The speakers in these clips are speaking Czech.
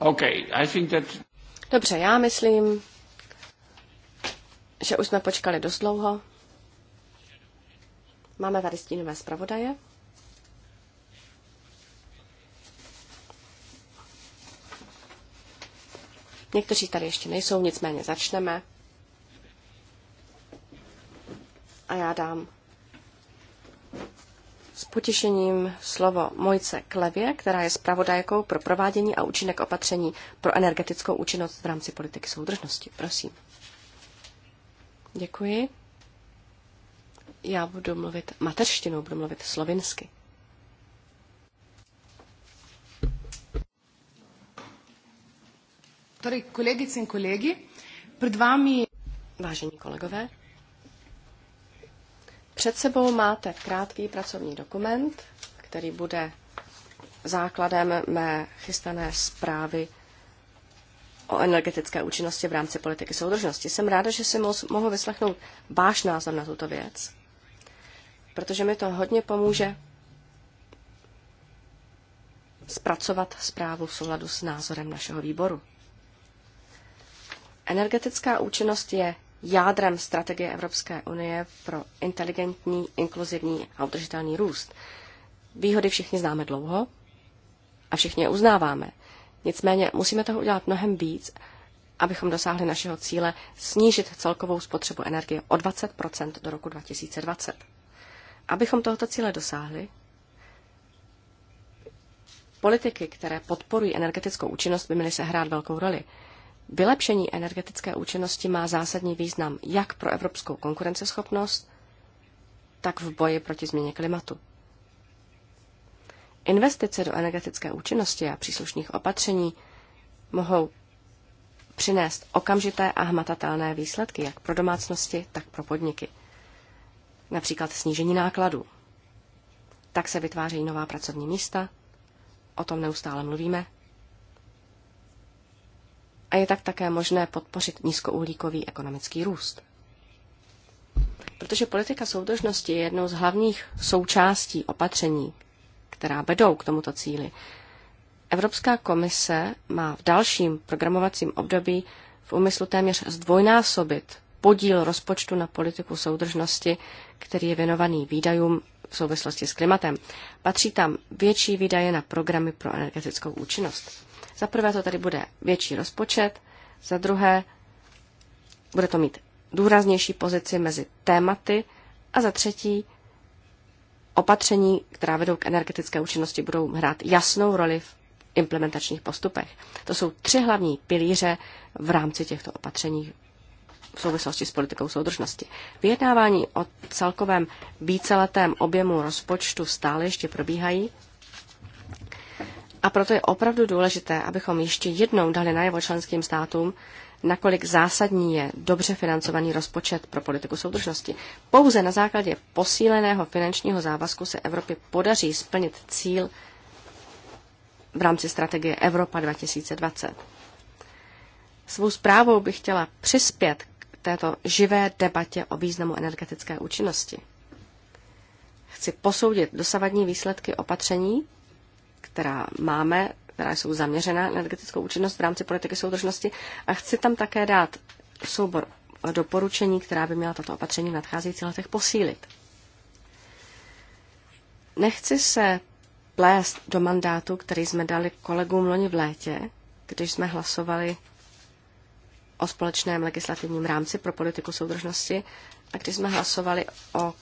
Okay, I think that... Dobře, já myslím, že už jsme počkali dost dlouho. Máme tady stínové zpravodaje. Někteří tady ještě nejsou, nicméně začneme. A já dám s potěšením slovo Mojce Klevě, která je zpravodajkou pro provádění a účinek opatření pro energetickou účinnost v rámci politiky soudržnosti. Prosím. Děkuji. Já budu mluvit mateřštinou, budu mluvit slovinsky. Torej, kolegice in kolegi, pred vami... Vážení kolegové, před sebou máte krátký pracovní dokument, který bude základem mé chystané zprávy o energetické účinnosti v rámci politiky soudržnosti. Jsem ráda, že si mohu vyslechnout váš názor na tuto věc, protože mi to hodně pomůže zpracovat zprávu v souladu s názorem našeho výboru. Energetická účinnost je jádrem strategie Evropské unie pro inteligentní, inkluzivní a udržitelný růst. Výhody všichni známe dlouho a všichni je uznáváme. Nicméně musíme toho udělat mnohem víc, abychom dosáhli našeho cíle snížit celkovou spotřebu energie o 20 do roku 2020. Abychom tohoto cíle dosáhli, politiky, které podporují energetickou účinnost, by měly sehrát velkou roli. Vylepšení energetické účinnosti má zásadní význam jak pro evropskou konkurenceschopnost, tak v boji proti změně klimatu. Investice do energetické účinnosti a příslušných opatření mohou přinést okamžité a hmatatelné výsledky jak pro domácnosti, tak pro podniky. Například snížení nákladů. Tak se vytvářejí nová pracovní místa, o tom neustále mluvíme, a je tak také možné podpořit nízkouhlíkový ekonomický růst. Protože politika soudržnosti je jednou z hlavních součástí opatření, která vedou k tomuto cíli. Evropská komise má v dalším programovacím období v úmyslu téměř zdvojnásobit podíl rozpočtu na politiku soudržnosti, který je věnovaný výdajům v souvislosti s klimatem. Patří tam větší výdaje na programy pro energetickou účinnost. Za prvé to tady bude větší rozpočet, za druhé bude to mít důraznější pozici mezi tématy a za třetí opatření, která vedou k energetické účinnosti, budou hrát jasnou roli v implementačních postupech. To jsou tři hlavní pilíře v rámci těchto opatření v souvislosti s politikou soudržnosti. Vyjednávání o celkovém víceletém objemu rozpočtu stále ještě probíhají a proto je opravdu důležité, abychom ještě jednou dali najevo členským státům, nakolik zásadní je dobře financovaný rozpočet pro politiku soudržnosti. Pouze na základě posíleného finančního závazku se Evropě podaří splnit cíl v rámci strategie Evropa 2020. Svou zprávou bych chtěla přispět k této živé debatě o významu energetické účinnosti. Chci posoudit dosavadní výsledky opatření která máme, která jsou zaměřena na energetickou účinnost v rámci politiky soudržnosti a chci tam také dát soubor doporučení, která by měla tato opatření v nadcházejících letech posílit. Nechci se plést do mandátu, který jsme dali kolegům loni v létě, když jsme hlasovali o společném legislativním rámci pro politiku soudržnosti a když jsme hlasovali o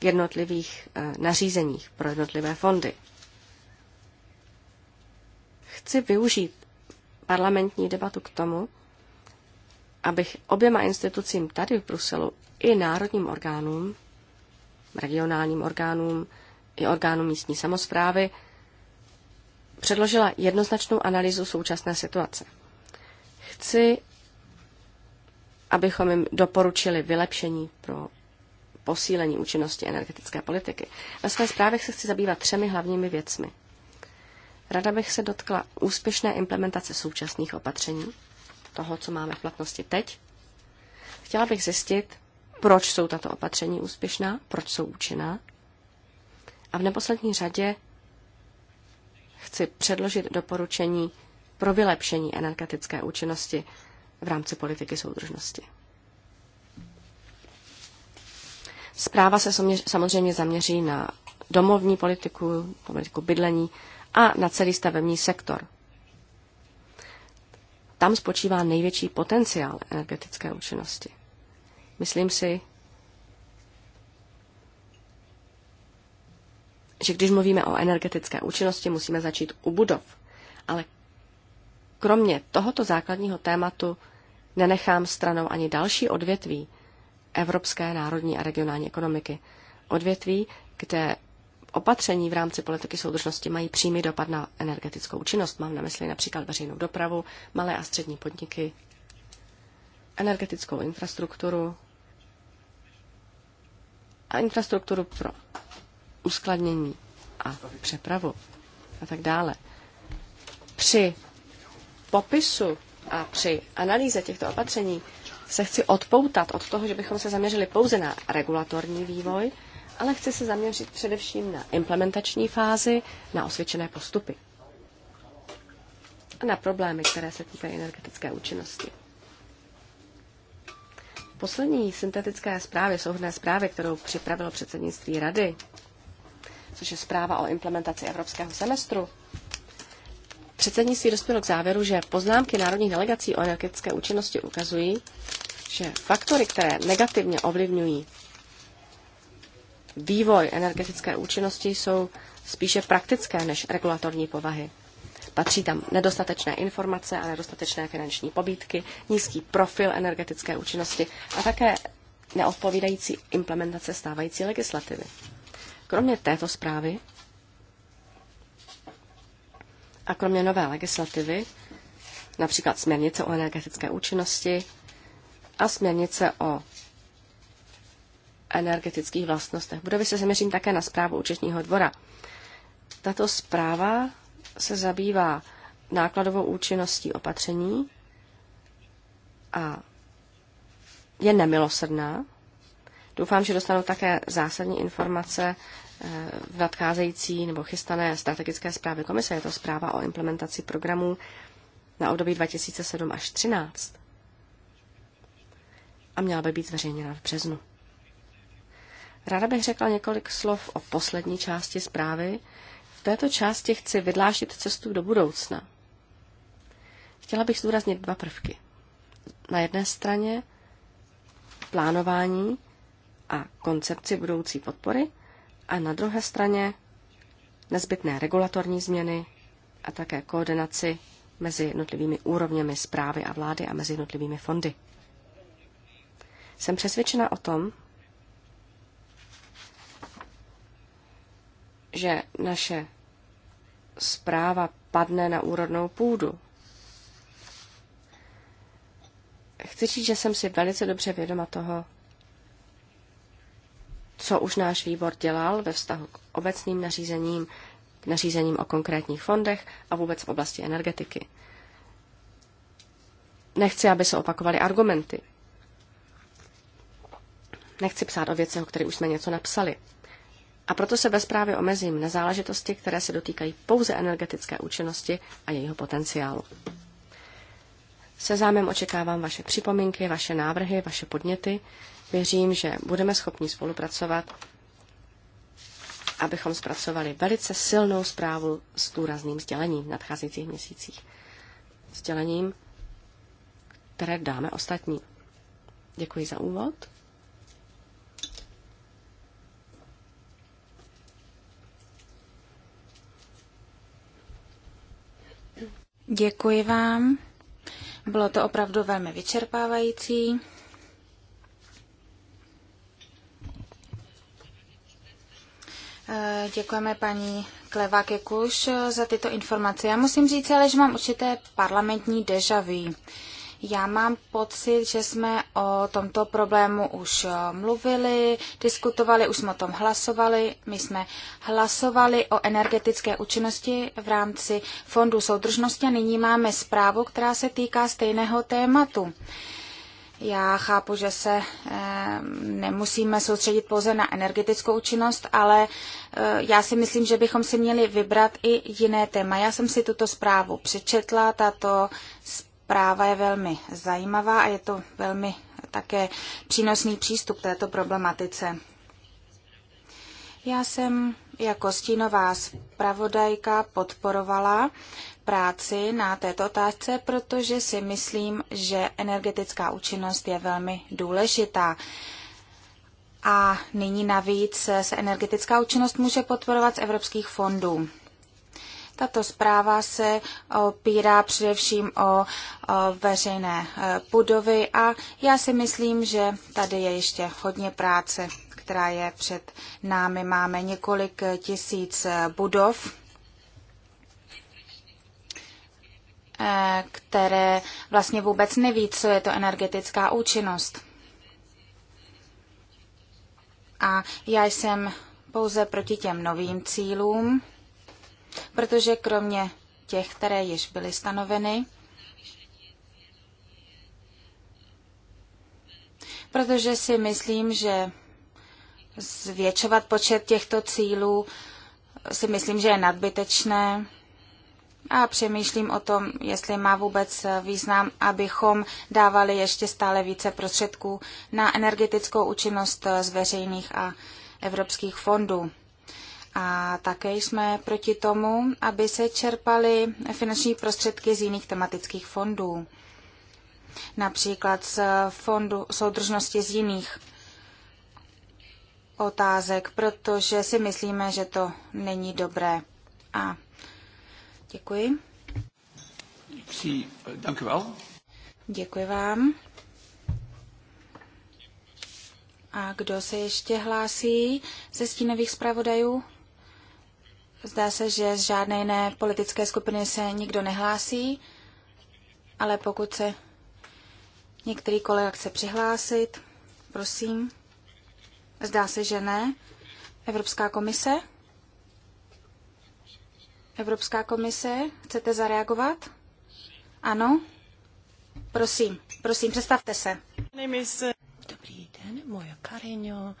jednotlivých eh, nařízeních pro jednotlivé fondy chci využít parlamentní debatu k tomu, abych oběma institucím tady v Bruselu i národním orgánům, regionálním orgánům i orgánům místní samozprávy předložila jednoznačnou analýzu současné situace. Chci, abychom jim doporučili vylepšení pro posílení účinnosti energetické politiky. Ve své zprávě se chci zabývat třemi hlavními věcmi – Rada bych se dotkla úspěšné implementace současných opatření, toho, co máme v platnosti teď. Chtěla bych zjistit, proč jsou tato opatření úspěšná, proč jsou účinná. A v neposlední řadě chci předložit doporučení pro vylepšení energetické účinnosti v rámci politiky soudržnosti. Zpráva se samozřejmě zaměří na domovní politiku, politiku bydlení, a na celý stavební sektor. Tam spočívá největší potenciál energetické účinnosti. Myslím si, že když mluvíme o energetické účinnosti, musíme začít u budov. Ale kromě tohoto základního tématu nenechám stranou ani další odvětví evropské národní a regionální ekonomiky. Odvětví, kde opatření v rámci politiky soudržnosti mají přímý dopad na energetickou účinnost. Mám na mysli například veřejnou dopravu, malé a střední podniky, energetickou infrastrukturu a infrastrukturu pro uskladnění a přepravu a tak dále. Při popisu a při analýze těchto opatření se chci odpoutat od toho, že bychom se zaměřili pouze na regulatorní vývoj, ale chci se zaměřit především na implementační fázi, na osvědčené postupy a na problémy, které se týkají energetické účinnosti. poslední syntetické zprávy, souhrné zprávy, kterou připravilo předsednictví Rady, což je zpráva o implementaci evropského semestru, předsednictví dospělo k závěru, že poznámky národních delegací o energetické účinnosti ukazují, že faktory, které negativně ovlivňují vývoj energetické účinnosti jsou spíše praktické než regulatorní povahy. Patří tam nedostatečné informace a nedostatečné finanční pobídky, nízký profil energetické účinnosti a také neodpovídající implementace stávající legislativy. Kromě této zprávy a kromě nové legislativy, například směrnice o energetické účinnosti a směrnice o energetických vlastnostech. Budovy se zaměřím také na zprávu účetního dvora. Tato zpráva se zabývá nákladovou účinností opatření a je nemilosrdná. Doufám, že dostanu také zásadní informace eh, v nadcházející nebo chystané strategické zprávy komise. Je to zpráva o implementaci programů na období 2007 až 2013 a měla by být zveřejněna v březnu. Ráda bych řekla několik slov o poslední části zprávy. V této části chci vydlášit cestu do budoucna. Chtěla bych zdůraznit dva prvky. Na jedné straně plánování a koncepci budoucí podpory a na druhé straně nezbytné regulatorní změny a také koordinaci mezi jednotlivými úrovněmi zprávy a vlády a mezi jednotlivými fondy. Jsem přesvědčena o tom, že naše zpráva padne na úrodnou půdu. Chci říct, že jsem si velice dobře vědoma toho, co už náš výbor dělal ve vztahu k obecným nařízením, k nařízením o konkrétních fondech a vůbec v oblasti energetiky. Nechci, aby se opakovaly argumenty. Nechci psát o věcech, o kterých už jsme něco napsali. A proto se ve zprávě omezím na záležitosti, které se dotýkají pouze energetické účinnosti a jejího potenciálu. Se zájmem očekávám vaše připomínky, vaše návrhy, vaše podněty. Věřím, že budeme schopni spolupracovat, abychom zpracovali velice silnou zprávu s důrazným sdělením v nadcházejících měsících. Sdělením, které dáme ostatním. Děkuji za úvod Děkuji vám. Bylo to opravdu velmi vyčerpávající. Eh, děkujeme paní Kleváke Kuš eh, za tyto informace. Já musím říct ale, že mám určité parlamentní dejaví. Já mám pocit, že jsme o tomto problému už eh, mluvili, diskutovali, už jsme o tom hlasovali. My jsme hlasovali o energetické účinnosti v rámci Fondu soudržnosti a nyní máme zprávu, která se týká stejného tématu. Já chápu, že se eh, nemusíme soustředit pouze na energetickou účinnost, ale eh, já si myslím, že bychom si měli vybrat i jiné téma. Já jsem si tuto zprávu přečetla, tato zpráva práva je velmi zajímavá a je to velmi také přínosný přístup této problematice. Já jsem jako stínová zpravodajka podporovala práci na této otázce, protože si myslím, že energetická účinnost je velmi důležitá. A nyní navíc se energetická účinnost může podporovat z evropských fondů. Tato zpráva se opírá především o, veřejné e, budovy a já si myslím, že tady je ještě hodně práce, která je před námi. Máme několik tisíc budov, e, které vlastně vůbec neví, co je to energetická účinnost. A já jsem pouze proti těm novým cílům, protože kromě těch, které již byly stanoveny, protože si myslím, že zvětšovat počet těchto cílů si myslím, že je nadbytečné a přemýšlím o tom, jestli má vůbec význam, abychom dávali ještě stále více prostředků na energetickou účinnost z veřejných a evropských fondů. A také jsme proti tomu, aby se čerpaly finanční prostředky z jiných tematických fondů, například z fondu soudržnosti z jiných otázek, protože si myslíme, že to není dobré. A děkuji. Děkuji vám. A kdo se ještě hlásí ze stínových zpravodajů? Zdá se, že z žádné jiné politické skupiny se nikdo nehlásí, ale pokud se některý kolega chce přihlásit, prosím. Zdá se, že ne. Evropská komise? Evropská komise, chcete zareagovat? Ano? Prosím, prosím, představte se. Dobrý den, moje Karino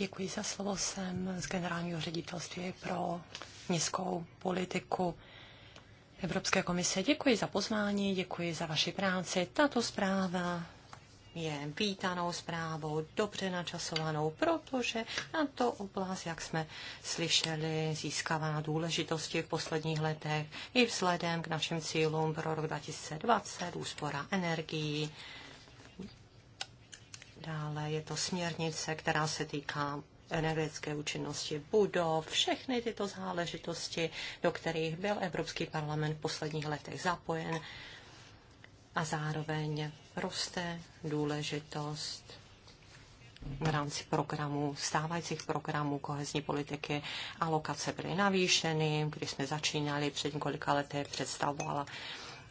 Děkuji za slovo. Jsem z generálního ředitelství pro městskou politiku Evropské komise. Děkuji za pozvání, děkuji za vaši práci. Tato zpráva je vítanou zprávou, dobře načasovanou, protože na to oblast, jak jsme slyšeli, získává důležitosti v posledních letech i vzhledem k našim cílům pro rok 2020, úspora energií, Dále je to směrnice, která se týká energetické účinnosti budov, všechny tyto záležitosti, do kterých byl Evropský parlament v posledních letech zapojen a zároveň roste důležitost v rámci programů, stávajících programů kohezní politiky. Alokace byly navýšeny, když jsme začínali před několika lety, představovala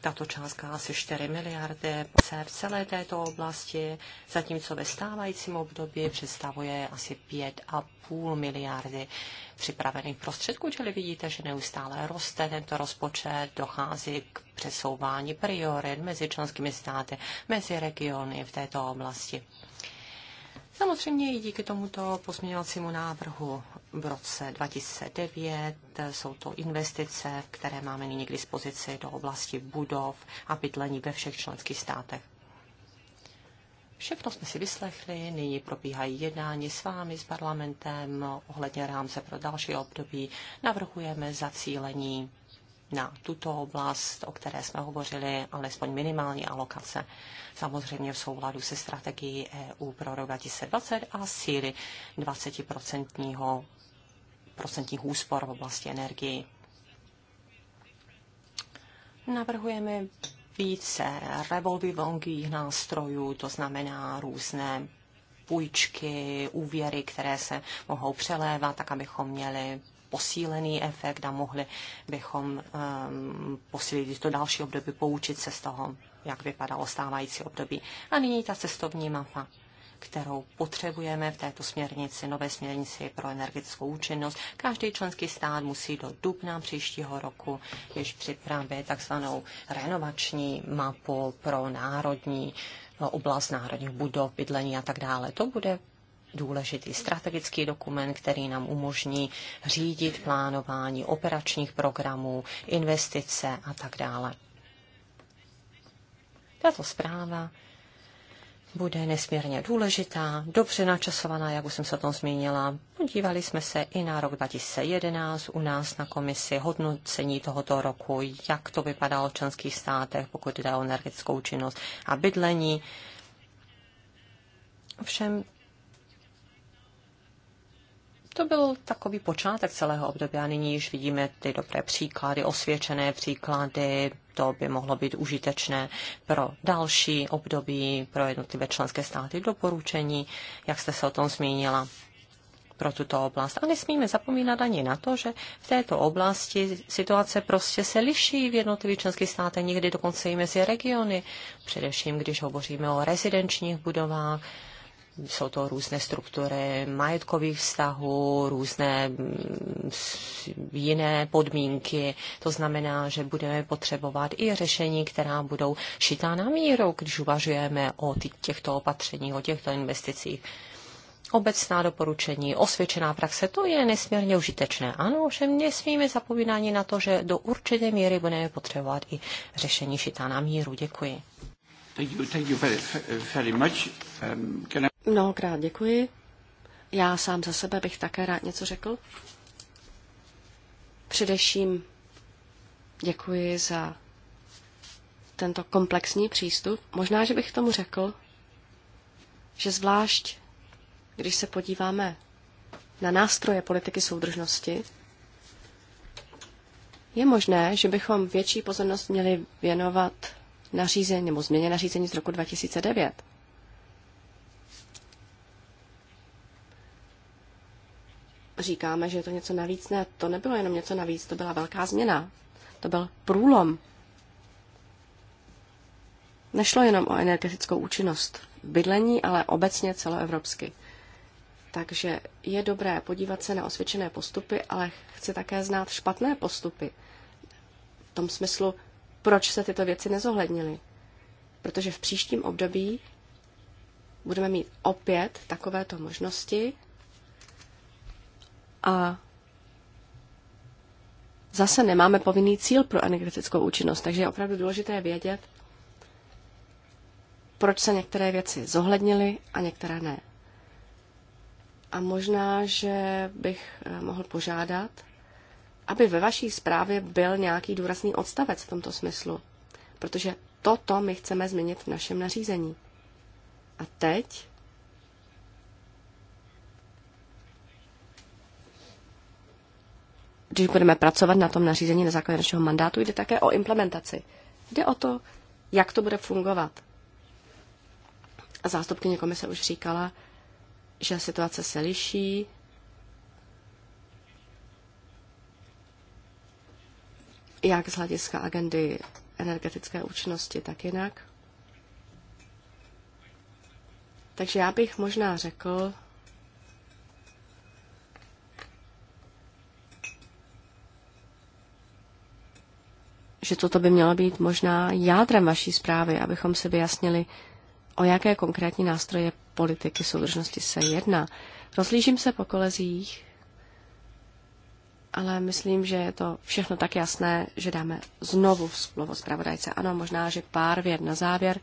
tato částka asi 4 miliardy se v celé této oblasti, zatímco ve stávajícím období představuje asi 5,5 miliardy připravených prostředků, čili vidíte, že neustále roste tento rozpočet, dochází k přesouvání priorit mezi členskými státy, mezi regiony v této oblasti. Samozřejmě i díky tomuto pozměňovacímu návrhu v roce 2009. Eh, jsou to investice, které máme nyní k dispozici do oblasti budov a bydlení ve všech členských státech. Všechno jsme si vyslechli, nyní probíhají jednání s vámi, s parlamentem, ohledně rámce pro další období. Navrhujeme zacílení na tuto oblast, o které jsme hovořili, alespoň minimální alokace, samozřejmě v souladu se strategií EU pro rok 2020 a síly 20% procentních úspor v oblasti energii. Navrhujeme více revolvivongých nástrojů, to znamená různé půjčky, úvěry, které se mohou přelévat, tak abychom měli posílený efekt a mohli bychom um, posílit to další období, poučit se z toho, jak vypadalo stávající období. A nyní ta cestovní mapa kterou potřebujeme v této směrnici, nové směrnici pro energetickou účinnost. Každý členský stát musí do dubna příštího roku již připravit takzvanou renovační mapu pro národní no, oblast národních budov, bydlení a tak dále. To bude důležitý strategický dokument, který nám umožní řídit plánování operačních programů, investice a tak dále. Tato zpráva bude nesmírně důležitá, dobře načasovaná, jak už jsem se o tom zmínila. Podívali jsme se i na rok 2011 u nás na komisi hodnocení tohoto roku, jak to vypadalo v členských státech, pokud jde o energetickou činnost a bydlení. Ovšem to byl takový počátek celého období a nyní již vidíme ty dobré příklady, osvědčené příklady, to by mohlo být užitečné pro další období, pro jednotlivé členské státy doporučení, jak jste se o tom zmínila pro tuto oblast. A nesmíme zapomínat ani na to, že v této oblasti situace prostě se liší v jednotlivých členských státech, někdy dokonce i mezi regiony, především když hovoříme o rezidenčních budovách, jsou to různé struktury majetkových vztahů, různé mm, jiné podmínky. To znamená, že budeme potřebovat i řešení, která budou šitá na míru, když uvažujeme o těchto opatřeních, o těchto investicích. Obecná doporučení, osvědčená praxe, to je nesmírně užitečné. Ano, ovšem nesmíme zapomínání na to, že do určité míry budeme potřebovat i řešení šitá na míru. Děkuji. Thank you, thank you very, very much. Um, can I... Mnohokrát děkuji. Já sám za sebe bych také rád něco řekl. Především děkuji za tento komplexní přístup. Možná, že bych tomu řekl, že zvlášť, když se podíváme na nástroje politiky soudržnosti, je možné, že bychom větší pozornost měli věnovat nařízení nebo změně nařízení z roku 2009. Říkáme, že je to něco navíc. Ne, to nebylo jenom něco navíc, to byla velká změna. To byl průlom. Nešlo jenom o energetickou účinnost bydlení, ale obecně celoevropsky. Takže je dobré podívat se na osvědčené postupy, ale chci také znát špatné postupy. V tom smyslu, proč se tyto věci nezohlednily. Protože v příštím období budeme mít opět takovéto možnosti a zase nemáme povinný cíl pro energetickou účinnost, takže je opravdu důležité vědět, proč se některé věci zohlednily a některé ne. A možná, že bych eh, mohl požádat, aby ve vaší zprávě byl nějaký důrazný odstavec v tomto smyslu, protože toto my chceme změnit v našem nařízení. A teď když budeme pracovat na tom nařízení na základě našeho mandátu, jde také o implementaci. Jde o to, jak to bude fungovat. A zástupkyně komise už říkala, že situace se liší, jak z hlediska agendy energetické účinnosti, tak jinak. Takže já bych možná řekl, že toto by mělo být možná jádrem vaší zprávy, abychom si vyjasnili, o jaké konkrétní nástroje politiky soudržnosti se jedná. Rozlížím se po kolezích ale myslím, že je to všechno tak jasné, že dáme znovu slovo zpravodajce. Ano, možná, že pár věd na závěr.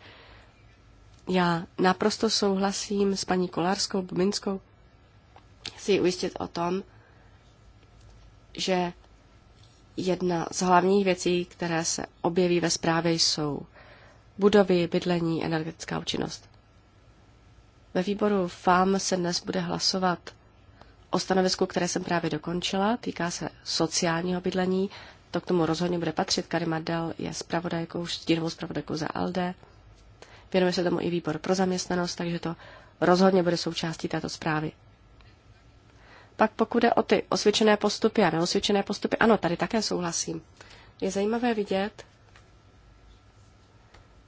Já naprosto souhlasím s paní Kolárskou, Bubinskou, chci ji ujistit o tom, že jedna z hlavních věcí, které se objeví ve zprávě, jsou budovy, bydlení, energetická účinnost. Ve výboru FAM se dnes bude hlasovat o stanovisku, které jsem právě dokončila, týká se sociálního bydlení. To k tomu rozhodně bude patřit. Karim Adel je zpravodajkou, štírovou zpravodajkou za ALDE. Věnuje se tomu i výbor pro zaměstnanost, takže to rozhodně bude součástí této zprávy. Pak pokud jde o ty osvědčené postupy a neosvědčené postupy, ano, tady také souhlasím. Je zajímavé vidět,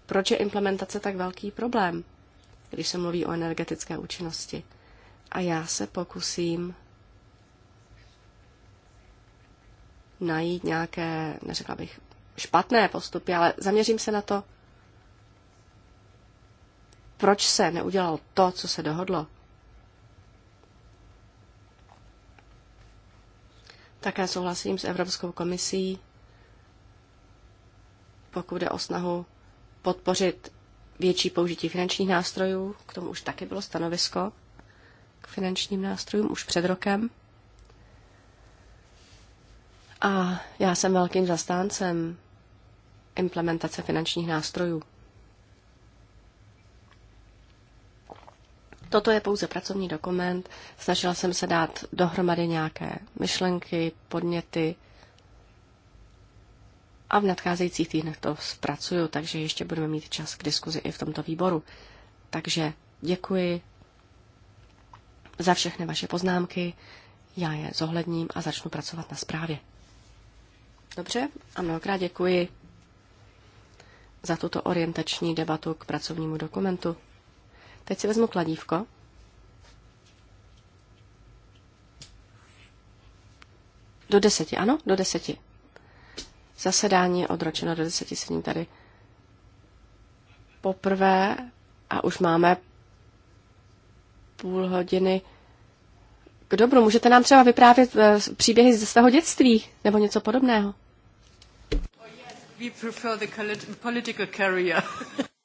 proč je implementace tak velký problém, když se mluví o energetické účinnosti. A já se pokusím najít nějaké, neřekla bych, špatné postupy, ale zaměřím se na to, proč se neudělalo to, co se dohodlo. Také souhlasím s Evropskou komisí, pokud jde o snahu podpořit větší použití finančních nástrojů, k tomu už taky bylo stanovisko k finančním nástrojům už před rokem. A já jsem velkým zastáncem implementace finančních nástrojů. Toto je pouze pracovní dokument. Snažila jsem se dát dohromady nějaké myšlenky, podněty a v nadcházejících týdnech to zpracuju, takže ještě budeme mít čas k diskuzi i v tomto výboru. Takže děkuji za všechny vaše poznámky. Já je zohledním a začnu pracovat na zprávě. Dobře a mnohokrát děkuji za tuto orientační debatu k pracovnímu dokumentu. Teď si vezmu kladívko. Do deseti, ano, do deseti. Zasedání je odročeno do deseti, sedím tady poprvé a už máme půl hodiny k dobru. Můžete nám třeba vyprávět eh, příběhy ze svého dětství nebo něco podobného? Oh, yes. We prefer the political career.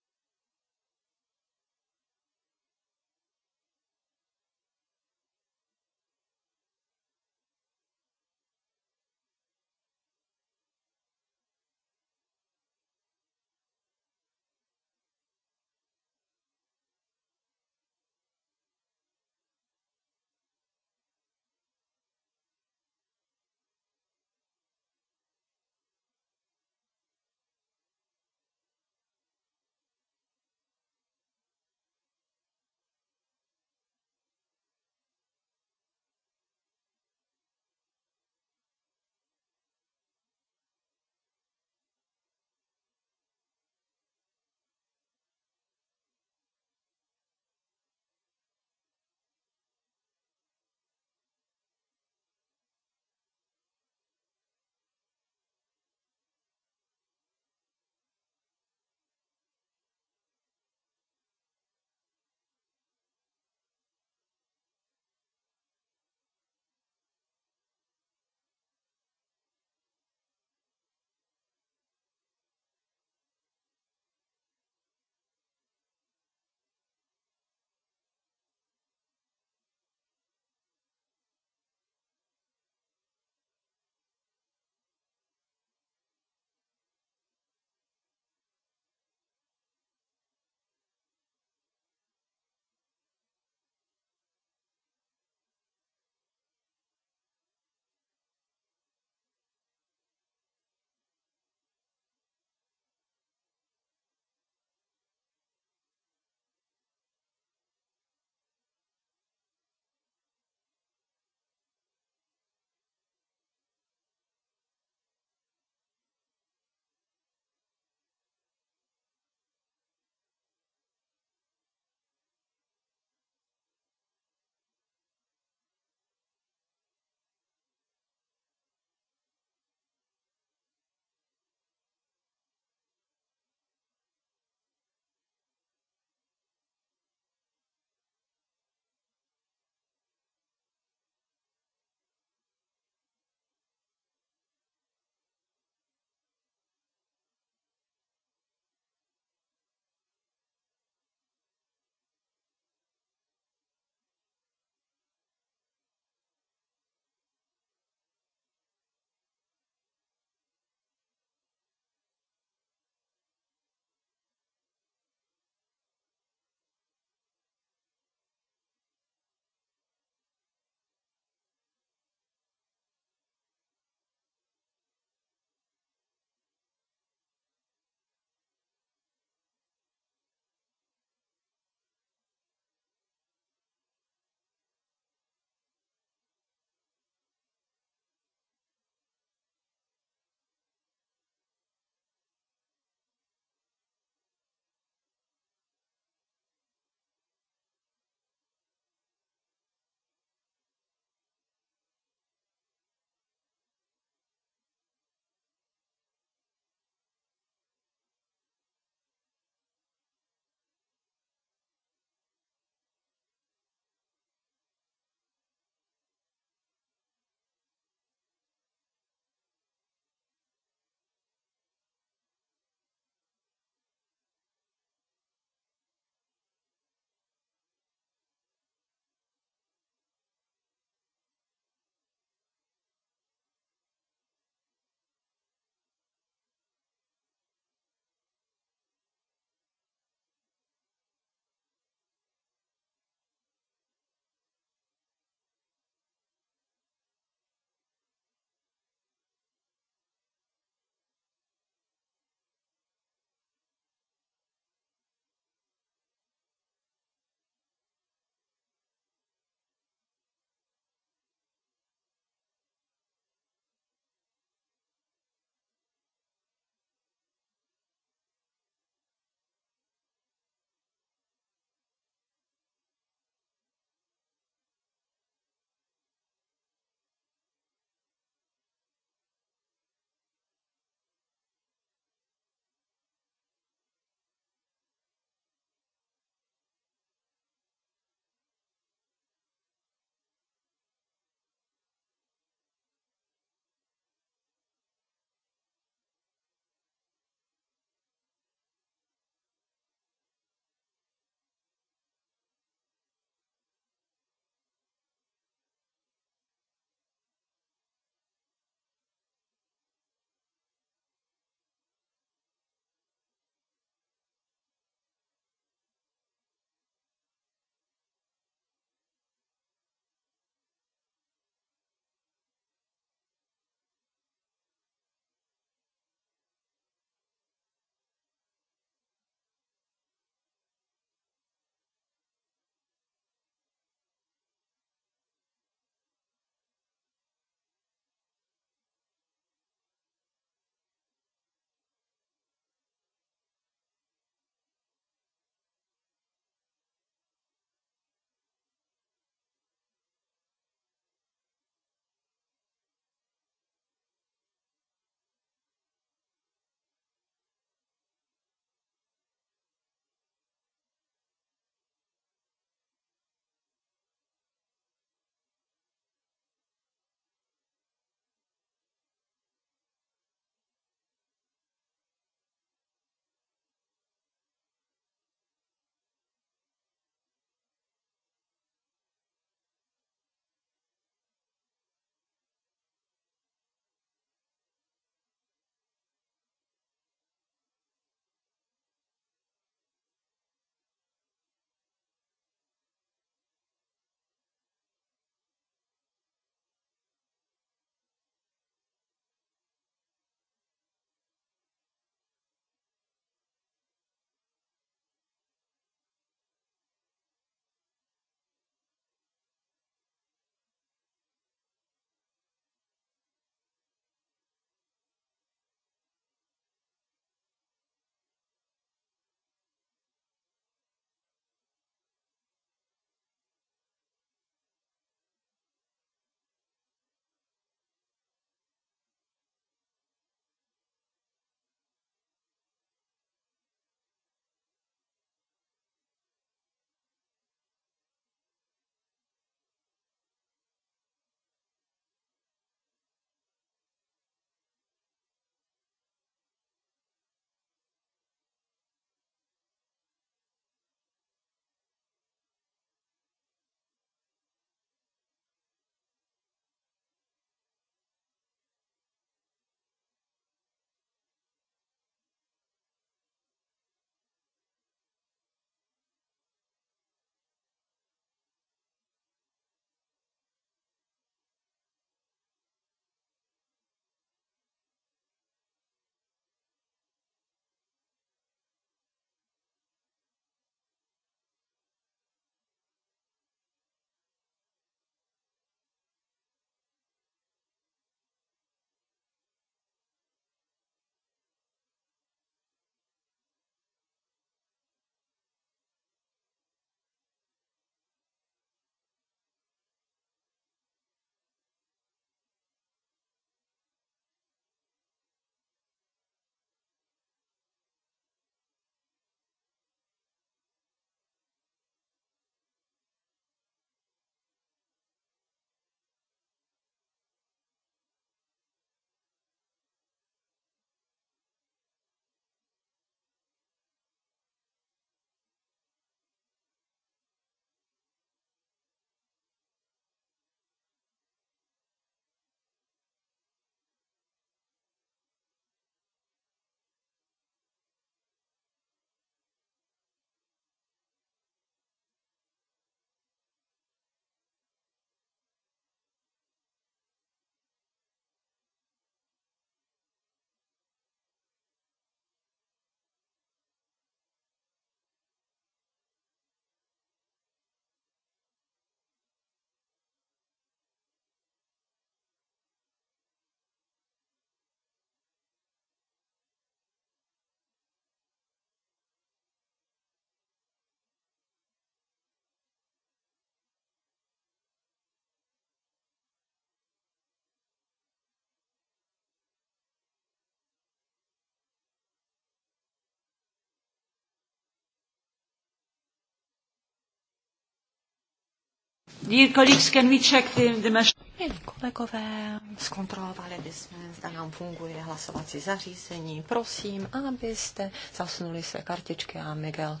kolegové, zkontrolovali bychom, zda nám funguje hlasovací zařízení. Prosím, abyste zasunuli své kartičky a Miguel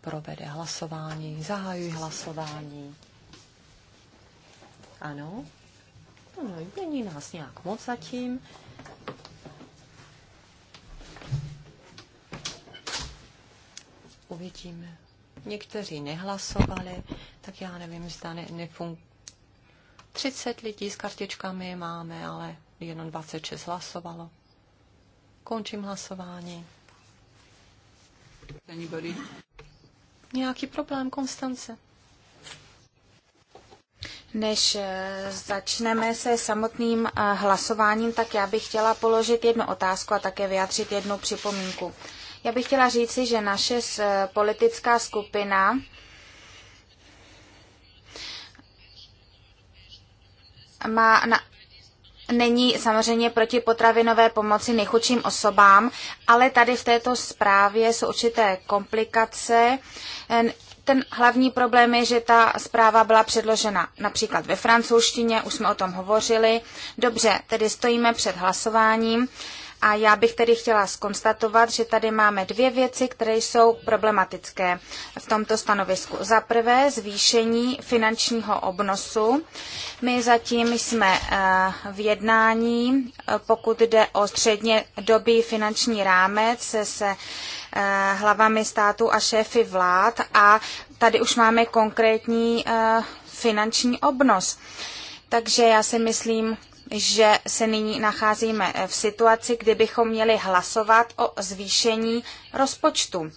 provede hlasování. Zahajuji hlasování. Ano. Ano, není nás nějak moc zatím. Uvidíme někteří nehlasovali, tak já nevím, zda ne, nefunguje. 30 lidí s kartičkami máme, ale jenom 26 hlasovalo. Končím hlasování. Anybody? Nějaký problém, Konstance? Než eh, začneme se samotným eh, hlasováním, tak já bych chtěla položit jednu otázku a také vyjádřit jednu připomínku. Já bych chtěla říci, že naše eh, politická skupina má na, není samozřejmě proti potravinové pomoci nejchudším osobám, ale tady v této zprávě jsou určité komplikace. Ten hlavní problém je, že ta zpráva byla předložena například ve francouzštině, už jsme o tom hovořili. Dobře, tedy stojíme před hlasováním. Uh, a já bych tedy chtěla skonstatovat, že tady máme dvě věci, které jsou problematické v tomto stanovisku. Za prvé zvýšení finančního obnosu. My zatím jsme eh, v jednání, eh, pokud jde o středně dobý finanční rámec se, se eh, hlavami státu a šéfy vlád a tady už máme konkrétní finanční obnos. Takže já si myslím, že se nyní nacházíme eh, v situaci, kdy bychom měli hlasovat o zvýšení rozpočtu.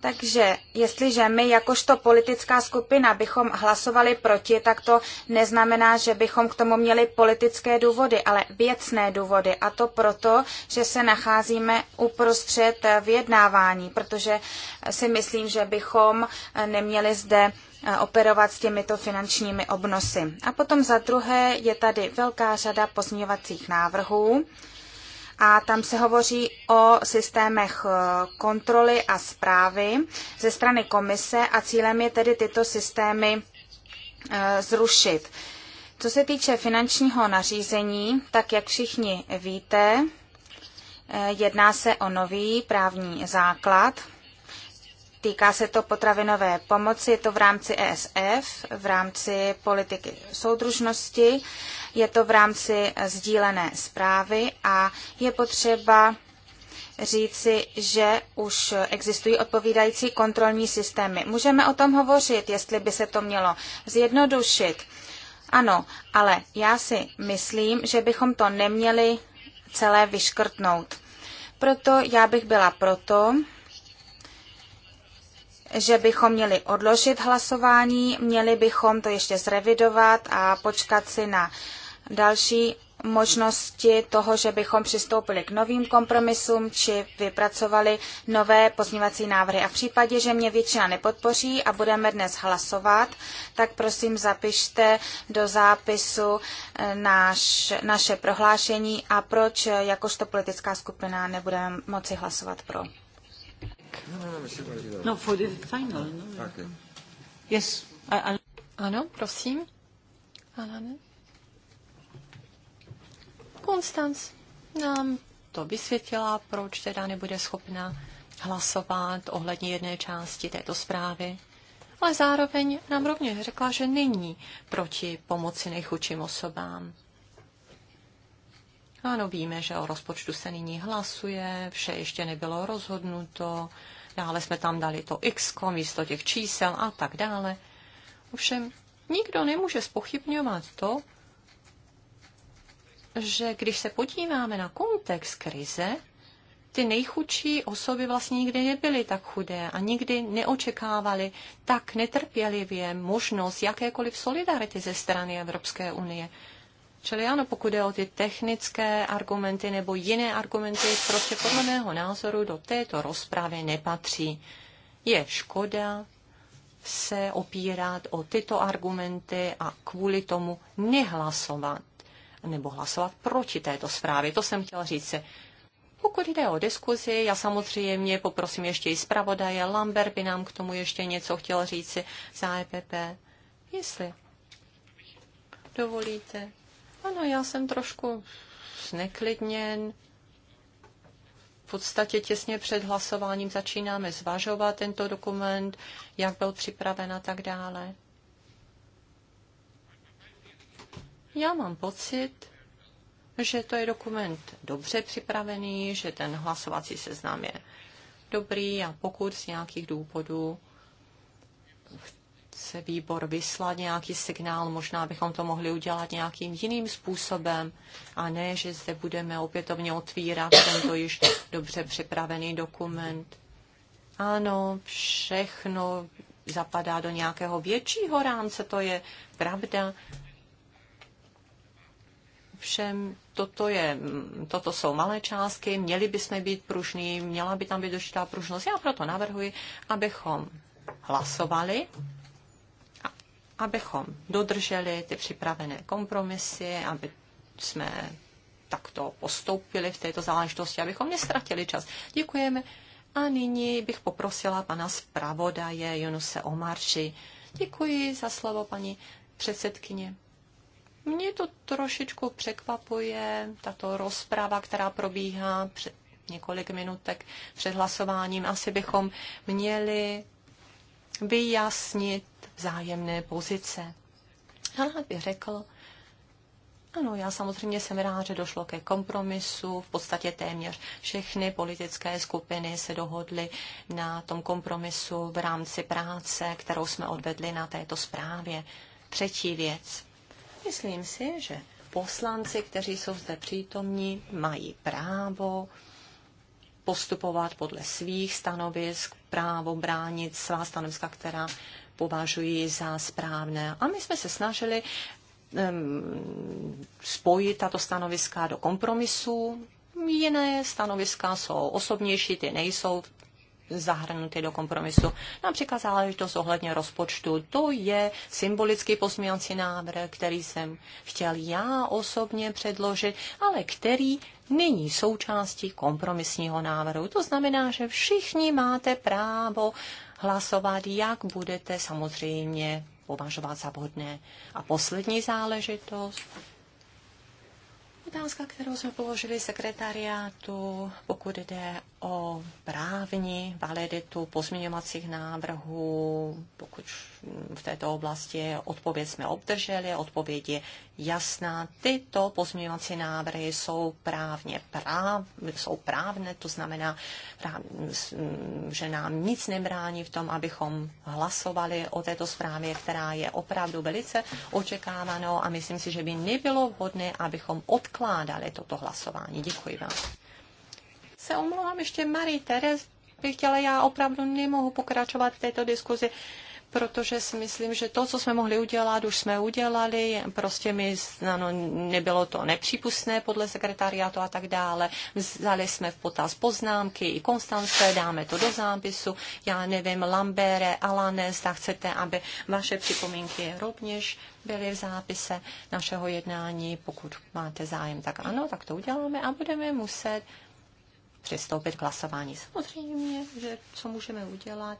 Takže jestliže my jakožto politická skupina bychom hlasovali proti, tak to neznamená, že bychom k tomu měli politické důvody, ale věcné důvody. A to proto, že se nacházíme uprostřed eh, vyjednávání, protože eh, si myslím, že bychom neměli zde operovat s těmito finančními obnosy. A potom za druhé je tady velká řada pozměňovacích návrhů a tam se hovoří o systémech eh, kontroly a zprávy ze strany komise a cílem je tedy tyto systémy eh, zrušit. Co se týče finančního nařízení, tak jak všichni víte, eh, jedná se o nový právní základ Týká se to potravinové pomoci, je to v rámci ESF, v rámci politiky soudružnosti, je to v rámci sdílené zprávy a je potřeba říci, že už existují odpovídající kontrolní systémy. Můžeme o tom hovořit, jestli by se to mělo zjednodušit. Ano, ale já si myslím, že bychom to neměli celé vyškrtnout. Proto já bych byla proto, že bychom měli odložit hlasování, měli bychom to ještě zrevidovat a počkat si na další možnosti toho, že bychom přistoupili k novým kompromisům či vypracovali nové pozměňovací návrhy. A v případě, že mě většina nepodpoří a budeme dnes hlasovat, tak prosím zapište do zápisu eh, naš, naše prohlášení a proč eh, jakožto politická skupina nebudeme moci hlasovat pro tak. No, no, no, no, for the final. No. Okay. Yes. I, I... Ano, prosím. Alan. Konstanc nám to vysvětlila, proč teda nebude schopna hlasovat ohledně jedné části této zprávy. Ale zároveň nám rovněž řekla, že není proti pomoci nejchučím osobám. Ano, víme, že o rozpočtu se nyní hlasuje, vše ještě nebylo rozhodnuto, dále jsme tam dali to x místo těch čísel a tak dále. Ovšem, nikdo nemůže spochybňovat to, že když se podíváme na kontext krize, ty nejchudší osoby vlastně nikdy nebyly tak chudé a nikdy neočekávali tak netrpělivě možnost jakékoliv solidarity ze strany Evropské unie. Čili ano, pokud jde o ty technické argumenty nebo jiné argumenty, prostě podle mého názoru do této rozpravy nepatří. Je škoda se opírat o tyto argumenty a kvůli tomu nehlasovat nebo hlasovat proti této zprávě. To jsem chtěla říct Pokud jde o diskuzi, já samozřejmě poprosím ještě i zpravodaje. Lambert by nám k tomu ještě něco chtěl říct za EPP. Jestli dovolíte. Ano, já jsem trošku zneklidněn. V podstatě těsně před hlasováním začínáme zvažovat tento dokument, jak byl připraven a tak dále. Já mám pocit, že to je dokument dobře připravený, že ten hlasovací seznam je dobrý a pokud z nějakých důvodů výbor vyslat nějaký signál, možná bychom to mohli udělat nějakým jiným způsobem a ne, že zde budeme opětovně otvírat tento již dobře připravený dokument. Ano, všechno zapadá do nějakého většího rámce, to je pravda. Všem toto, je, toto jsou malé částky, měli bychom být pružní, měla by tam být určitá pružnost. Já proto navrhuji, abychom hlasovali abychom dodrželi ty připravené kompromisy, aby jsme takto postoupili v této záležitosti, abychom nestratili čas. Děkujeme. A nyní bych poprosila pana zpravodaje Jonuse Omarši. Děkuji za slovo, paní předsedkyně. Mě to trošičku překvapuje, tato rozprava, která probíhá před několik minutek před hlasováním. Asi bychom měli vyjasnit vzájemné pozice. A rád bych řekl, ano, já samozřejmě jsem rád, že došlo ke kompromisu. V podstatě téměř všechny politické skupiny se dohodly na tom kompromisu v rámci práce, kterou jsme odvedli na této zprávě. Třetí věc. Myslím si, že poslanci, kteří jsou zde přítomní, mají právo postupovat podle svých stanovisk, právo bránit svá stanoviska, která považují za správné. A my jsme se snažili spojit tato stanoviska do kompromisu. Jiné stanoviska jsou osobnější, ty nejsou zahrnuty do kompromisu. Například záležitost ohledně rozpočtu. To je symbolický pozměňovací návrh, který jsem chtěl já osobně předložit, ale který není součástí kompromisního návrhu. To znamená, že všichni máte právo hlasovat, jak budete samozřejmě považovat za vhodné. A poslední záležitost, otázka, kterou jsme položili sekretariátu, pokud jde o právní validitu pozměňovacích návrhů, pokud v této oblasti odpověď jsme obdrželi, odpověď je jasná. Tyto pozměňovací návrhy jsou právně práv, jsou právné, to znamená, že nám nic nebrání v tom, abychom hlasovali o této zprávě, která je opravdu velice očekávanou a myslím si, že by nebylo vhodné, abychom odkládali toto hlasování. Děkuji vám se omlouvám ještě Marie Teres, bych chtěla, já opravdu nemohu pokračovat v této diskuzi, protože si myslím, že to, co jsme mohli udělat, už jsme udělali, prostě mi no, nebylo to nepřípustné podle sekretariátu a tak dále. Vzali jsme v potaz poznámky i Konstance, dáme to do zápisu. Já nevím, Lambere, Alanes, tak chcete, aby vaše připomínky rovněž byly v zápise našeho jednání. Pokud máte zájem, tak ano, tak to uděláme a budeme muset přistoupit k hlasování. Samozřejmě, že co můžeme udělat,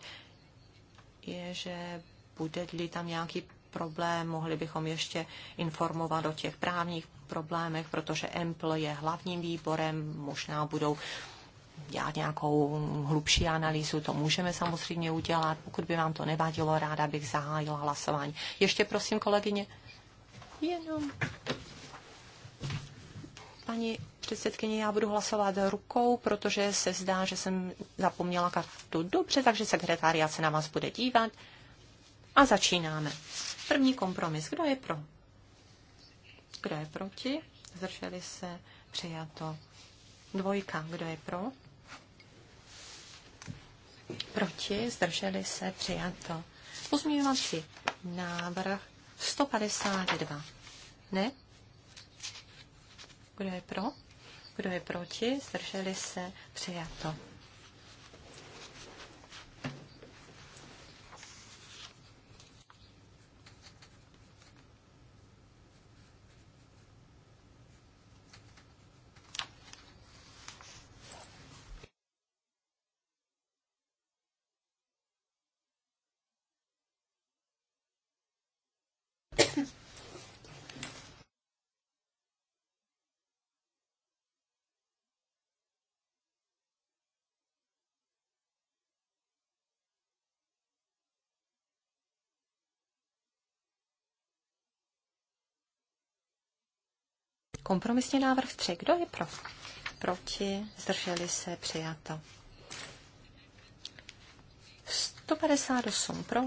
je, že bude-li tam nějaký problém, mohli bychom ještě informovat o těch právních problémech, protože EMPL je hlavním výborem, možná budou dělat nějakou hlubší analýzu, to můžeme samozřejmě udělat. Pokud by vám to nevadilo, ráda bych zahájila hlasování. Ještě prosím, kolegyně, jenom paní předsedkyně, já budu hlasovat rukou, protože se zdá, že jsem zapomněla kartu. Dobře, takže sekretariat se na vás bude dívat. A začínáme. První kompromis. Kdo je pro? Kdo je proti? Zdrželi se. Přijato. Dvojka. Kdo je pro? Proti. Zdrželi se. Přijato. Pozměňovací návrh 152. Ne? Kdo je pro? Kdo je proti? Zdrželi se? Přijato. Kompromisní návrh 3. Kdo je pro? Proti? Zdrželi se? Přijato. 158 pro,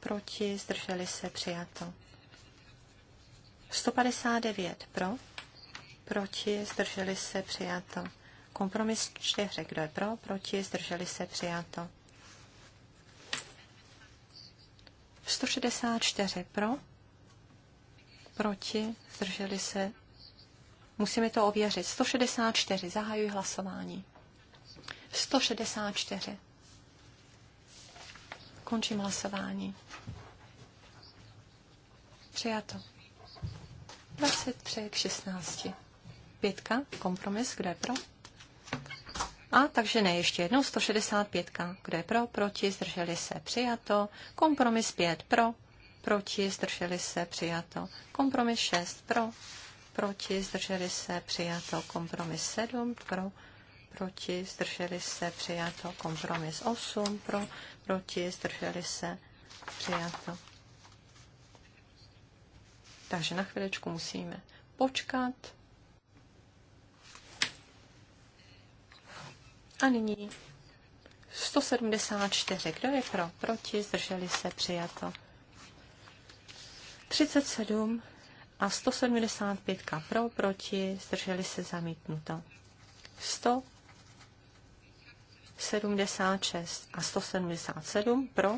proti, zdrželi se, přijato. 159 pro, proti, zdrželi se, přijato. Kompromis 4, kdo je pro, proti, zdrželi se, přijato. 164 pro, proti, zdrželi se, Musíme to ověřit. 164. Zahajuji hlasování. 164. Končím hlasování. Přijato. 23 k 16. Pětka, kompromis, kdo je pro? A takže ne, ještě jednou 165. Kdo je pro, proti, zdrželi se, přijato. Kompromis 5 pro, proti, zdrželi se, přijato. Kompromis 6 pro, proti, zdrželi se, přijato. Kompromis 7 pro, proti, zdrželi se, přijato. Kompromis 8 pro, proti, zdrželi se, přijato. Takže na chviličku musíme počkat. A nyní 174. Kdo je pro? Proti? Zdrželi se? Přijato. 37 a 175 pro, proti, zdrželi se zamítnuto. 176 a 177 pro,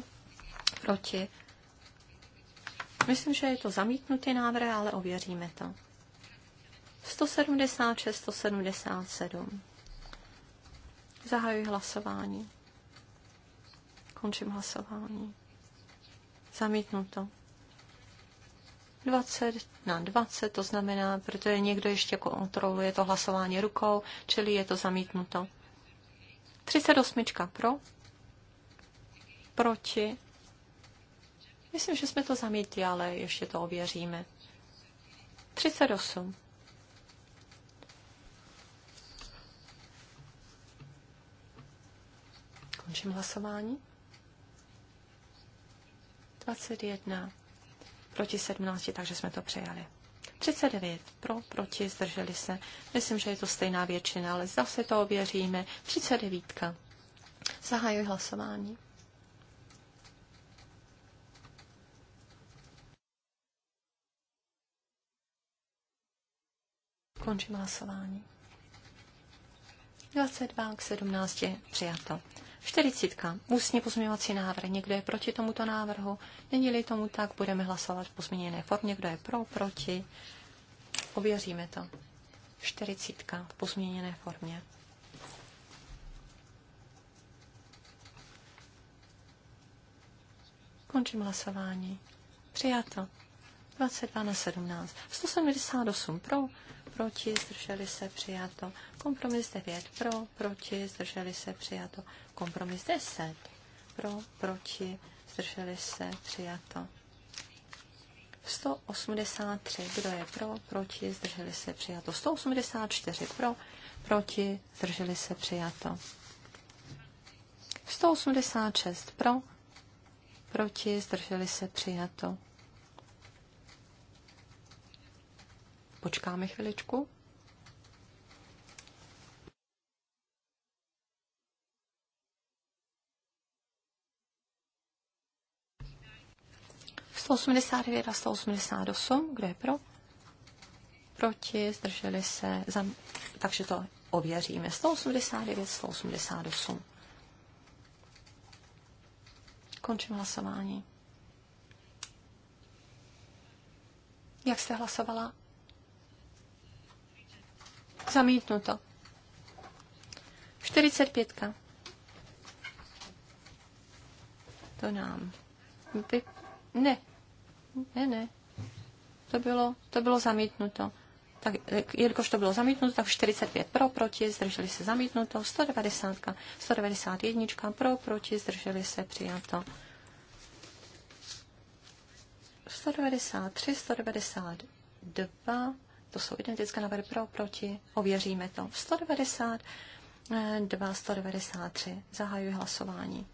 proti. Myslím, že je to zamítnutý návrh, ale ověříme to. 176, 177. Zahajuji hlasování. Končím hlasování. Zamítnuto. 20 na 20, to znamená, protože někdo ještě kontroluje to hlasování rukou, čili je to zamítnuto. 38 pro, proti. Myslím, že jsme to zamítli, ale ještě to ověříme. 38. Končím hlasování. 21 proti 17, takže jsme to přejali. 39 pro, proti, zdrželi se. Myslím, že je to stejná většina, ale zase to ověříme. 39. Zahajuji hlasování. Končím hlasování. 22 k 17 přijato. 40. Ústní pozměňovací návrh. Někdo je proti tomuto návrhu? Není-li tomu tak, budeme hlasovat v pozměněné formě. Kdo je pro, proti? Ověříme to. 40. v pozměněné formě. Končím hlasování. Přijato. 22 na 17. 178 pro, proti, zdrželi se, přijato. Kompromis 9 pro, proti, zdrželi se, přijato. Kompromis 10 pro, proti, zdrželi se, přijato. 183, kdo je pro, proti, zdrželi se, přijato. 184 pro, proti, zdrželi se, přijato. 186 pro, proti, zdrželi se, přijato. Počkáme chviličku. V 189 a 188, Kdo je pro? Proti, zdrželi se. Za... Takže to ověříme. 189, 188. Končím hlasování. Jak jste hlasovala? Zamítnuto. 45. To nám by... Ne. Ne, ne. To bylo, to bylo zamítnuto. Tak, jelikož to bylo zamítnuto, tak 45 pro, proti, zdrželi se zamítnuto, 190, 191 pro, proti, zdrželi se přijato. 193, 192 to jsou identické návrhy pro, proti, ověříme to. 192, 193, zahajuji hlasování.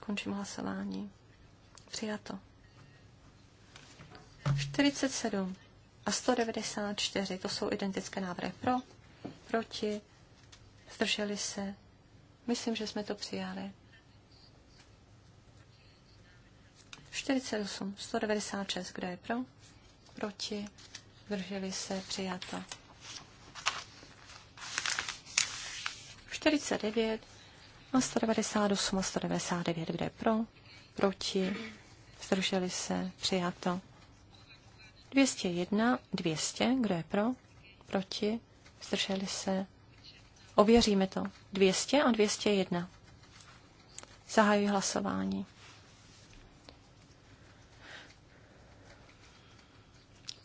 Končím hlasování. Přijato. 47 a 194, to jsou identické návrhy pro, proti, zdrželi se. Myslím, že jsme to přijali. 48, 196, kdo je pro? proti, zdrželi se, přijato. 49 a 198 a 199, kde je pro, proti, zdrželi se, přijato. 201, 200, kdo je pro, proti, zdrželi se. Ověříme to. 200 a 201. Zahajuji hlasování.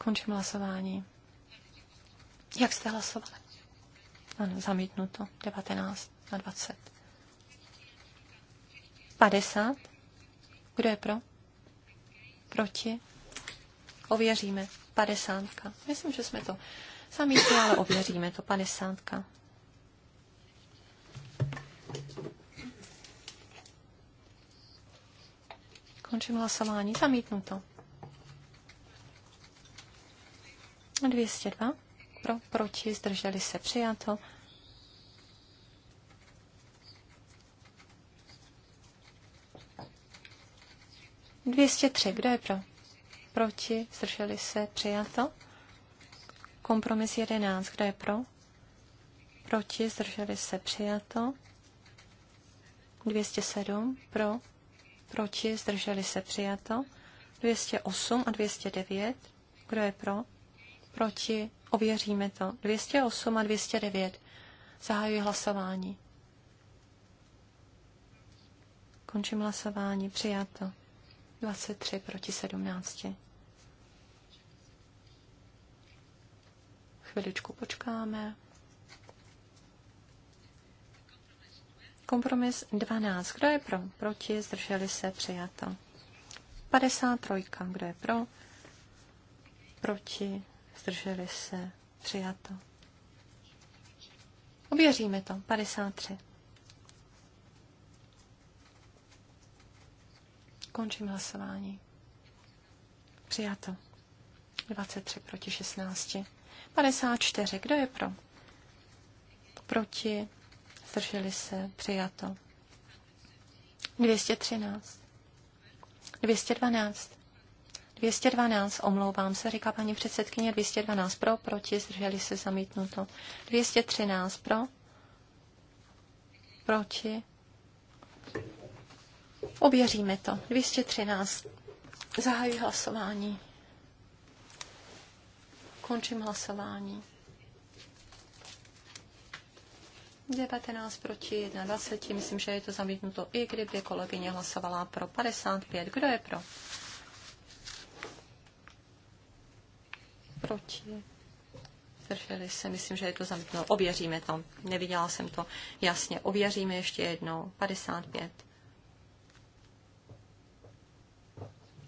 Končím hlasování. Jak jste hlasovali? Ano, zamítnuto. 19 na 20. 50. Kdo je pro? Proti? Ověříme. 50. Myslím, že jsme to zamítli, ale ověříme to. 50. Končím hlasování. Zamítnuto. 202 pro, proti, zdrželi se přijato. Dvěstě tři, kdo je pro? Proti, zdrželi se přijato. Kompromis jedenáct, kdo je pro? Proti, zdrželi se přijato. 207 pro, proti, zdrželi se přijato. 208 a 209, kdo je pro? proti, ověříme to. 208 a 209. Zahajuji hlasování. Končím hlasování. Přijato. 23 proti 17. Chviličku počkáme. Kompromis 12. Kdo je pro? Proti, zdrželi se, přijato. 53. Kdo je pro? Proti, zdrželi se, přijato. Ověříme to, 53. Končím hlasování. Přijato. 23 proti 16. 54. Kdo je pro? Proti. Zdrželi se. Přijato. 213. 212. 212, omlouvám se, říká paní předsedkyně, 212 pro, proti, zdrželi se zamítnuto. 213 pro, proti. Ověříme to. 213. Zahajuji hlasování. Končím hlasování. 19 proti 21. Myslím, že je to zamítnuto, i kdyby kolegyně hlasovala pro 55. Kdo je pro? proti, zdrželi se, myslím, že je to zamítnuto. No, ověříme to, neviděla jsem to jasně. Ověříme ještě jednou, 55.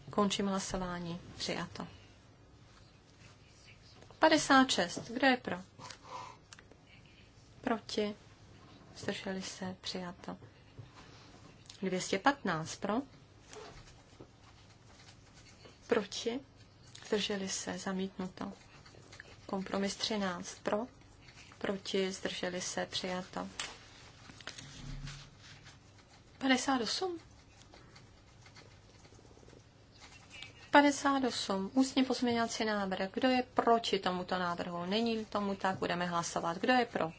Končím hlasování, přijato. 56, kdo je pro? Proti, zdrželi se, přijato. 215 pro, proti, zdrželi se, zamítnuto. Kompromis 13 pro, proti, zdrželi se, přijato. 58. 58. Ústní pozměňovací návrh. Kdo je proti tomuto návrhu? Není tomu tak, budeme hlasovat. Kdo je pro?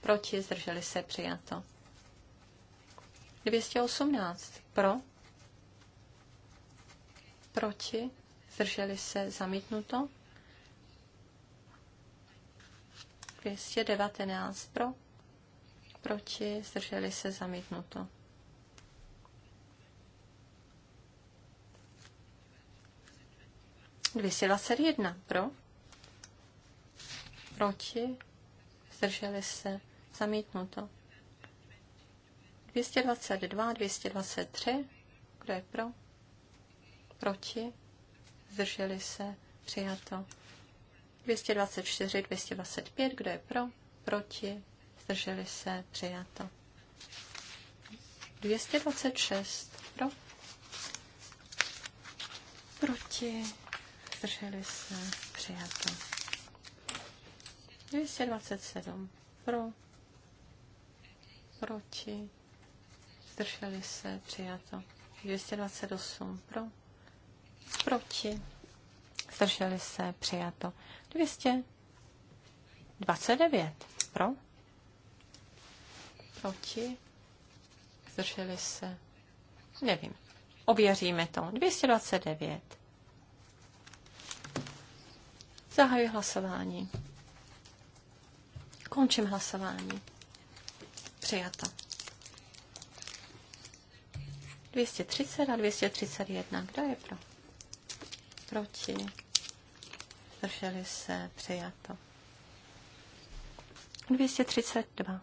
Proti, zdrželi se, přijato. 218. Pro? Proti, zdrželi se, zamítnuto. 219 pro, proti, zdrželi se, zamítnuto. Dvěstě jedna pro, proti, zdrželi se, zamítnuto. 222, 223, kdo je pro, proti, zdrželi se, přijato. 224, 225, kdo je pro, proti, zdrželi se, přijato. 226, pro, proti, zdrželi se, přijato. 227, pro, proti, zdrželi se, přijato. 228, pro, Proti. Zdrželi se. Přijato. 229. Pro. Proti. Zdrželi se. Nevím. Ověříme to. 229. Zahajuji hlasování. Končím hlasování. Přijato. 230 a 231. Kdo je pro? proti, zdrželi se, přijato. 232.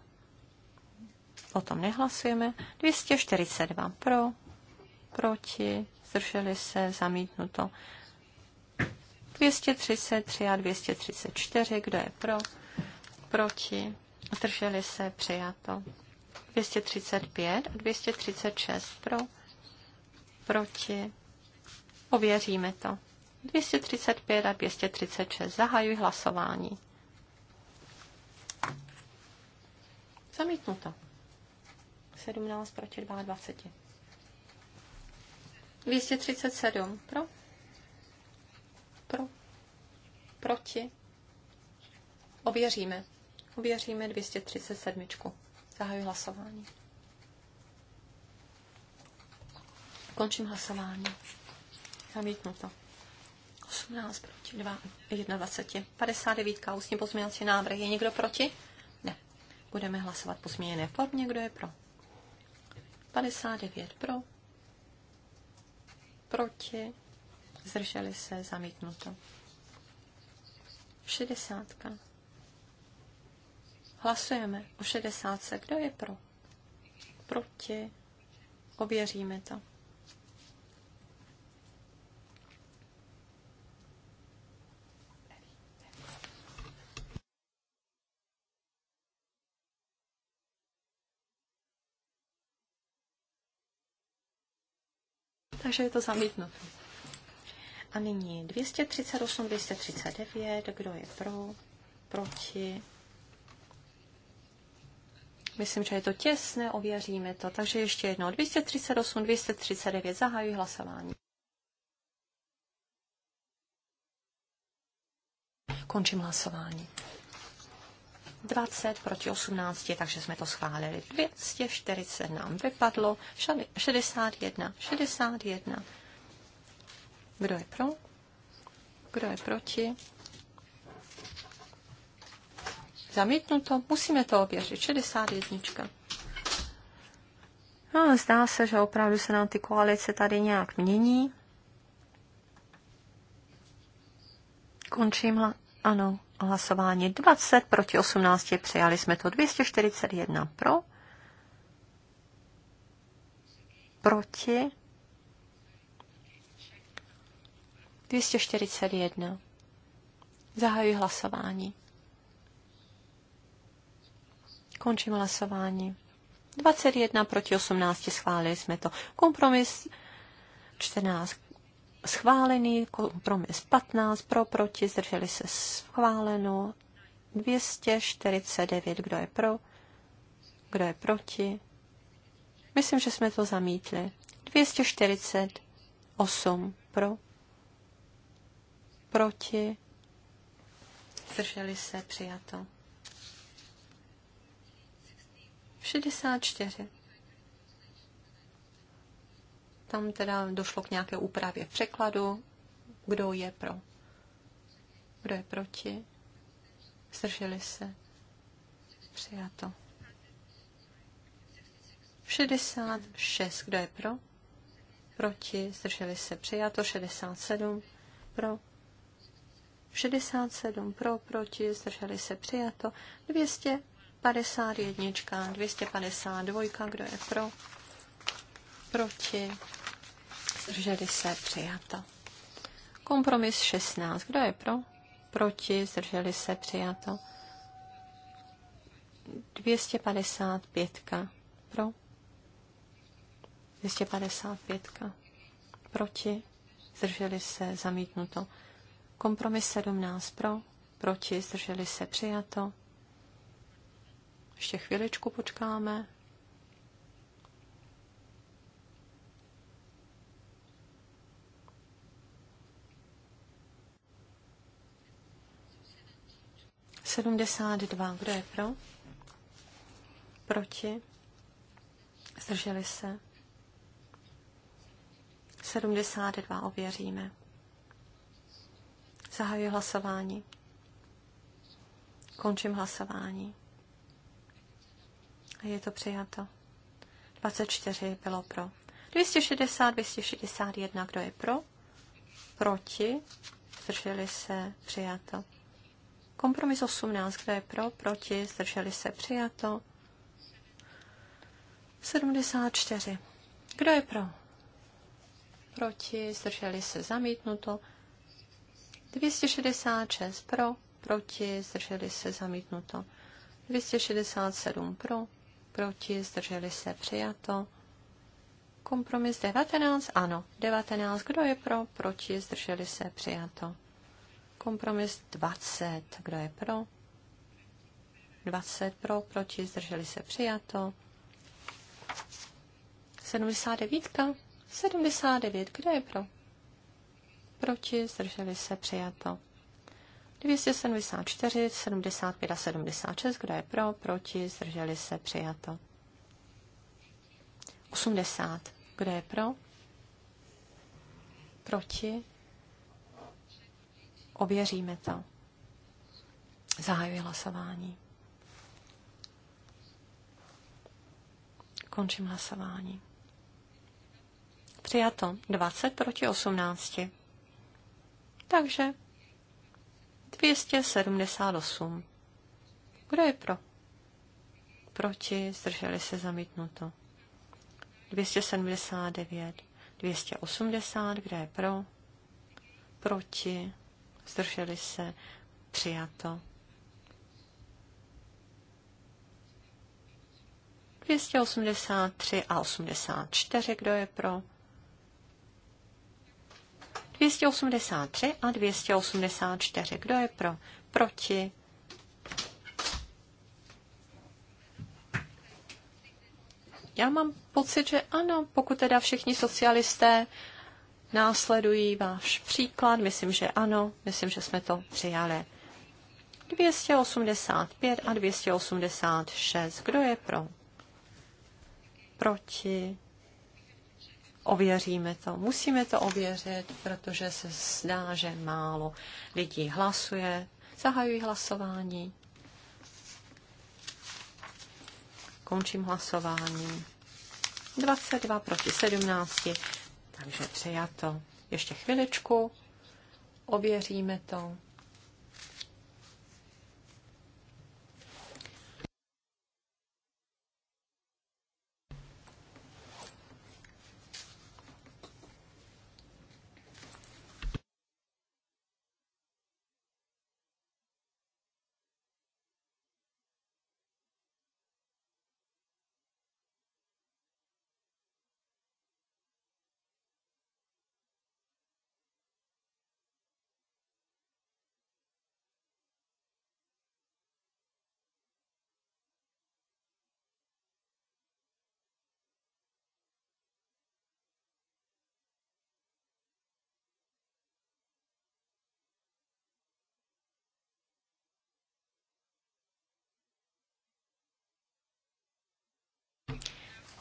O tom nehlasujeme. 242 pro, proti, zdrželi se, zamítnuto. 233 a 234, kdo je pro, proti, zdrželi se, přijato. 235 a 236 pro, proti, ověříme to. 235 a 236. Zahajuji hlasování. Zamítnuto. 17 proti 22. 237 pro. Pro. Proti. Ověříme. Ověříme 237. Zahajuji hlasování. Končím hlasování. Zamítnuto. to. 18 proti 2, 21. 59. Ústní pozměňovací návrh. Je někdo proti? Ne. Budeme hlasovat po změněné formě. Kdo je pro? 59 pro. Proti. Zdrželi se. Zamítnuto. 60. Hlasujeme o 60. Kdo je pro? Proti. Ověříme to. takže je to zamítnuté. A nyní 238, 239, kdo je pro, proti. Myslím, že je to těsné, ověříme to. Takže ještě jednou 238, 239, zahajuji hlasování. Končím hlasování. 20 proti 18, takže jsme to schválili. 240 nám vypadlo, 61, 61. Kdo je pro? Kdo je proti? Zamítnuto, musíme to ověřit. 61. No, zdá se, že opravdu se nám ty koalice tady nějak mění. Končím ano, hlasování 20 proti 18. Přijali jsme to 241 pro. Proti. 241. Zahajuji hlasování. Končím hlasování. 21 proti 18 schválili jsme to. Kompromis 14 schválený, kompromis 15 pro, proti, zdrželi se schváleno, 249, kdo je pro, kdo je proti. Myslím, že jsme to zamítli. 248 pro, proti, zdrželi se přijato. 64 tam teda došlo k nějaké úpravě v překladu. Kdo je pro? Kdo je proti? Zdrželi se? Přijato. 66. Kdo je pro? Proti? Zdrželi se? Přijato. 67. Pro? 67 pro, proti, zdrželi se přijato, 251, 252, kdo je pro, proti, zdrželi se, přijato. Kompromis 16, kdo je pro? Proti, zdrželi se, přijato. 255 pro. 255 proti, zdrželi se, zamítnuto. Kompromis 17 pro, proti, zdrželi se, přijato. Ještě chviličku počkáme. 72. Kdo je pro? Proti? Zdrželi se? 72 ověříme. Zahajuji hlasování. Končím hlasování. A je to přijato. 24 bylo pro. 260, 261, kdo je pro? Proti? Zdrželi se, přijato. Kompromis 18, kdo je pro, proti, zdrželi se, přijato. 74. Kdo je pro? Proti, zdrželi se, zamítnuto. 266 pro, proti, zdrželi se, zamítnuto. 267 pro, proti, zdrželi se, přijato. Kompromis 19, ano, 19, kdo je pro, proti, zdrželi se, přijato. Kompromis 20. Kdo je pro? 20 pro, proti, zdrželi se přijato. 79. 79. Kdo je pro? Proti, zdrželi se přijato. 274, 75 a 76. Kdo je pro? Proti, zdrželi se přijato. 80. Kdo je pro? Proti, Ověříme to. Zahajuji hlasování. Končím hlasování. Přijato 20 proti 18. Takže 278. Kdo je pro? Proti, zdrželi se zamítnuto. 279, 280, kdo je pro? Proti, zdrželi se, přijato. 283 a 84, kdo je pro? 283 a 284, kdo je pro? Proti? Já mám pocit, že ano, pokud teda všichni socialisté Následují váš příklad, myslím, že ano, myslím, že jsme to přijali. 285 a 286. Kdo je pro? Proti? Ověříme to. Musíme to ověřit, protože se zdá, že málo lidí hlasuje. Zahajují hlasování. Končím hlasování. 22 proti 17. Takže přijato. Ještě chviličku. Ověříme to.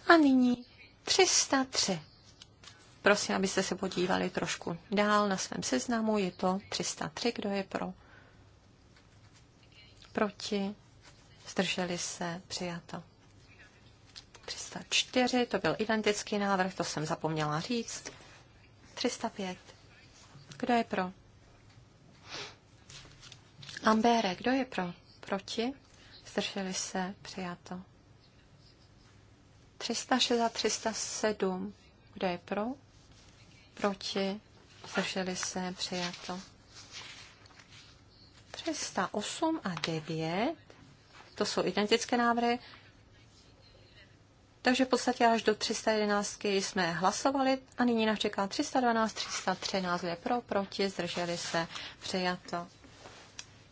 A nyní 303. Prosím, abyste se podívali trošku dál na svém seznamu. Je to 303, kdo je pro. Proti. Zdrželi se. Přijato. 304, to byl identický návrh, to jsem zapomněla říct. 305. Kdo je pro? Ambere. kdo je pro? Proti? Zdrželi se. Přijato. 306 a 307. Kdo je pro? Proti? Zdrželi se? Přijato. 308 a 9. To jsou identické návrhy. Takže v podstatě až do 311 jsme hlasovali a nyní nás čeká 312, 313, kde pro, proti, zdrželi se, přijato.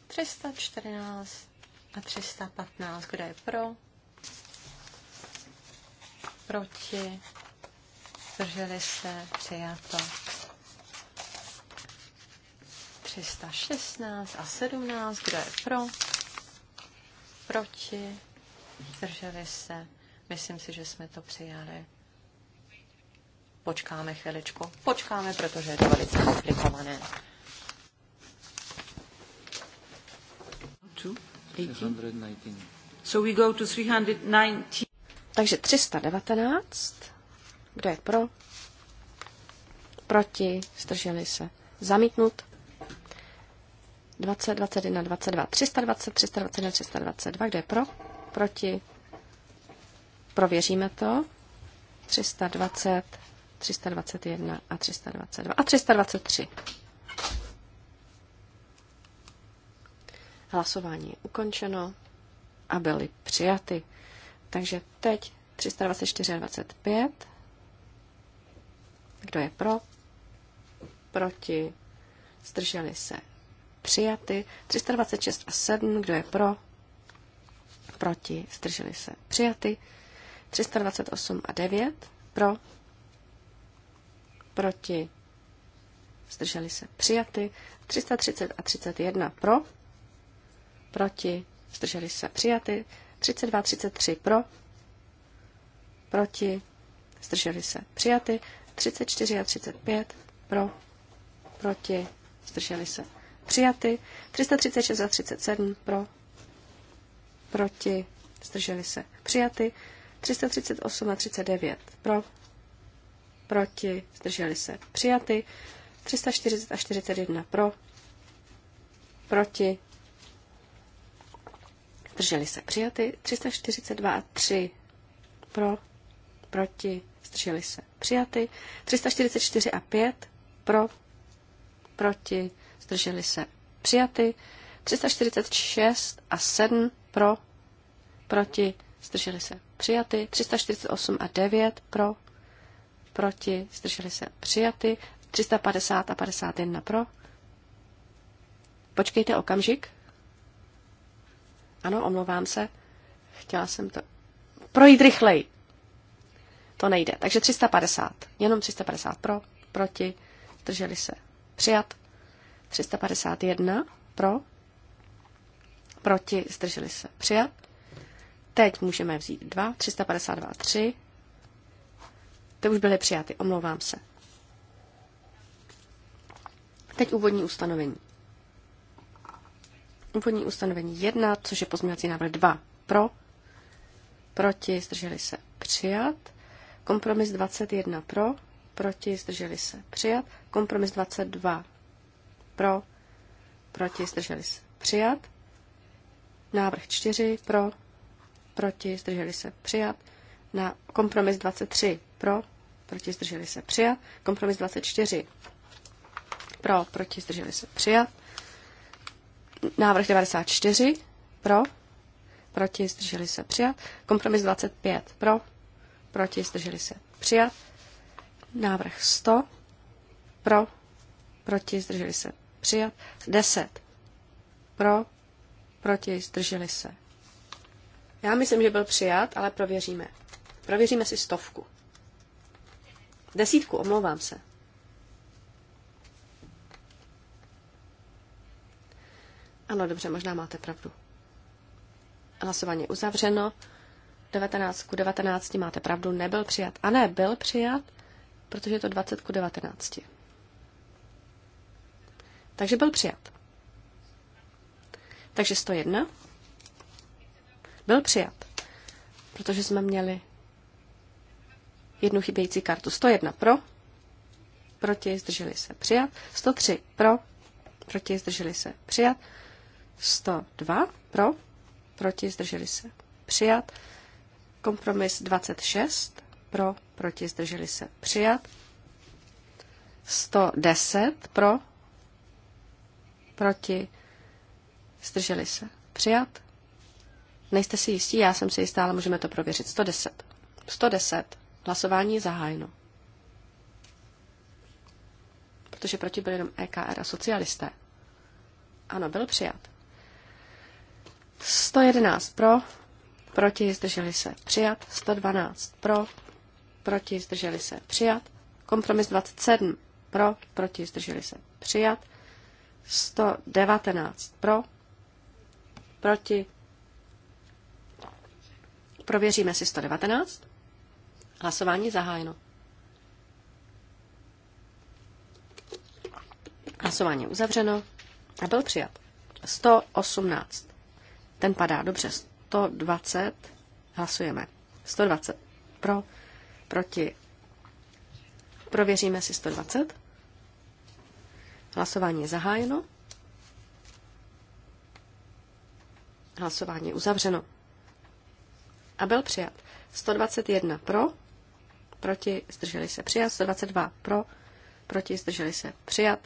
314 a 315, kde je pro, proti, zdrželi se, přijato. 316 a 17, kdo je pro, proti, zdrželi se. Myslím si, že jsme to přijali. Počkáme chviličku. Počkáme, protože je to velice komplikované. So we go to 319. Takže 319. Kdo je pro? Proti? Zdrželi se. Zamítnut. 20, 21, 22, 320, 321, 322. Kdo je pro? Proti? Prověříme to. 320, 321 a 322 a 323. Hlasování je ukončeno a byly přijaty. Takže teď 324,25. Kdo je pro? Proti? Zdrželi se? Přijaty. 326 a 7. Kdo je pro? Proti? Zdrželi se? Přijaty. 328 a 9. Pro? Proti? Zdrželi se? Přijaty. 330 a 31. Pro? Proti? Zdrželi se? Přijaty. 32, 33 pro, proti, zdrželi se přijaty, 34 a 35 pro, proti, zdrželi se přijaty, 336 a 37 pro, proti, zdrželi se přijaty, 338 a 39 pro, proti, zdrželi se přijaty, 340 a 41 pro, proti, zdrželi se přijaty, 342 a 3 pro, proti, zdrželi se přijaty, 344 a 5 pro, proti, zdrželi se přijaty, 346 a 7 pro, proti, zdrželi se přijaty, 348 a 9 pro, proti, zdrželi se přijaty, 350 a 51 pro. Počkejte okamžik. Ano, omlouvám se. Chtěla jsem to projít rychleji. To nejde. Takže 350. Jenom 350 pro, proti, drželi se. Přijat. 351 pro, proti, zdrželi se. Přijat. Teď můžeme vzít 2, 352, 3. Ty už byly přijaty, omlouvám se. Teď úvodní ustanovení. Úvodní ustanovení 1, což je pozměňovací návrh 2. Pro, proti, zdrželi se, přijat. Kompromis 21 pro, proti, zdrželi se, přijat. Kompromis 22 pro, proti, zdrželi se, přijat. Návrh 4 pro, proti, zdrželi se, přijat. Na kompromis 23 pro, proti, zdrželi se, přijat. Kompromis 24 pro, proti, zdrželi se, přijat. Návrh 94 pro, proti, zdrželi se přijat. Kompromis 25 pro, proti, zdrželi se přijat. Návrh 100 pro, proti, zdrželi se přijat. 10 pro, proti, zdrželi se. Já myslím, že byl přijat, ale prověříme. Prověříme si stovku. Desítku, omlouvám se. Ano, dobře, možná máte pravdu. Hlasování uzavřeno. 19 ku 19 máte pravdu, nebyl přijat. A ne, byl přijat, protože je to 20 ku 19. Takže byl přijat. Takže 101 byl přijat, protože jsme měli jednu chybějící kartu. 101 pro, proti, zdrželi se přijat. 103 pro, proti, zdrželi se přijat. 102 pro, proti, zdrželi se přijat. Kompromis 26 pro, proti, zdrželi se přijat. 110 pro, proti, zdrželi se přijat. Nejste si jistí, já jsem si jistá, ale můžeme to prověřit. 110. 110. Hlasování je zahájeno. Protože proti byli jenom EKR a socialisté. Ano, byl přijat. 111 pro, proti, zdrželi se, přijat. 112 pro, proti, zdrželi se, přijat. Kompromis 27 pro, proti, zdrželi se, přijat. 119 pro, proti. Prověříme si 119. Hlasování zahájeno. Hlasování uzavřeno a byl přijat. 118 ten padá. Dobře. 120. Hlasujeme. 120. Pro. Proti. Prověříme si 120. Hlasování je zahájeno. Hlasování je uzavřeno. A byl přijat. 121 pro, proti zdrželi se přijat. 122 pro, proti zdrželi se přijat.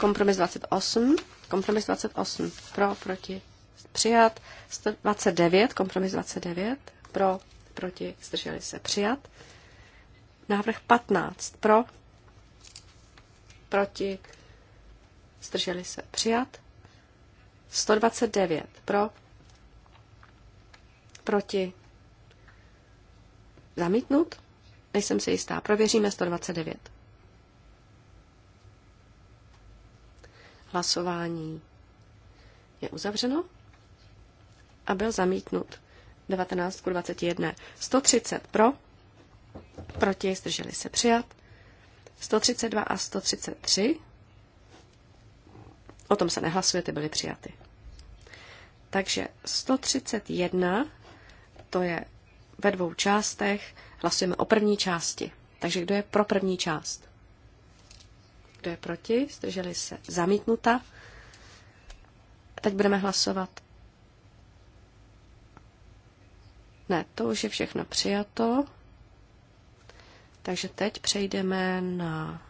Kompromis 28 kompromis 28 pro, proti, přijat. 129, kompromis 29 pro, proti, zdrželi se, přijat. Návrh 15 pro, proti, zdrželi se, přijat. 129 pro, proti, zamítnut. Nejsem si jistá. Prověříme 129. Hlasování je uzavřeno a byl zamítnut 19 k 21. 130 pro, proti, zdrželi se přijat. 132 a 133, o tom se nehlasuje, ty byly přijaty. Takže 131, to je ve dvou částech, hlasujeme o první části. Takže kdo je pro první část? Kdo je proti? Zdrželi se. Zamítnuta. A teď budeme hlasovat. Ne, to už je všechno přijato. Takže teď přejdeme na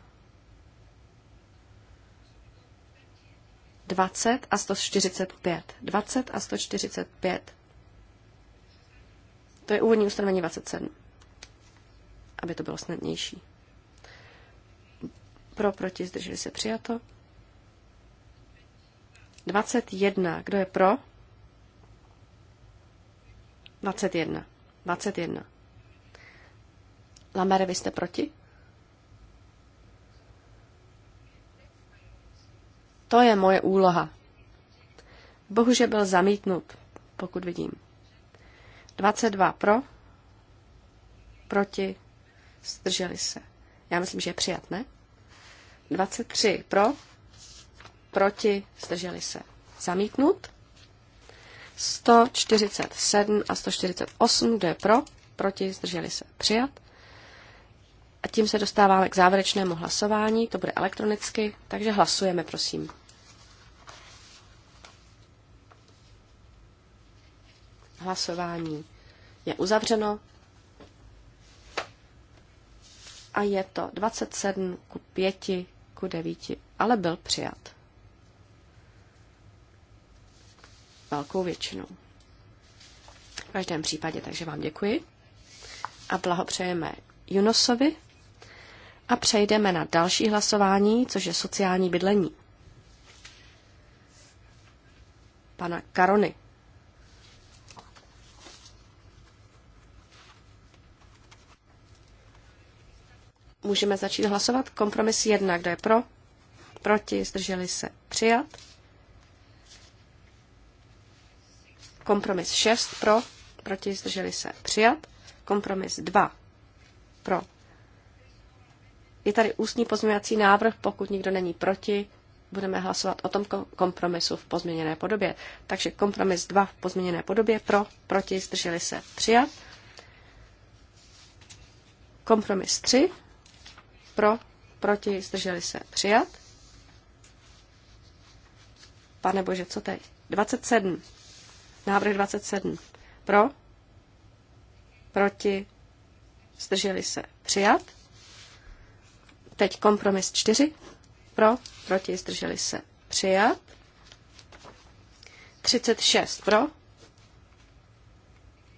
20 a 145. 20 a 145. To je úvodní ustanovení 27, aby to bylo snadnější pro, proti, zdrželi se přijato. 21. Kdo je pro? 21. 21. Lamere, vy jste proti? To je moje úloha. Bohužel byl zamítnut, pokud vidím. 22 pro, proti, zdrželi se. Já myslím, že je přijat, ne? 23 pro, proti, zdrželi se zamítnut. 147 a 148, kdo je pro, proti, zdrželi se přijat. A tím se dostáváme k závěrečnému hlasování, to bude elektronicky, takže hlasujeme, prosím. Hlasování je uzavřeno a je to 27 ku 5 ku devíti, ale byl přijat. Velkou většinou. V každém případě, takže vám děkuji a blahopřejeme Junosovi a přejdeme na další hlasování, což je sociální bydlení. Pana Karony. Můžeme začít hlasovat. Kompromis 1. Kdo je pro? Proti? Zdrželi se? Přijat. Kompromis 6. Pro? Proti? Zdrželi se? Přijat. Kompromis 2. Pro? Je tady ústní pozměňovací návrh, pokud nikdo není proti, budeme hlasovat o tom kompromisu v pozměněné podobě. Takže kompromis 2 v pozměněné podobě pro, proti, zdrželi se přijat. Kompromis 3 pro, proti, zdrželi se přijat. Pane bože, co teď? 27. Návrh 27. Pro, proti, zdrželi se přijat. Teď kompromis 4. Pro, proti, zdrželi se přijat. 36 pro,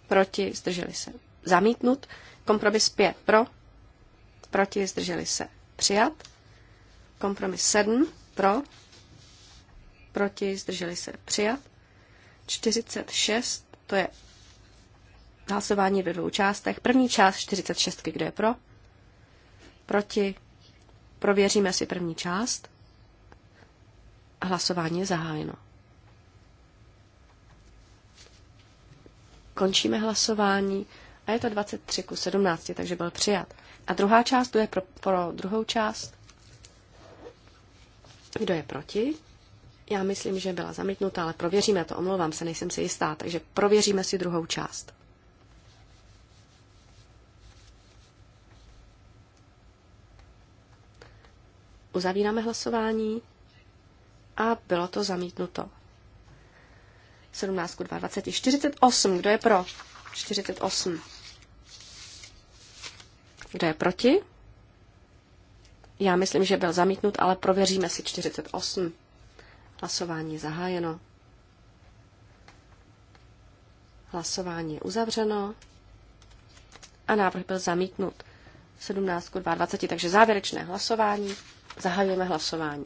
proti, zdrželi se zamítnut. Kompromis 5 pro, proti, zdrželi se přijat. Kompromis 7 pro, proti, zdrželi se přijat. 46, to je hlasování ve dvou částech. První část 46, kdo je pro, proti, prověříme si první část. Hlasování je zahájeno. Končíme hlasování a je to 23 ku 17, takže byl přijat. A druhá část, kdo je pro, pro druhou část? Kdo je proti? Já myslím, že byla zamítnuta, ale prověříme to, omlouvám se, nejsem si jistá, takže prověříme si druhou část. Uzavíráme hlasování a bylo to zamítnuto. 17 k 22, 48, kdo je pro? 48. Kdo je proti? Já myslím, že byl zamítnut, ale prověříme si 48. Hlasování zahájeno. Hlasování je uzavřeno. A návrh byl zamítnut 17 k 22, takže závěrečné hlasování. Zahajujeme hlasování.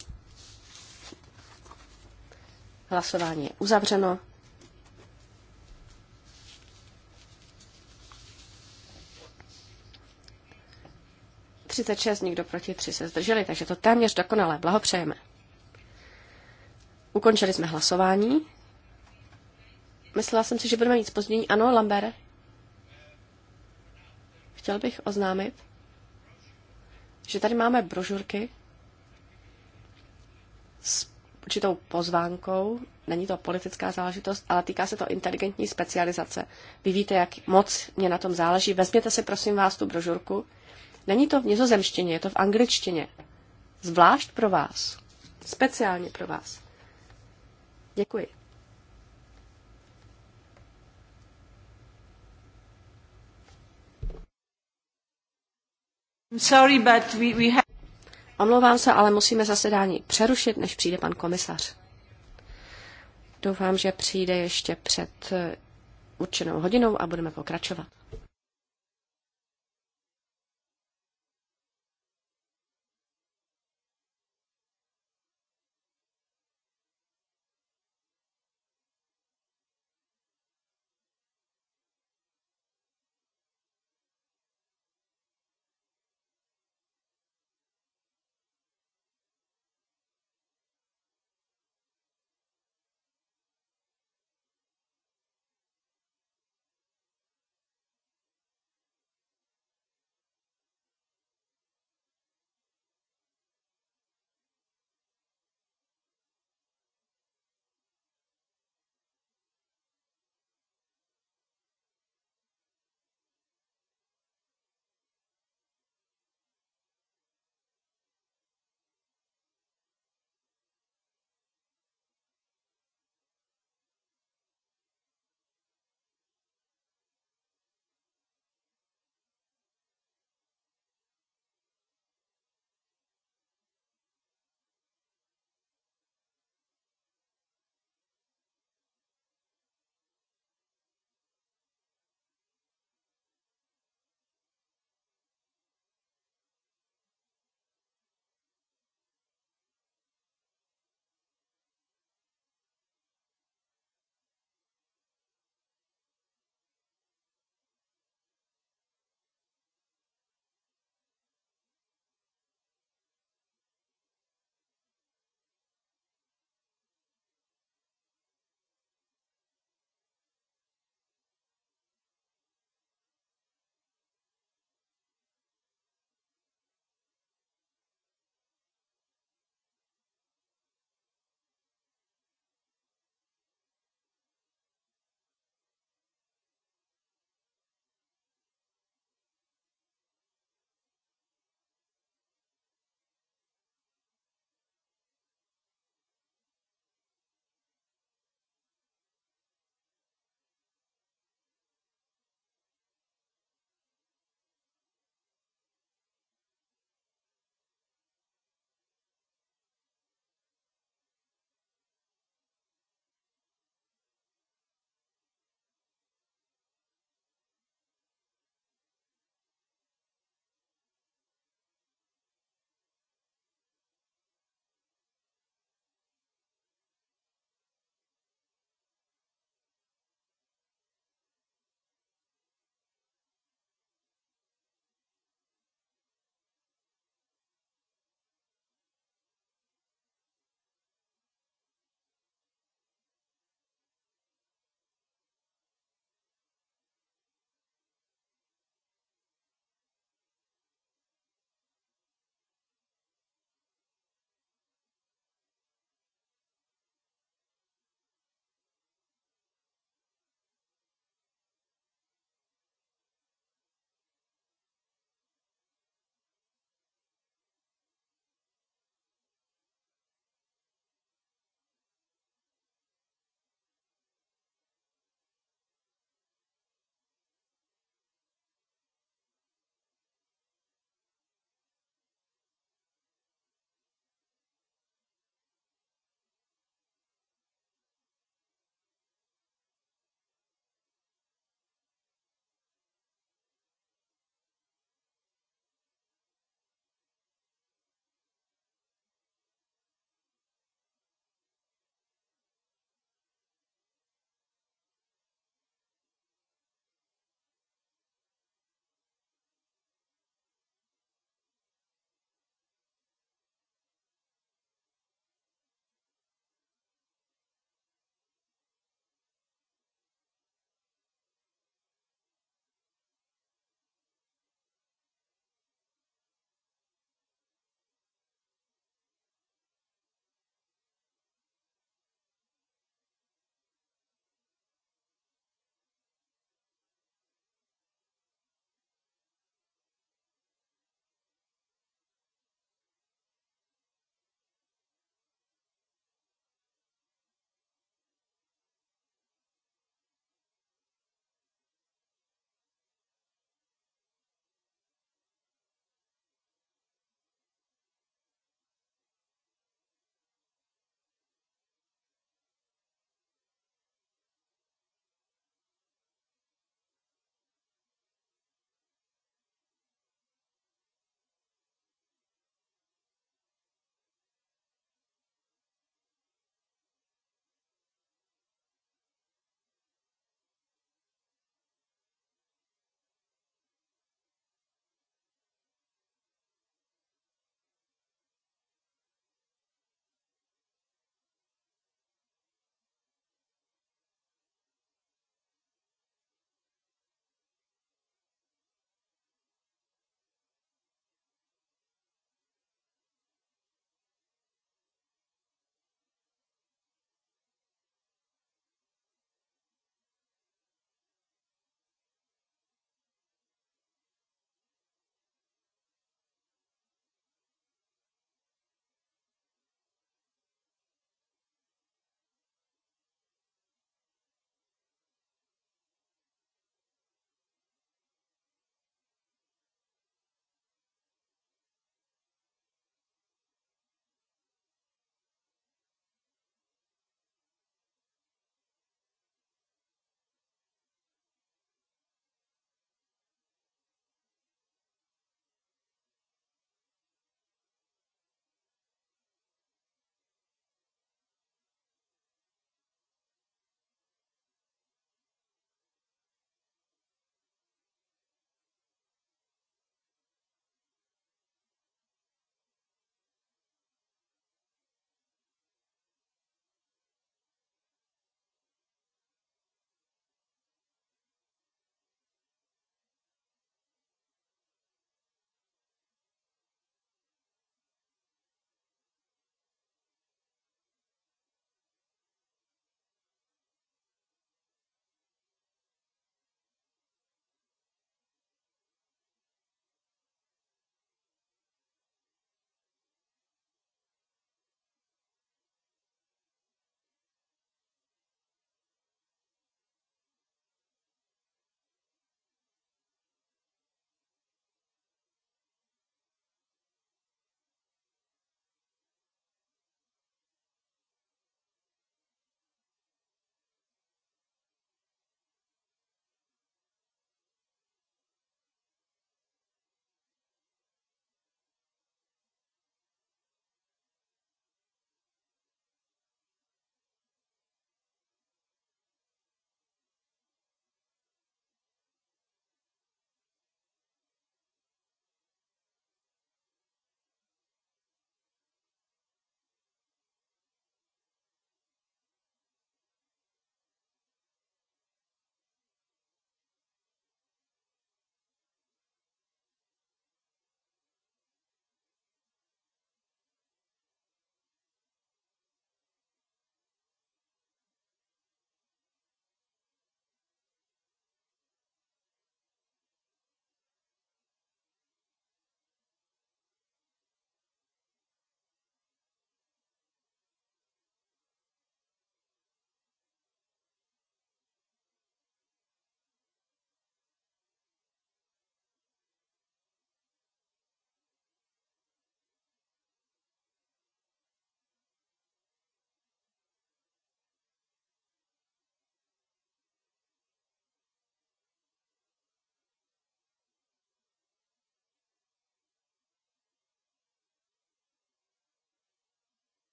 Hlasování je uzavřeno. 36, nikdo proti, 3 se zdrželi, takže to téměř dokonale. Blahopřejeme. Ukončili jsme hlasování. Myslela jsem si, že budeme mít pozdění. Ano, Lambere? Chtěl bych oznámit, že tady máme brožurky s určitou pozvánkou. Není to politická záležitost, ale týká se to inteligentní specializace. Vy víte, jak moc mě na tom záleží. Vezměte si, prosím vás, tu brožurku. Není to v nizozemštině, je to v angličtině. Zvlášť pro vás. Speciálně pro vás. Děkuji. Sorry, but we, we have... Omlouvám se, ale musíme zasedání přerušit, než přijde pan komisař. Doufám, že přijde ještě před eh, určenou hodinou a budeme pokračovat.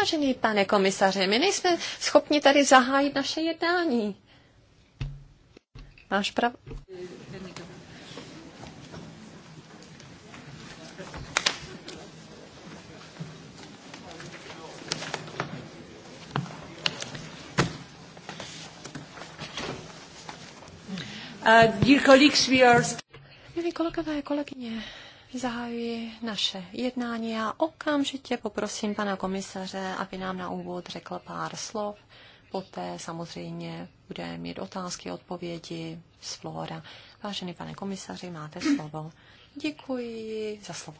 Vážený pane komisaře, my nejsme schopni tady zahájit naše jednání. Máš pravdu. Uh, dear colleagues, we are... Milí kolegové, kolegyně, zahajuji naše jednání a okamžitě poprosím pana komisaře, aby nám na úvod řekl pár slov. Poté samozřejmě bude mít otázky, odpovědi z Flora. Vážený pane komisaři, máte slovo. Děkuji za slovo.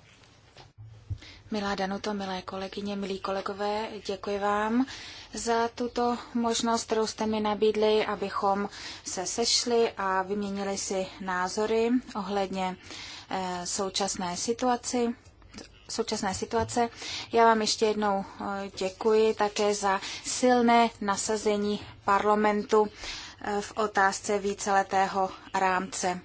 Milá Danuto, milé kolegyně, milí kolegové, děkuji vám za tuto možnost, kterou jste mi nabídli, abychom se sešli a vyměnili si názory ohledně Eh, současné situaci současné situace. Já vám ještě jednou eh, děkuji také za silné nasazení parlamentu eh, v otázce víceletého rámce.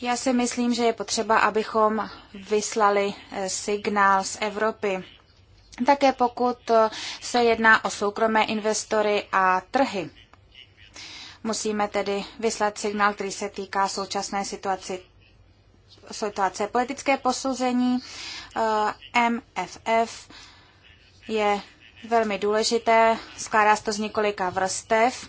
Já si myslím, že je potřeba, abychom vyslali signál z Evropy. Také pokud se jedná o soukromé investory a trhy. Musíme tedy vyslat signál, který se týká současné situaci situace. Politické posouzení eh, MFF je velmi důležité, skládá se to z několika vrstev.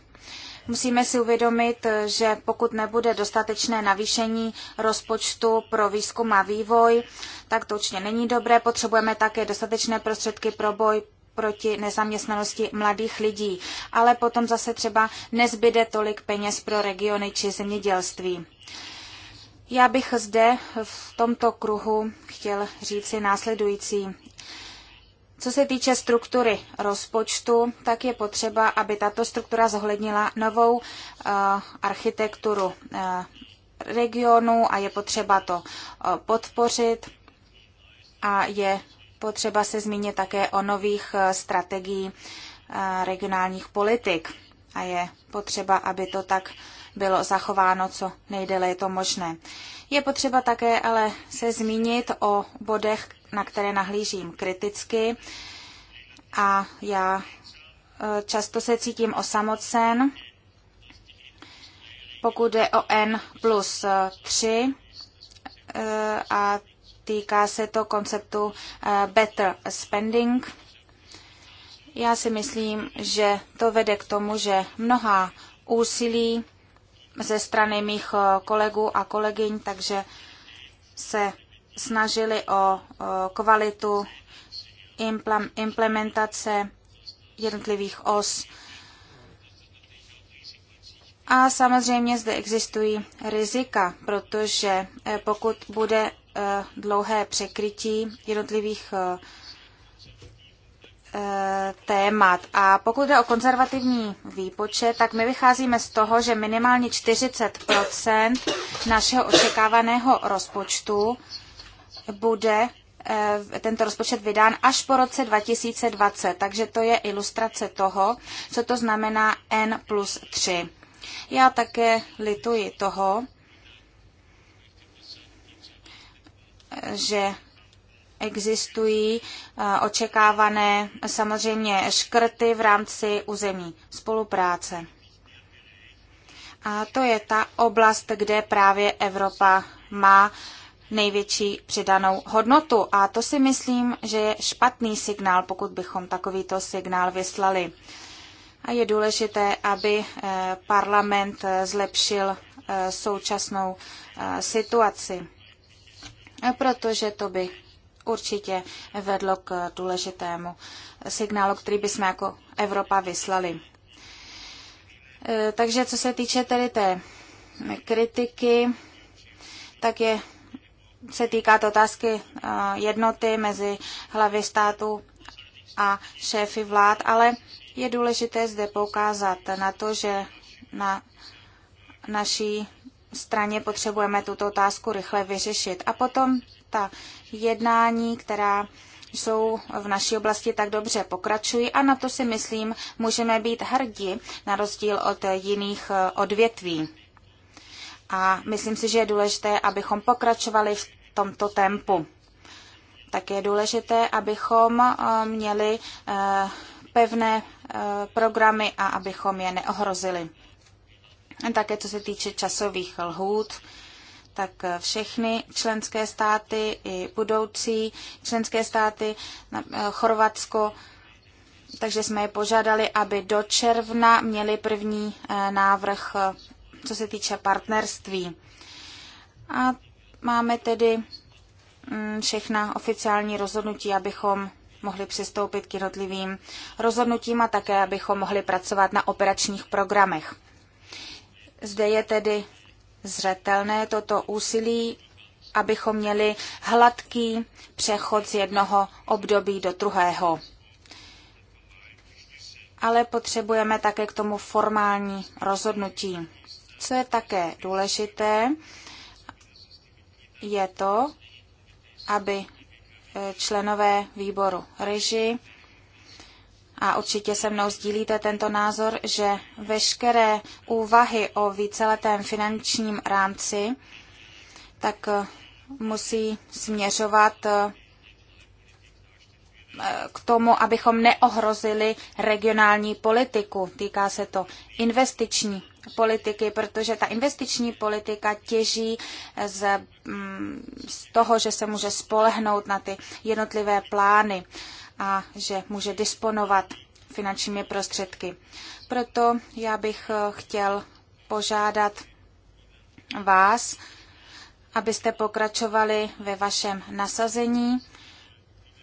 Musíme si uvědomit, že pokud nebude dostatečné navýšení rozpočtu pro výzkum a vývoj, tak to určitě není dobré. Potřebujeme také dostatečné prostředky pro boj proti nezaměstnanosti mladých lidí, ale potom zase třeba nezbyde tolik peněz pro regiony či zemědělství. Já bych zde v tomto kruhu chtěl říci následující. Co se týče struktury rozpočtu, tak je potřeba, aby tato struktura zohlednila novou uh, architekturu uh, regionu a je potřeba to uh, podpořit a je potřeba se zmínit také o nových uh, strategií uh, regionálních politik a je potřeba, aby to tak uh, bylo zachováno co nejdéle je to možné. Je potřeba také ale se zmínit o bodech, na které nahlížím kriticky a já e, často se cítím osamocen, pokud je o N plus 3 e, a týká se to konceptu e, better spending. Já si myslím, že to vede k tomu, že mnoha úsilí ze strany mých eh, kolegů a kolegyň, takže se snažili o kvalitu implementace jednotlivých os. A samozřejmě zde existují rizika, protože eh, pokud bude eh, dlouhé překrytí jednotlivých témat. A pokud jde o konzervativní výpočet, tak my vycházíme z toho, že minimálně 40 našeho očekávaného rozpočtu bude eh, tento rozpočet vydán až po roce 2020. Takže to je ilustrace toho, co to znamená N plus 3. Já také lituji toho, že existují eh, očekávané samozřejmě škrty v rámci území spolupráce. A to je ta oblast, kde právě Evropa má největší přidanou hodnotu. A to si myslím, že je špatný signál, pokud bychom takovýto signál vyslali. A je důležité, aby eh, parlament eh, zlepšil současnou situaci, protože to by určitě vedlo k důležitému signálu, který bychom jako Evropa vyslali. E, takže co se týče tedy té kritiky, tak je, se týká to otázky e, jednoty mezi hlavy státu a šéfy vlád, ale je důležité zde poukázat na to, že na naší straně potřebujeme tuto otázku rychle vyřešit. A potom ta jednání, která jsou v naší oblasti tak dobře pokračují a na to si myslím můžeme být hrdí na rozdíl od jiných eh, odvětví. A myslím si, že je důležité, abychom pokračovali v tomto tempu. Tak je důležité, abychom eh, měli eh, pevné programy a abychom je neohrozili. Také co se týče časových lhůt, tak všechny členské státy i budoucí členské státy, eh, Chorvatsko, takže jsme je požádali, aby do června měli první eh, návrh, eh, co se týče partnerství. A máme tedy mm, všechna oficiální rozhodnutí, abychom mohli přistoupit k jednotlivým rozhodnutím a také, abychom mohli pracovat na operačních programech. Zde je tedy zřetelné toto úsilí, abychom měli hladký přechod z jednoho období do druhého. Ale potřebujeme také k tomu formální rozhodnutí. Co je také důležité, je to, aby eh, členové výboru reži a určitě se mnou sdílíte tento názor, že veškeré úvahy o víceletém finančním rámci tak eh, musí směřovat eh, k tomu, abychom neohrozili regionální politiku. Týká se to investiční politiky, protože ta investiční politika těží eh, z, mm, z toho, že se může spolehnout na ty jednotlivé plány a že může disponovat finančními prostředky. Proto já bych eh, chtěl požádat vás, abyste pokračovali ve vašem nasazení.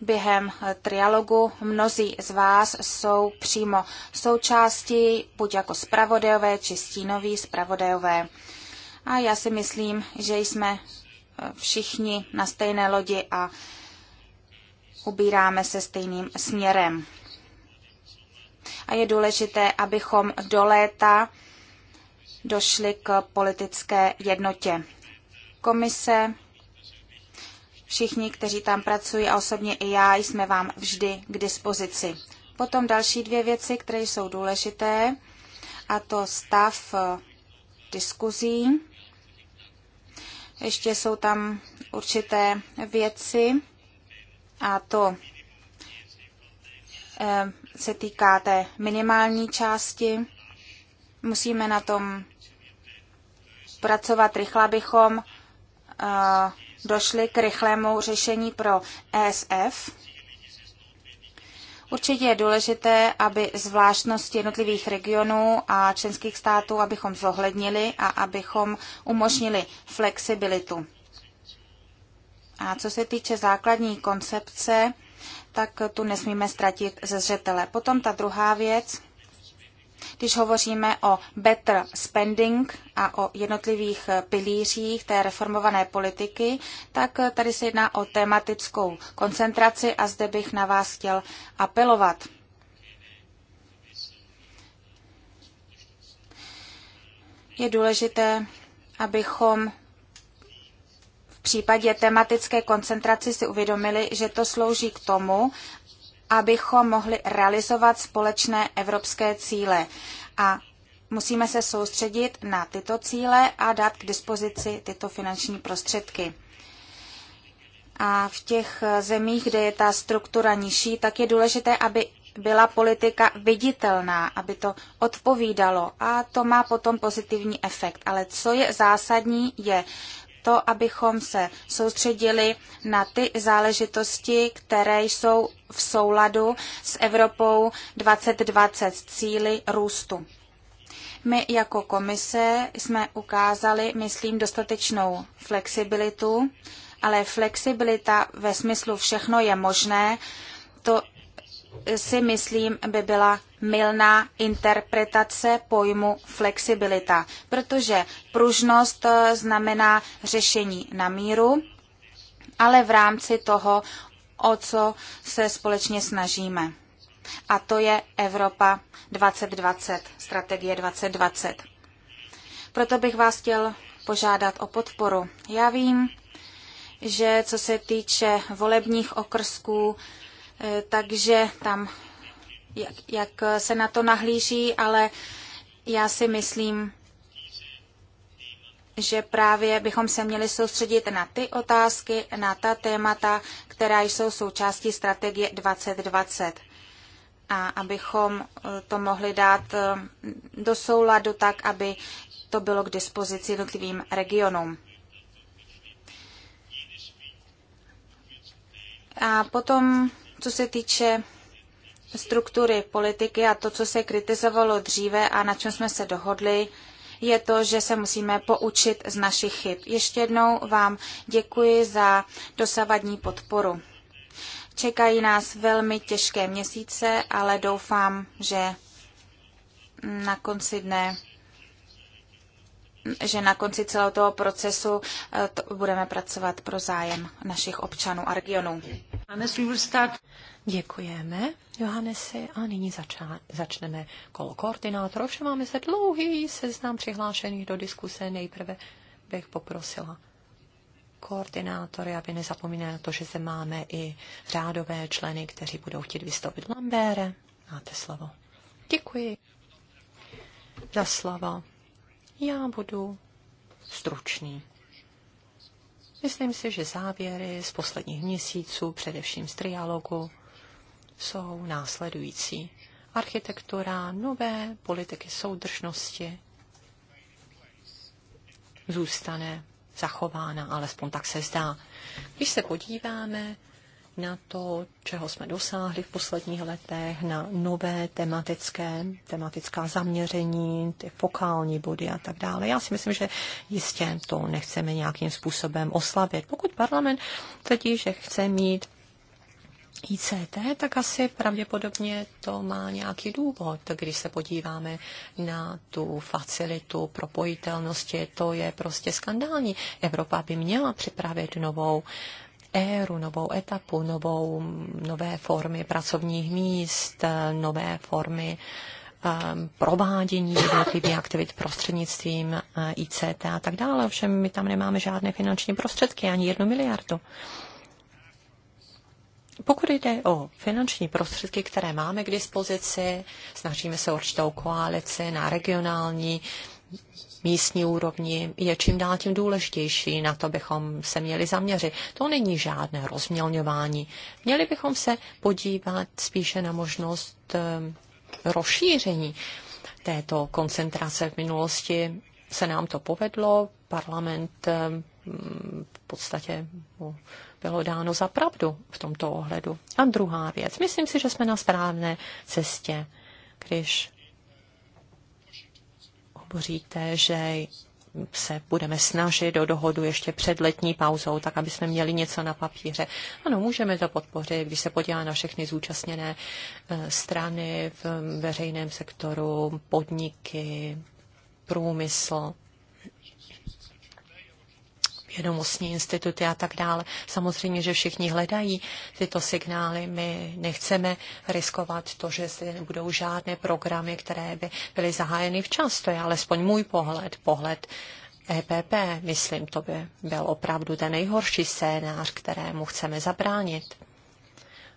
Během eh, trialogu mnozí z vás jsou přímo součástí, buď jako spravodajové či stínoví spravodajové. A já si myslím, že jsme eh, všichni na stejné lodi a ubíráme se stejným směrem. A je důležité, abychom do léta došli k politické jednotě. Komise, všichni, kteří tam pracují a osobně i já, jsme vám vždy k dispozici. Potom další dvě věci, které jsou důležité, a to stav eh, diskuzí. Ještě jsou tam určité věci, a to eh, se týká té minimální části. Musíme na tom pracovat rychle, abychom eh, došli k rychlému řešení pro ESF. Určitě je důležité, aby zvláštnosti jednotlivých regionů a členských států, abychom zohlednili a abychom umožnili flexibilitu. A co se týče základní koncepce, tak tu nesmíme ztratit ze zřetele. Potom ta druhá věc, když hovoříme o better spending a o jednotlivých pilířích té reformované politiky, tak tady se jedná o tematickou koncentraci a zde bych na vás chtěl apelovat. Je důležité, abychom případě tematické koncentraci si uvědomili, že to slouží k tomu, abychom mohli realizovat společné evropské cíle. A musíme se soustředit na tyto cíle a dát k dispozici tyto finanční prostředky. A v těch zemích, kde je ta struktura nižší, tak je důležité, aby byla politika viditelná, aby to odpovídalo a to má potom pozitivní efekt. Ale co je zásadní, je to, abychom se soustředili na ty záležitosti, které jsou v souladu s Evropou 2020 cíly růstu. My jako komise jsme ukázali, myslím, dostatečnou flexibilitu, ale flexibilita ve smyslu všechno je možné, to si myslím, by byla milná interpretace pojmu flexibilita, protože pružnost eh, znamená řešení na míru, ale v rámci toho, o co se společně snažíme. A to je Evropa 2020, strategie 2020. Proto bych vás chtěl požádat o podporu. Já vím, že co se týče volebních okrsků, Eh, takže tam, jak, jak se na to nahlíží, ale já si myslím, že právě bychom se měli soustředit na ty otázky, na ta témata, která jsou součástí strategie 2020. A abychom eh, to mohli dát eh, do souladu tak, aby to bylo k dispozici jednotlivým regionům. A potom co se týče struktury politiky a to, co se kritizovalo dříve a na čem jsme se dohodli, je to, že se musíme poučit z našich chyb. Ještě jednou vám děkuji za dosavadní podporu. Čekají nás velmi těžké měsíce, ale doufám, že na konci dne že na konci celého toho procesu eh, to budeme pracovat pro zájem našich občanů a regionů. Děkujeme, Johannesi, a nyní zača- začneme kolo koordinátorů. Vše máme se dlouhý seznam přihlášených do diskuse. Nejprve bych poprosila koordinátory, aby nezapomínali na to, že se máme i řádové členy, kteří budou chtít vystoupit. Lambére, máte slovo. Děkuji za slovo. Já budu stručný. Myslím si, že závěry z posledních měsíců, především z trialogu, jsou následující. Architektura nové politiky soudržnosti zůstane zachována, alespoň tak se zdá. Když se podíváme na to, čeho jsme dosáhli v posledních letech, na nové tematické, tematická zaměření, ty fokální body a tak dále. Já si myslím, že jistě to nechceme nějakým způsobem oslabit. Pokud parlament tvrdí, že chce mít ICT, tak asi pravděpodobně to má nějaký důvod. Když se podíváme na tu facilitu propojitelnosti, to je prostě skandální. Evropa by měla připravit novou éru, novou etapu, novou, nové formy pracovních míst, nové formy um, provádění jednotlivých aktivit prostřednictvím eh, ICT a tak dále. Ovšem my tam nemáme žádné finanční prostředky, ani jednu miliardu. Pokud jde o finanční prostředky, které máme k dispozici, snažíme se určitou koalici na regionální místní úrovni je čím dál tím důležitější. Na to bychom se měli zaměřit. To není žádné rozmělňování. Měli bychom se podívat spíše na možnost eh, rozšíření této koncentrace v minulosti. Se nám to povedlo, parlament eh, v podstatě bylo dáno za pravdu v tomto ohledu. A druhá věc, myslím si, že jsme na správné cestě, když podpoříte, že se budeme snažit do dohodu ještě před letní pauzou, tak aby jsme měli něco na papíře. Ano, můžeme to podpořit, když se podívá na všechny zúčastněné eh, strany v veřejném sektoru, podniky, průmysl vědomostní instituty a tak dále. Samozřejmě, že všichni hledají tyto signály. My nechceme riskovat to, že zde nebudou žádné programy, které by byly zahájeny včas. To je alespoň můj pohled, pohled EPP. Myslím, to by byl opravdu ten nejhorší scénář, kterému chceme zabránit.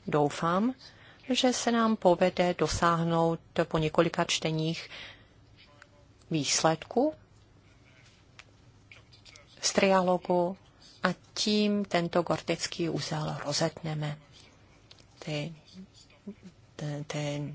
Doufám, že se nám povede dosáhnout po několika čteních výsledku, z trialogu a tím tento gordický úzel rozetneme. Ty, ty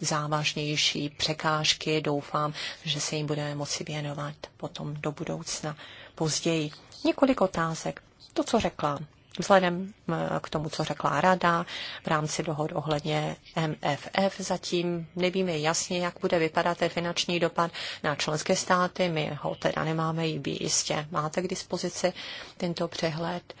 nejzávažnější překážky doufám, že se jim budeme moci věnovat potom do budoucna později. Několik otázek. To, co řekla Vzhledem eh, k tomu, co řekla Rada v rámci dohod ohledně MFF, zatím nevíme jasně, jak bude vypadat ten finanční dopad na členské státy. My ho teda nemáme, i by jistě máte k dispozici tento přehled.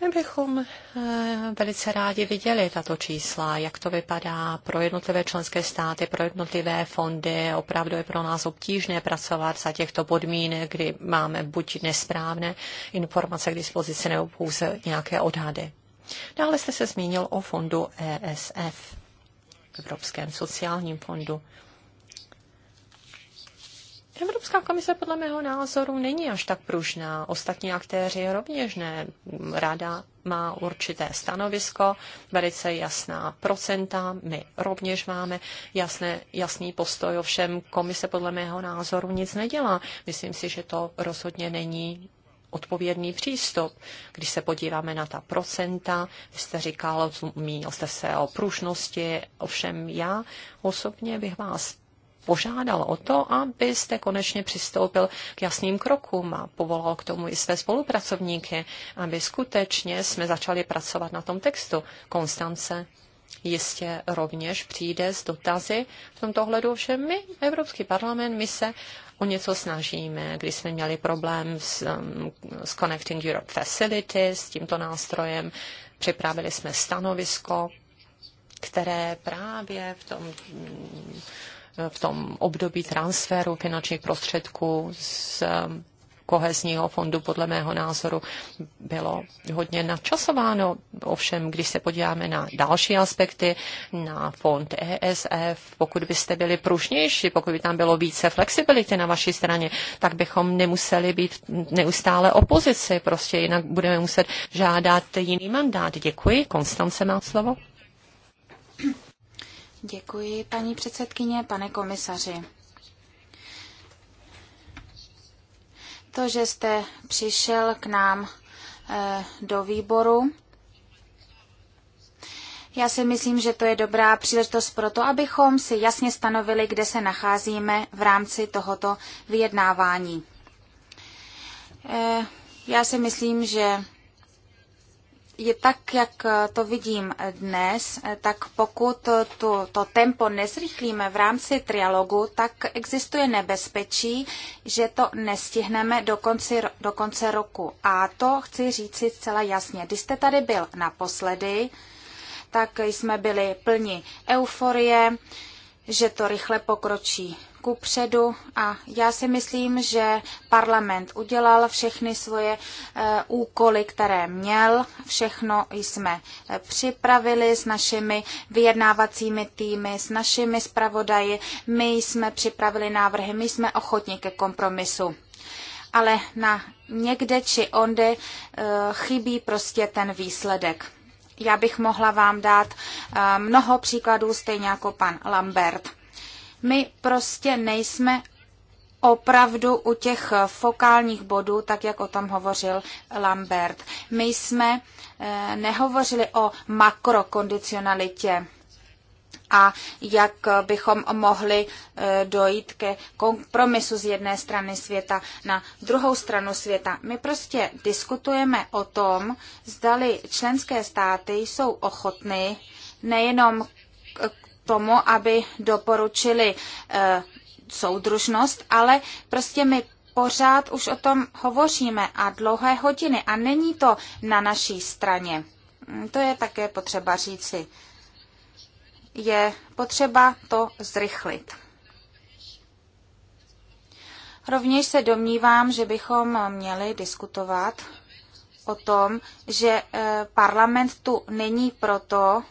My bychom eh, velice rádi viděli tato čísla, jak to vypadá pro jednotlivé členské státy, pro jednotlivé fondy. Opravdu je pro nás obtížné pracovat za těchto podmínek, kdy máme buď nesprávné informace k dispozici nebo pouze nějaké odhady. Dále jste se zmínil o fondu ESF, Evropském sociálním fondu. Evropská komise podle mého názoru není až tak pružná. Ostatní aktéři rovněž ne. Rada má určité stanovisko, velice jasná procenta, my rovněž máme jasné, jasný postoj, ovšem komise podle mého názoru nic nedělá. Myslím si, že to rozhodně není odpovědný přístup. Když se podíváme na ta procenta, jste říkal, zmínil jste se o pružnosti, ovšem já osobně bych vás požádal o to, abyste konečně přistoupil k jasným krokům a povolal k tomu i své spolupracovníky, aby skutečně jsme začali pracovat na tom textu. Konstance jistě rovněž přijde s dotazy v tomto ohledu, že my, Evropský parlament, my se o něco snažíme, když jsme měli problém s, um, s Connecting Europe Facility, s tímto nástrojem, připravili jsme stanovisko, které právě v tom v tom období transferu finančních prostředků z um, kohezního fondu podle mého názoru bylo hodně nadčasováno. Ovšem, když se podíváme na další aspekty, na fond ESF, pokud byste byli pružnější, pokud by tam bylo více flexibility na vaší straně, tak bychom nemuseli být neustále opozici, prostě jinak budeme muset žádat jiný mandát. Děkuji. Konstance má slovo. Děkuji, paní předsedkyně, pane komisaři. To, že jste přišel k nám eh, do výboru, já si myslím, že to je dobrá příležitost pro to, abychom si jasně stanovili, kde se nacházíme v rámci tohoto vyjednávání. Eh, já si myslím, že je tak, jak eh, to vidím dnes, eh, tak pokud eh, to to tempo nezrychlíme v rámci trialogu, tak existuje nebezpečí, že to nestihneme do, konci, do konce roku. A to chci říci zcela jasně. Když jste tady byl naposledy, tak jsme byli plni euforie, že to rychle pokročí ku předu a já si myslím, že parlament udělal všechny svoje eh, úkoly, které měl. Všechno jsme eh, připravili s našimi vyjednávacími týmy, s našimi zpravodaji. My jsme připravili návrhy, my jsme ochotní ke kompromisu ale na někde či onde eh, chybí prostě ten výsledek. Já bych mohla vám dát mnoho příkladů, stejně jako pan Lambert. My prostě nejsme opravdu u těch fokálních bodů, tak jak o tom hovořil Lambert. My jsme eh, nehovořili o makrokondicionalitě a jak bychom mohli eh, dojít ke kompromisu z jedné strany světa na druhou stranu světa. My prostě diskutujeme o tom, zdali členské státy jsou ochotny nejenom tomu, aby doporučili eh, soudružnost, ale prostě my pořád už o tom hovoříme a dlouhé hodiny a není to na naší straně. Mm, to je také potřeba říci. Je potřeba to zrychlit. Rovněž se domnívám, že bychom měli diskutovat o tom, že eh, parlament tu není proto,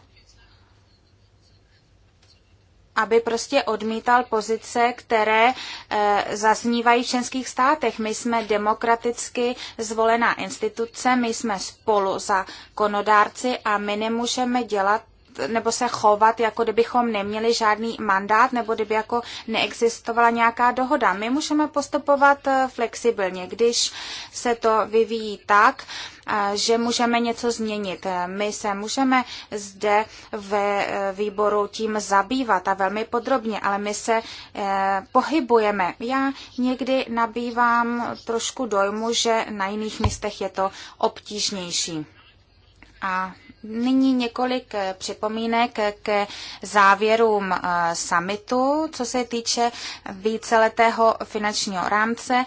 aby prostě odmítal pozice, které e, zaznívají v členských státech. My jsme demokraticky zvolená instituce, my jsme spolu za konodárci a my nemůžeme dělat nebo se chovat, jako kdybychom neměli žádný mandát, nebo kdyby jako neexistovala nějaká dohoda. My můžeme postupovat eh, flexibilně, když se to vyvíjí tak, eh, že můžeme něco změnit. Eh, my se můžeme zde ve výboru tím zabývat a velmi podrobně, ale my se pohybujeme. Já někdy nabývám trošku dojmu, že na jiných místech je to obtížnější. A Nyní několik eh, připomínek ke závěrům eh, summitu, co se týče víceletého finančního rámce.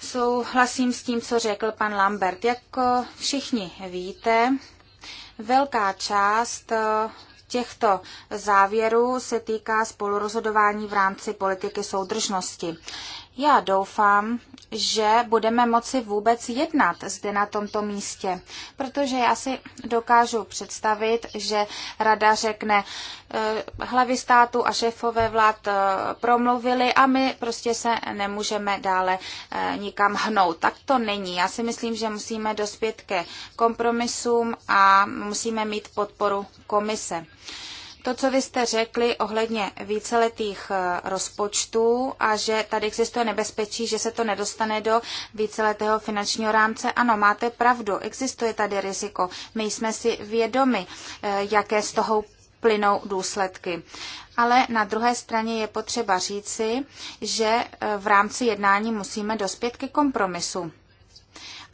Souhlasím s tím, co řekl pan Lambert. Jako všichni víte, velká část eh, těchto závěrů se týká spolurozhodování v rámci politiky soudržnosti. Já doufám, že budeme moci vůbec jednat zde na tomto místě. Protože já si dokážu představit, že rada řekne, eh, hlavy státu a šéfové vlád eh, promluvili a my prostě se nemůžeme dále eh, nikam hnout. Tak to není. Já si myslím, že musíme dospět ke kompromisům a musíme mít podporu komise. To, co vy jste řekli ohledně víceletých eh, rozpočtů a že tady existuje nebezpečí, že se to nedostane do víceletého finančního rámce, ano, máte pravdu, existuje tady riziko. My jsme si vědomi, eh, jaké z toho plynou důsledky. Ale na druhé straně je potřeba říci, že eh, v rámci jednání musíme dospět ke kompromisu.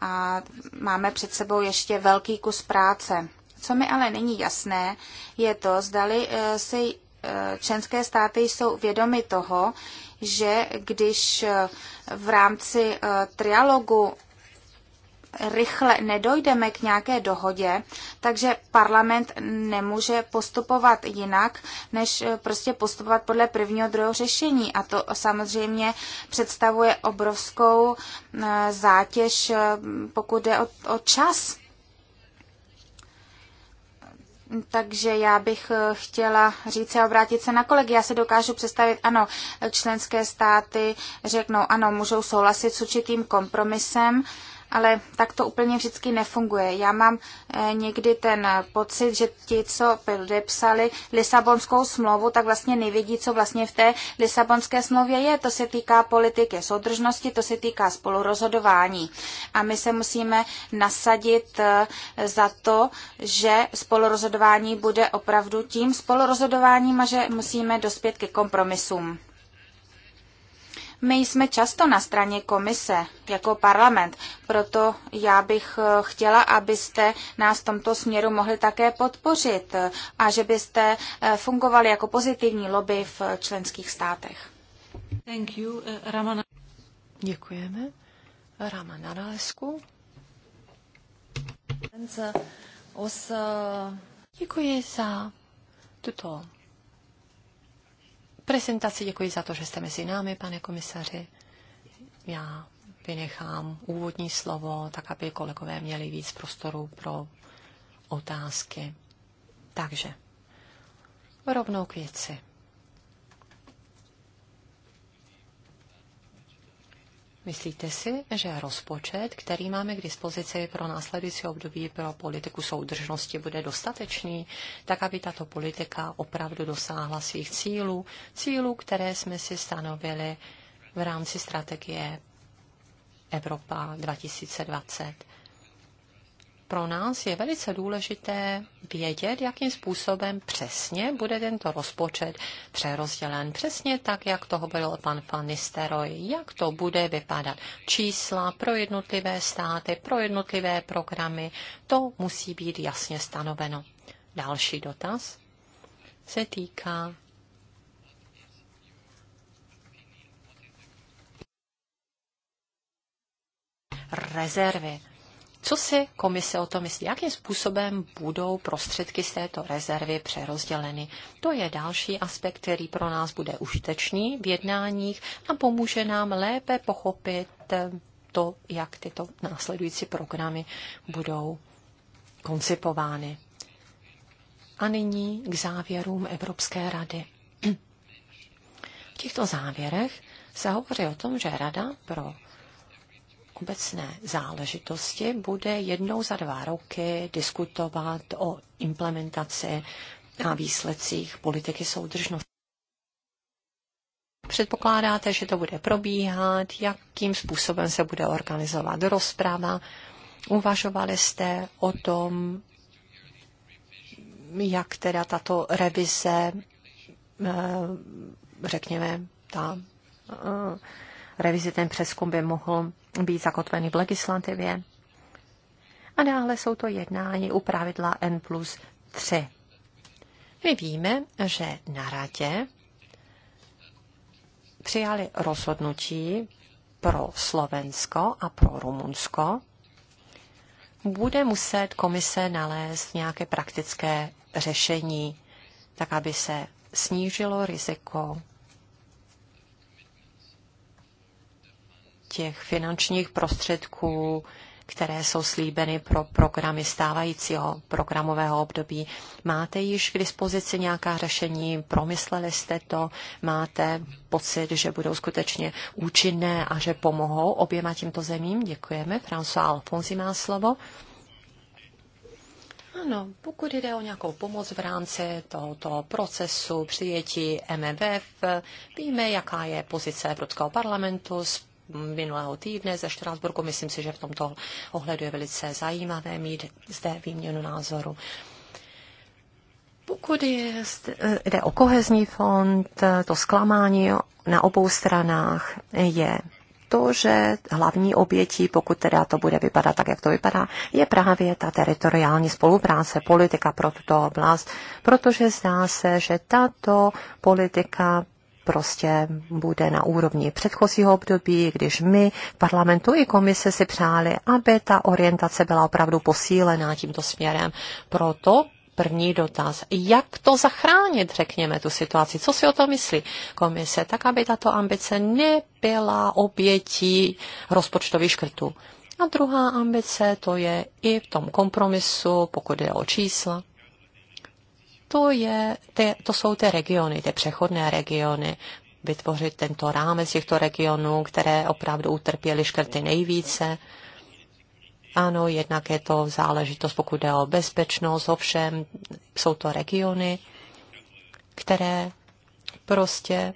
A máme před sebou ještě velký kus práce. Co mi ale není jasné, je to, zdali eh, si eh, členské státy jsou vědomy toho, že když eh, v rámci trialogu rychle nedojdeme k nějaké dohodě, takže parlament nemůže postupovat jinak, než prostě postupovat podle prvního druhého řešení. A to samozřejmě představuje obrovskou zátěž, pokud jde o, o čas. Takže já bych eh, chtěla říct a obrátit se na kolegy. Já se dokážu představit, ano, členské státy řeknou, ano, můžou souhlasit s určitým kompromisem, ale tak to úplně vždycky nefunguje. Já mám eh, někdy ten pocit, že ti, co podepsali Lisabonskou smlouvu, tak vlastně nevědí, co vlastně v té Lisabonské smlouvě je. To se týká politiky soudržnosti, to se týká spolurozhodování. A my se musíme nasadit eh, za to, že spolurozhodování bude opravdu tím spolurozhodováním a že musíme dospět ke kompromisům. My jsme často na straně komise jako parlament, proto já bych eh, chtěla, abyste nás v tomto směru mohli také podpořit eh, a že byste eh, fungovali jako pozitivní lobby v členských státech. Thank you, Ramana. Děkujeme. Ramana Nalesku. Děkuji za tuto prezentaci. Děkuji za to, že jste mezi námi, pane komisaři. Já vynechám úvodní slovo, tak aby kolegové měli víc prostoru pro otázky. Takže rovnou k věci. Myslíte si, že rozpočet, který máme k dispozici pro následující období pro politiku soudržnosti, bude dostatečný, tak aby tato politika opravdu dosáhla svých cílů, cílů, které jsme si stanovili v rámci strategie Evropa 2020? pro nás je velice důležité vědět, jakým způsobem přesně bude tento rozpočet přerozdělen. Přesně tak, jak toho byl pan Fanisteroj, jak to bude vypadat. Čísla pro jednotlivé státy, pro jednotlivé programy, to musí být jasně stanoveno. Další dotaz se týká rezervy. Co si komise o tom myslí? Jakým způsobem budou prostředky z této rezervy přerozděleny? To je další aspekt, který pro nás bude užitečný v jednáních a pomůže nám lépe pochopit eh, to, jak tyto následující programy budou koncipovány. A nyní k závěrům Evropské rady. V těchto závěrech se hovoří o tom, že Rada pro obecné záležitosti bude jednou za dva roky diskutovat o implementaci a výsledcích politiky soudržnosti. Předpokládáte, že to bude probíhat, jakým způsobem se bude organizovat rozprava. Uvažovali jste o tom, jak teda tato revize, eh, řekněme, ta eh, revizi, ten přeskum by mohl být zakotvený v legislativě. A dále jsou to jednání u pravidla N plus 3. My víme, že na radě přijali rozhodnutí pro Slovensko a pro Rumunsko. Bude muset komise nalézt nějaké praktické řešení, tak aby se snížilo riziko těch finančních prostředků, které jsou slíbeny pro programy stávajícího programového období. Máte již k dispozici nějaká řešení? Promysleli jste to? Máte pocit, že budou skutečně účinné a že pomohou oběma tímto zemím? Děkujeme. François Alfonsi má slovo. Ano, pokud jde o nějakou pomoc v rámci tohoto procesu přijetí MMF, víme, jaká je pozice Evropského parlamentu minulého týdne ze Štrásburku. Myslím si, že v tomto ohledu je velice zajímavé mít zde výměnu názoru. Pokud je, eh, jde o kohezní fond, eh, to zklamání na obou stranách je to, že hlavní obětí, pokud teda to bude vypadat tak, jak to vypadá, je právě ta teritoriální spolupráce, politika pro tuto oblast, protože zdá se, že tato politika prostě bude na úrovni předchozího období, když my v parlamentu i komise si přáli, aby ta orientace byla opravdu posílená tímto směrem. Proto první dotaz. Jak to zachránit, řekněme, tu situaci? Co si o to myslí komise? Tak, aby tato ambice nebyla obětí rozpočtových škrtů. A druhá ambice, to je i v tom kompromisu, pokud je o čísla to, je, ty, to jsou ty regiony, ty přechodné regiony, vytvořit tento rámec těchto regionů, které opravdu utrpěly škrty nejvíce. Ano, jednak je to záležitost, pokud jde o bezpečnost, ovšem jsou to regiony, které prostě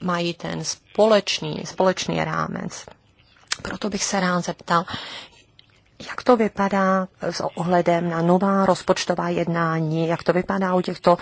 mají ten společný, společný rámec. Proto bych se rád zeptal, jak to vypadá s ohledem na nová rozpočtová jednání, jak to vypadá u těchto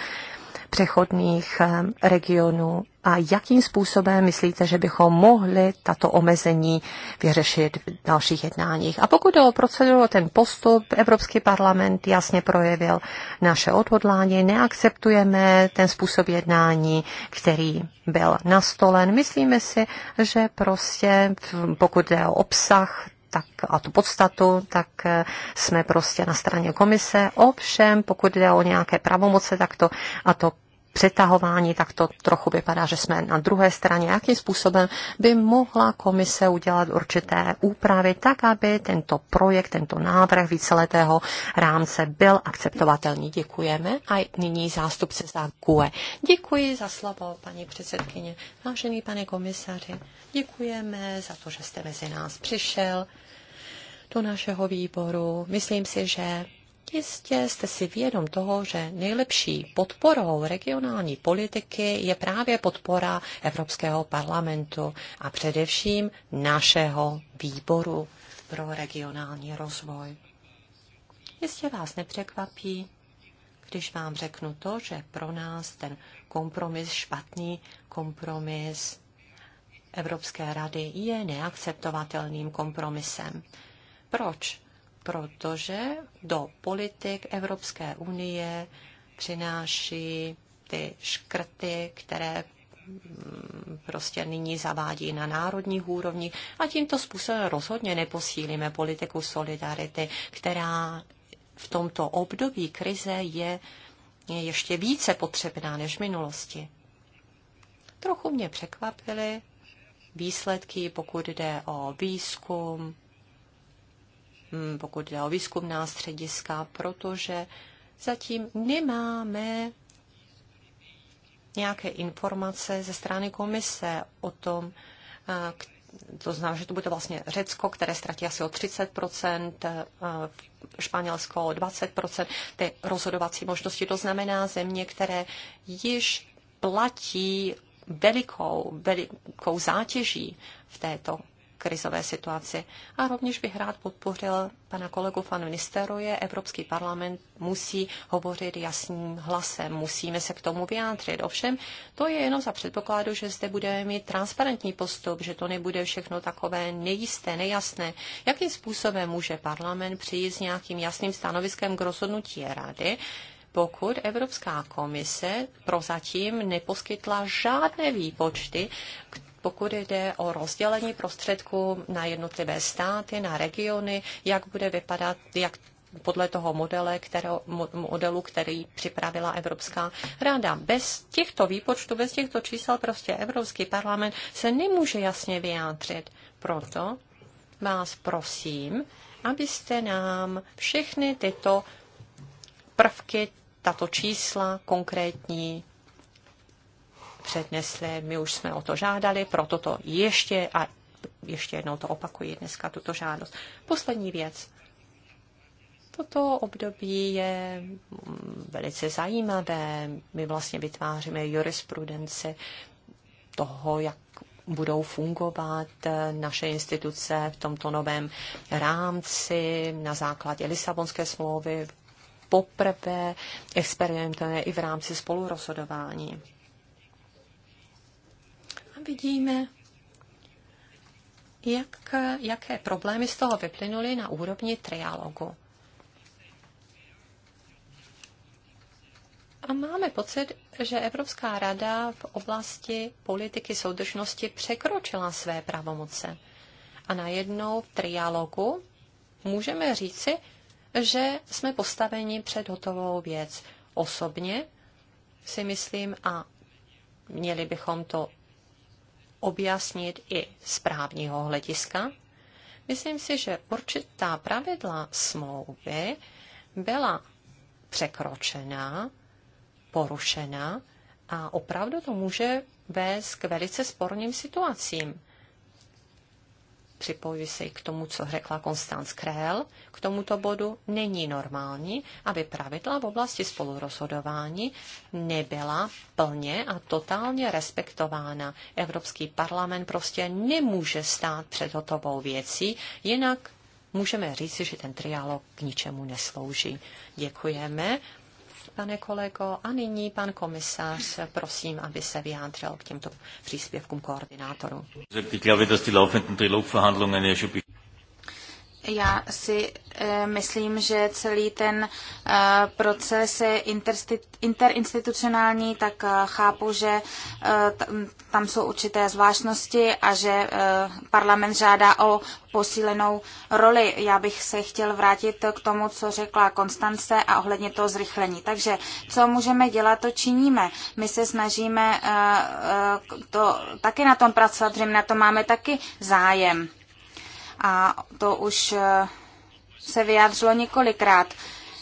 přechodných eh, regionů a jakým způsobem myslíte, že bychom mohli tato omezení vyřešit v dalších jednáních. A pokud o proceduru, ten postup, Evropský parlament jasně projevil naše odhodlání, neakceptujeme ten způsob jednání, který byl nastolen. Myslíme si, že prostě pokud jde o obsah tak, a tu podstatu, tak eh, jsme prostě na straně komise. Ovšem, pokud jde o nějaké pravomoce, tak to, a to přetahování, tak to trochu vypadá, že jsme na druhé straně. Jakým způsobem by mohla komise udělat určité úpravy, tak aby tento projekt, tento návrh víceletého rámce byl akceptovatelný. Děkujeme. A nyní zástupce za QE. Děkuji za slovo, paní předsedkyně. Vážený pane komisaři, děkujeme za to, že jste mezi nás přišel do našeho výboru. Myslím si, že jistě jste si vědom toho, že nejlepší podporou regionální politiky je právě podpora Evropského parlamentu a především našeho výboru pro regionální rozvoj. Jistě vás nepřekvapí, když vám řeknu to, že pro nás ten kompromis, špatný kompromis Evropské rady je neakceptovatelným kompromisem. Proč? Protože do politik Evropské unie přináší ty škrty, které mm, prostě nyní zavádí na národní úrovni a tímto způsobem rozhodně neposílíme politiku solidarity, která v tomto období krize je ještě více potřebná než v minulosti. Trochu mě překvapily výsledky, pokud jde o výzkum, Mm, pokud jde o výzkumná střediska, protože zatím nemáme nějaké informace ze strany komise o tom, to znamená, že to bude vlastně Řecko, které ztratí asi o 30 Španělsko o 20 ty rozhodovací možnosti. To znamená země, které již platí velikou, velikou zátěží v této krizové situaci. A rovněž bych rád podpořil pana kolegu ministeru je, Evropský parlament musí hovořit jasným hlasem, musíme se k tomu vyjádřit. Ovšem, to je jenom za předpokladu, že zde budeme mít transparentní postup, že to nebude všechno takové nejisté, nejasné. Jakým způsobem může parlament přijít s nějakým jasným stanoviskem k rozhodnutí rady, pokud Evropská komise prozatím neposkytla žádné výpočty k pokud jde o rozdělení prostředků na jednotlivé státy, na regiony, jak bude vypadat, jak podle toho modele, kterého, modelu, který připravila Evropská rada. Bez těchto výpočtů, bez těchto čísel prostě Evropský parlament se nemůže jasně vyjádřit. Proto vás prosím, abyste nám všechny tyto prvky, tato čísla konkrétní přednesli. My už jsme o to žádali, proto to ještě a ještě jednou to opakuji dneska, tuto žádost. Poslední věc. Toto období je velice zajímavé. My vlastně vytváříme jurisprudenci toho, jak budou fungovat naše instituce v tomto novém rámci na základě Lisabonské smlouvy. Poprvé experimentujeme i v rámci spolurozhodování vidíme, jak, jaké problémy z toho vyplynuly na úrovni trialogu. A máme pocit, že Evropská rada v oblasti politiky soudržnosti překročila své pravomoce. A najednou v trialogu můžeme říci, že jsme postaveni před hotovou věc. Osobně si myslím, a měli bychom to objasnit i z právního hlediska. Myslím si, že určitá pravidla smlouvy byla překročena, porušena a opravdu to může vést k velice sporným situacím připojuji se i k tomu, co řekla Konstanc Krél, k tomuto bodu není normální, aby pravidla v oblasti spolurozhodování nebyla plně a totálně respektována. Evropský parlament prostě nemůže stát před hotovou věcí, jinak můžeme říci, že ten trialog k ničemu neslouží. Děkujeme pane kolego. A nyní pan komisář, prosím, aby se vyjádřil k těmto příspěvkům koordinátorů. Já si eh, myslím, že celý ten eh, proces je interinstitucionální, tak eh, chápu, že tam jsou určité zvláštnosti a že parlament žádá o posílenou roli. Já bych se chtěl vrátit k tomu, co řekla Konstance a ohledně toho zrychlení. Takže co můžeme dělat, to činíme. My se snažíme to taky na tom pracovat, že na to máme taky zájem a to už eh, se vyjádřilo několikrát.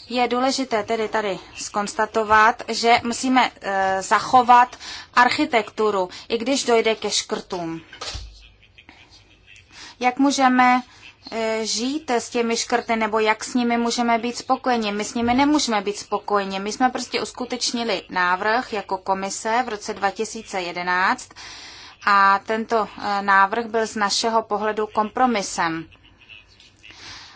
Je důležité tedy tady skonstatovat, že musíme eh, zachovat architekturu, i když dojde ke škrtům. Jak můžeme eh, žít s těmi škrty, nebo jak s nimi můžeme být spokojeni. My s nimi nemůžeme být spokojeni. My jsme prostě uskutečnili návrh jako komise v roce 2011 a tento eh, návrh byl z našeho pohledu kompromisem.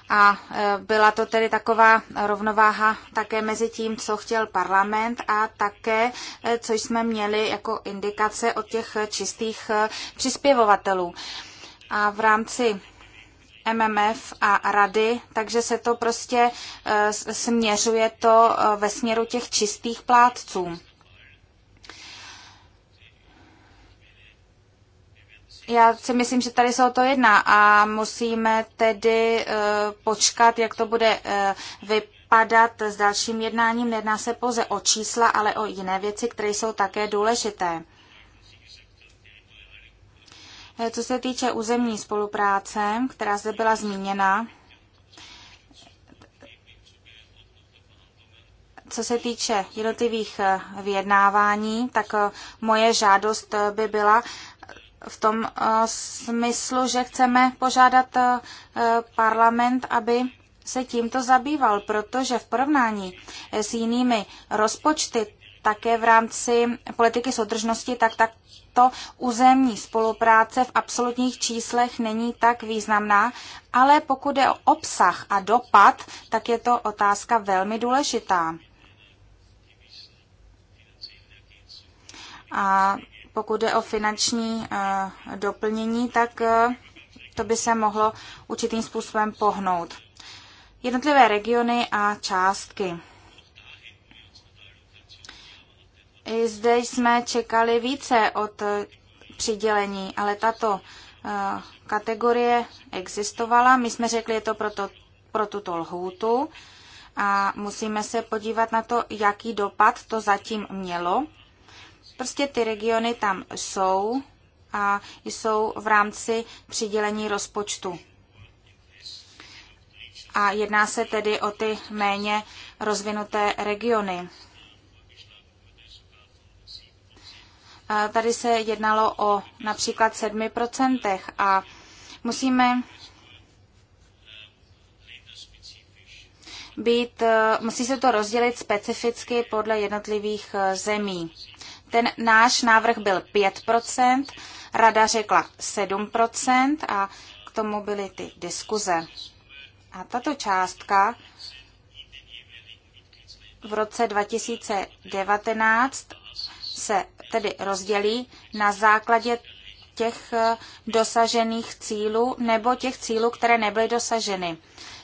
A eh, byla to tedy taková rovnováha také mezi tím, co chtěl parlament a také, eh, co jsme měli jako indikace od těch čistých přispěvovatelů. A v rámci MMF a rady, takže se to prostě směřuje to ve směru těch čistých plátců. Já si myslím, že tady se o to jedná a musíme tedy eh, počkat, jak to bude eh, vypadat s dalším jednáním. Nejedná se pouze o čísla, ale o jiné věci, které jsou také důležité. Eh, co se týče územní spolupráce, která zde byla zmíněna, co se týče jednotlivých vyjednávání, tak moje žádost by byla, v tom eh, smyslu, že chceme požádat eh, parlament, aby se tímto zabýval, protože v porovnání eh, s jinými rozpočty také v rámci politiky soudržnosti, tak takto územní spolupráce v absolutních číslech není tak významná, ale pokud je o obsah a dopad, tak je to otázka velmi důležitá. A pokud jde o finanční eh, doplnění, tak eh, to by se mohlo určitým způsobem pohnout. Jednotlivé regiony a částky. I zde jsme čekali více od eh, přidělení, ale tato kategorie existovala. My jsme řekli, je to pro, to, pro tuto lhůtu a musíme se podívat na to, jaký dopad to zatím mělo Prostě ty regiony tam jsou a jsou v rámci přidělení rozpočtu. A jedná se tedy o ty méně rozvinuté regiony. A tady se jednalo o například 7% a musíme být, musí se to rozdělit specificky podle jednotlivých eh, zemí. Ten náš návrh byl 5%, rada řekla 7% a k tomu byly ty diskuze. A tato částka v roce 2019 se tedy rozdělí na základě těch dosažených cílů nebo těch cílů, které nebyly dosaženy.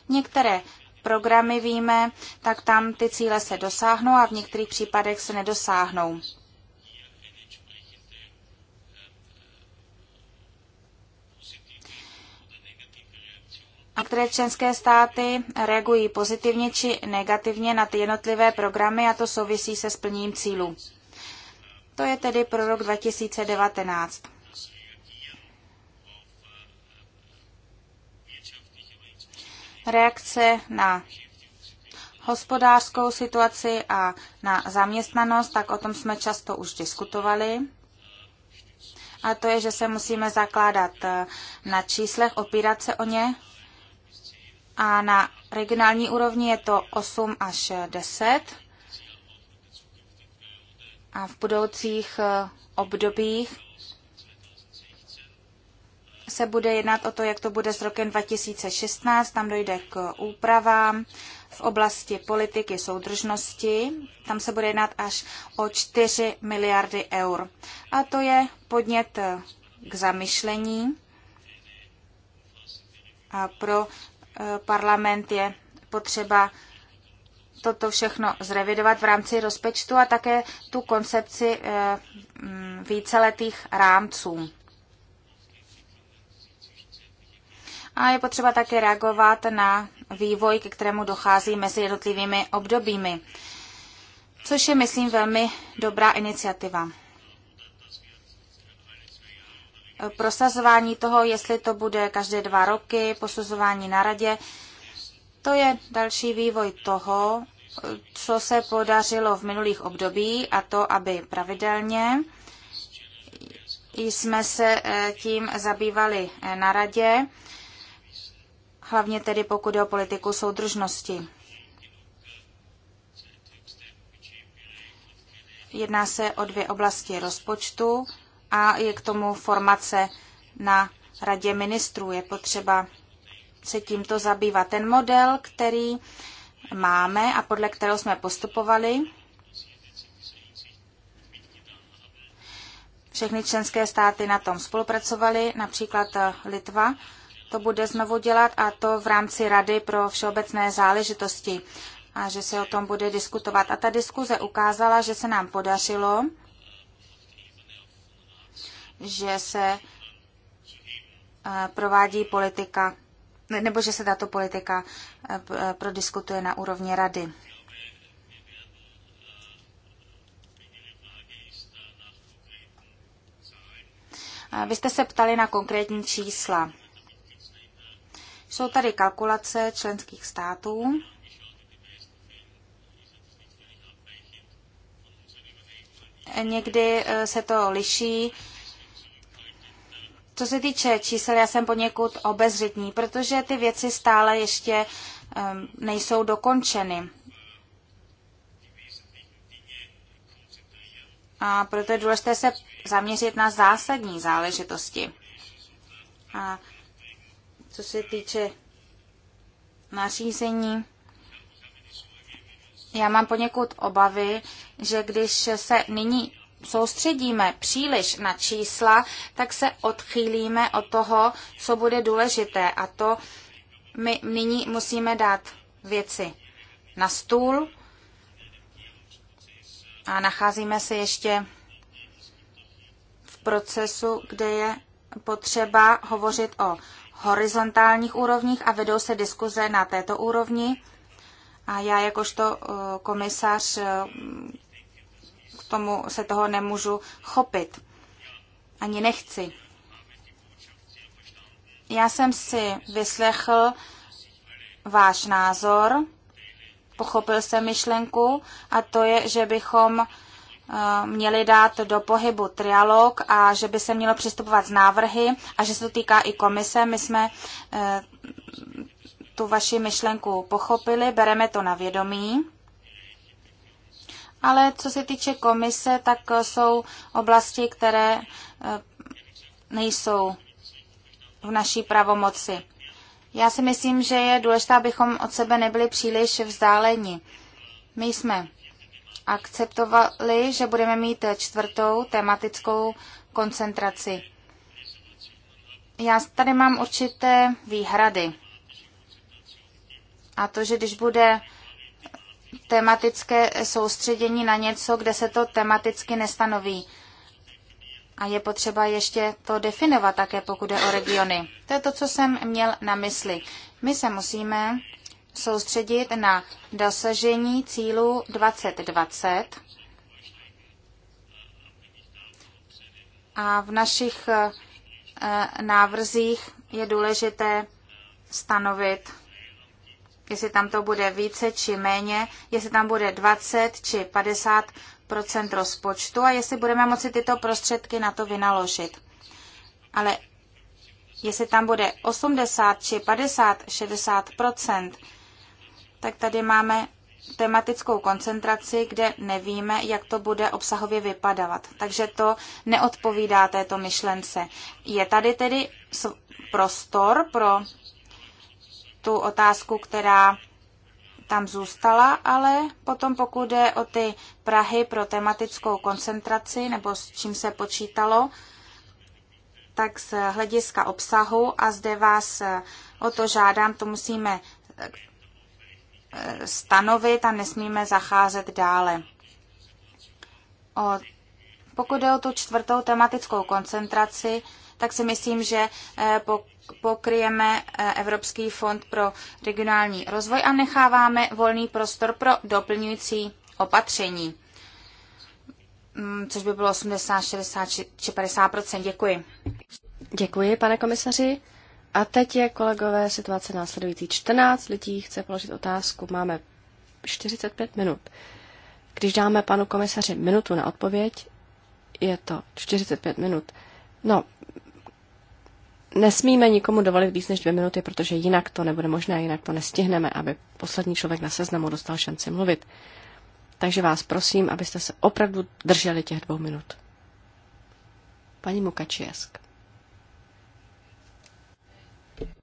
Některé programy víme, tak tam ty cíle se dosáhnou a v některých případech se nedosáhnou. a které členské státy reagují pozitivně či negativně na ty jednotlivé programy a to souvisí se splněním cílů. To je tedy pro rok 2019. Reakce na hospodářskou situaci a na zaměstnanost, tak o tom jsme často už diskutovali. A to je, že se musíme zakládat eh, na číslech, opírat se o ně, a na regionální úrovni je to 8 až 10 a v budoucích eh, obdobích se bude jednat o to, jak to bude s rokem 2016. Tam dojde k úpravám v oblasti politiky soudržnosti. Tam se bude jednat až o 4 miliardy eur. A to je podnět eh, k zamyšlení a pro parlament je potřeba toto všechno zrevidovat v rámci rozpočtu a také tu koncepci eh, mm, víceletých rámců. A je potřeba také reagovat na vývoj, ke kterému dochází mezi jednotlivými obdobími, což je, myslím, velmi dobrá iniciativa prosazování toho, jestli to bude každé dva roky, posuzování na radě. To je další vývoj toho, co se podařilo v minulých období a to, aby pravidelně jsme se e, tím zabývali e, na radě, hlavně tedy pokud je o politiku soudržnosti. Jedná se o dvě oblasti rozpočtu a je k tomu formace na radě ministrů. Je potřeba se tímto zabývat. Ten model, který máme a podle kterého jsme postupovali, všechny členské státy na tom spolupracovaly, například Litva to bude znovu dělat a to v rámci Rady pro všeobecné záležitosti a že se o tom bude diskutovat. A ta diskuze ukázala, že se nám podařilo že se eh, provádí politika, nebo že se tato politika eh, eh, prodiskutuje na úrovni rady. Vy jste se ptali na konkrétní čísla. Jsou tady kalkulace členských států. Někdy se to liší co se týče čísel, já jsem poněkud obezřetní, protože ty věci stále ještě um, nejsou dokončeny. A proto je důležité se zaměřit na zásadní záležitosti. A co se týče nařízení, já mám poněkud obavy, že když se nyní soustředíme příliš na čísla, tak se odchýlíme od toho, co bude důležité. A to my nyní musíme dát věci na stůl. A nacházíme se ještě v procesu, kde je potřeba hovořit o horizontálních úrovních a vedou se diskuze na této úrovni. A já jakožto eh, komisař eh, tomu se toho nemůžu chopit. Ani nechci. Já jsem si vyslechl váš názor, pochopil jsem myšlenku a to je, že bychom eh, měli dát do pohybu trialog a že by se mělo přistupovat z návrhy a že se to týká i komise. My jsme eh, tu vaši myšlenku pochopili, bereme to na vědomí. Ale co se týče komise, tak jsou oblasti, které eh, nejsou v naší pravomoci. Já si myslím, že je důležité, abychom od sebe nebyli příliš vzdáleni. My jsme akceptovali, že budeme mít čtvrtou tematickou koncentraci. Já tady mám určité výhrady. A to, že když bude tematické soustředění na něco, kde se to tematicky nestanoví. A je potřeba ještě to definovat také, pokud je o regiony. To je to, co jsem měl na mysli. My se musíme soustředit na dosažení cílu 2020 a v našich eh, návrzích je důležité stanovit jestli tam to bude více či méně, jestli tam bude 20 či 50 rozpočtu a jestli budeme moci tyto prostředky na to vynaložit. Ale jestli tam bude 80 či 50, 60 tak tady máme tematickou koncentraci, kde nevíme, jak to bude obsahově vypadat. Takže to neodpovídá této myšlence. Je tady tedy prostor pro tu otázku, která tam zůstala, ale potom pokud jde o ty Prahy pro tematickou koncentraci nebo s čím se počítalo, tak z hlediska obsahu a zde vás eh, o to žádám, to musíme eh, stanovit a nesmíme zacházet dále. O, pokud jde o tu čtvrtou tematickou koncentraci, tak si myslím, že eh, pokryjeme eh, Evropský fond pro regionální rozvoj a necháváme volný prostor pro doplňující opatření, mm, což by bylo 80, 60 či 50 Děkuji. Děkuji, pane komisaři. A teď je, kolegové, situace následující. 14 lidí chce položit otázku. Máme 45 minut. Když dáme panu komisaři minutu na odpověď, je to 45 minut. No, Nesmíme nikomu dovolit víc než dvě minuty, protože jinak to nebude možné, jinak to nestihneme, aby poslední člověk na seznamu dostal šanci mluvit. Takže vás prosím, abyste se opravdu drželi těch dvou minut. Paní Mukačiesk.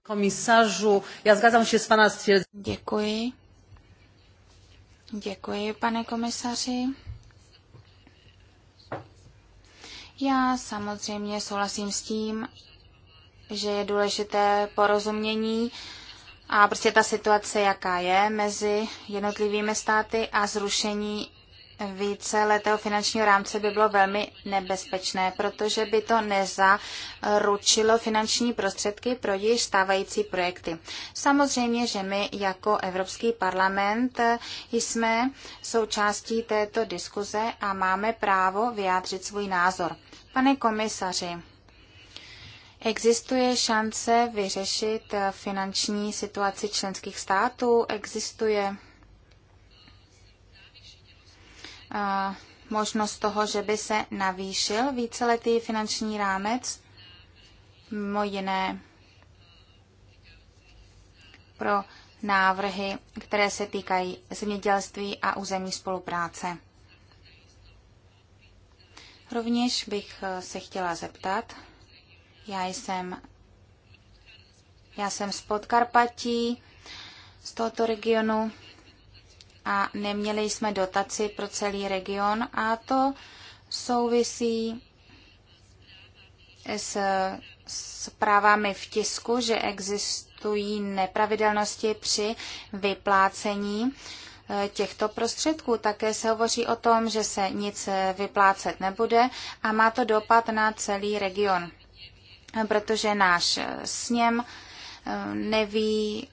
Komisařu, já zgadzam se s pana stvěl... Děkuji. Děkuji, pane komisaři. Já samozřejmě souhlasím s tím, že je důležité porozumění a prostě ta situace, jaká je mezi jednotlivými státy a zrušení více letého finančního rámce by bylo velmi nebezpečné, protože by to nezaručilo finanční prostředky pro již stávající projekty. Samozřejmě, že my jako Evropský parlament jsme součástí této diskuze a máme právo vyjádřit svůj názor. Pane komisaři, Existuje šance vyřešit eh, finanční situaci členských států? Existuje eh, možnost toho, že by se navýšil víceletý finanční rámec? Mimo jiné pro návrhy, které se týkají zemědělství a územní spolupráce. Rovněž bych eh, se chtěla zeptat, já jsem, já jsem z Podkarpatí, z tohoto regionu a neměli jsme dotaci pro celý region a to souvisí s právami v tisku, že existují nepravidelnosti při vyplácení eh, těchto prostředků. Také se hovoří o tom, že se nic eh, vyplácet nebude a má to dopad na celý region protože náš eh, sněm eh, neví,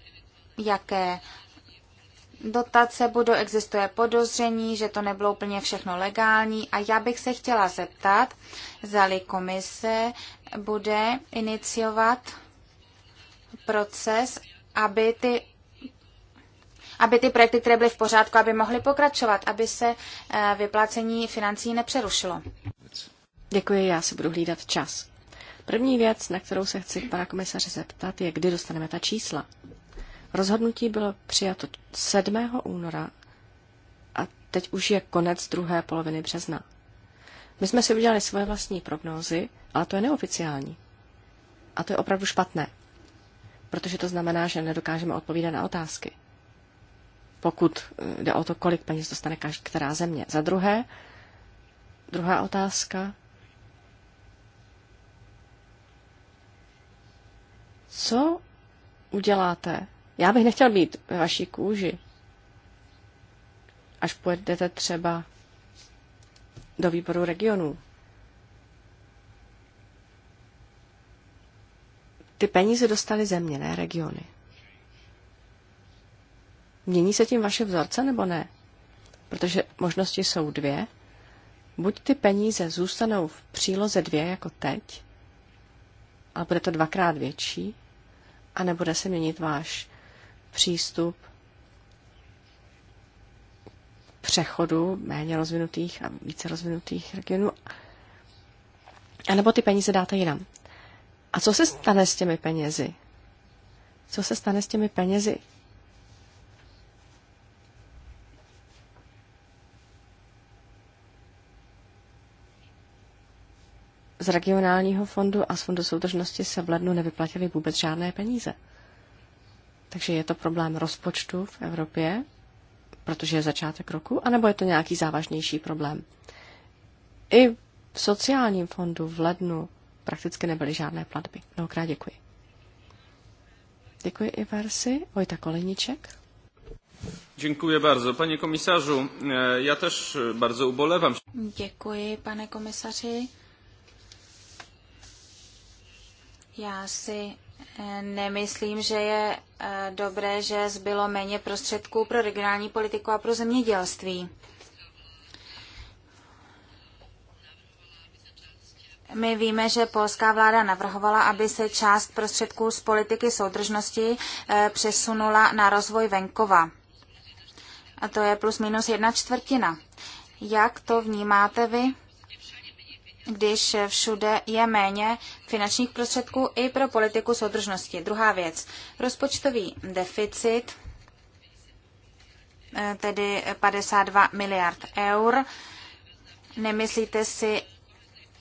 jaké dotace budou, existuje podozření, že to nebylo úplně všechno legální a já bych se chtěla zeptat, zali komise bude iniciovat proces, aby ty aby ty projekty, které byly v pořádku, aby mohly pokračovat, aby se eh, vyplácení financí nepřerušilo. Děkuji, já si budu hlídat čas. První věc, na kterou se chci pana komisaře zeptat, je, kdy dostaneme ta čísla. Rozhodnutí bylo přijato 7. února a teď už je konec druhé poloviny března. My jsme si udělali svoje vlastní prognózy, ale to je neoficiální. A to je opravdu špatné, protože to znamená, že nedokážeme odpovídat na otázky. Pokud eh, jde o to, kolik peněz dostane každá země. Za druhé, druhá otázka, Co uděláte? Já bych nechtěl být ve vaší kůži. Až pojedete třeba do výboru regionů. Ty peníze dostaly země, ne regiony. Mění se tím vaše vzorce nebo ne? Protože možnosti jsou dvě. Buď ty peníze zůstanou v příloze dvě jako teď, ale bude to dvakrát větší, a nebude se měnit váš přístup přechodu méně rozvinutých a více rozvinutých regionů. A nebo ty peníze dáte jinam. A co se stane s těmi penězi? Co se stane s těmi penězi z regionálního fondu a z fondu soudržnosti se v lednu nevyplatily vůbec žádné peníze. Takže je to problém rozpočtu v Evropě, protože je začátek roku, anebo je to nějaký závažnější problém. I v sociálním fondu v lednu prakticky nebyly žádné platby. Mnohokrát děkuji. Děkuji i Varsi. Vojta Koleniček. Dziękuję bardzo. Panie komisarzu, e, ja też bardzo ubolewam. Děkuji, pane komisaři. Já si eh, nemyslím, že je eh, dobré, že zbylo méně prostředků pro regionální politiku a pro zemědělství. My víme, že polská vláda navrhovala, aby se část prostředků z politiky soudržnosti eh, přesunula na rozvoj venkova. A to je plus minus jedna čtvrtina. Jak to vnímáte vy? když všude je méně finančních prostředků i pro politiku soudržnosti. Druhá věc, rozpočtový deficit, eh, tedy 52 miliard eur. Nemyslíte si,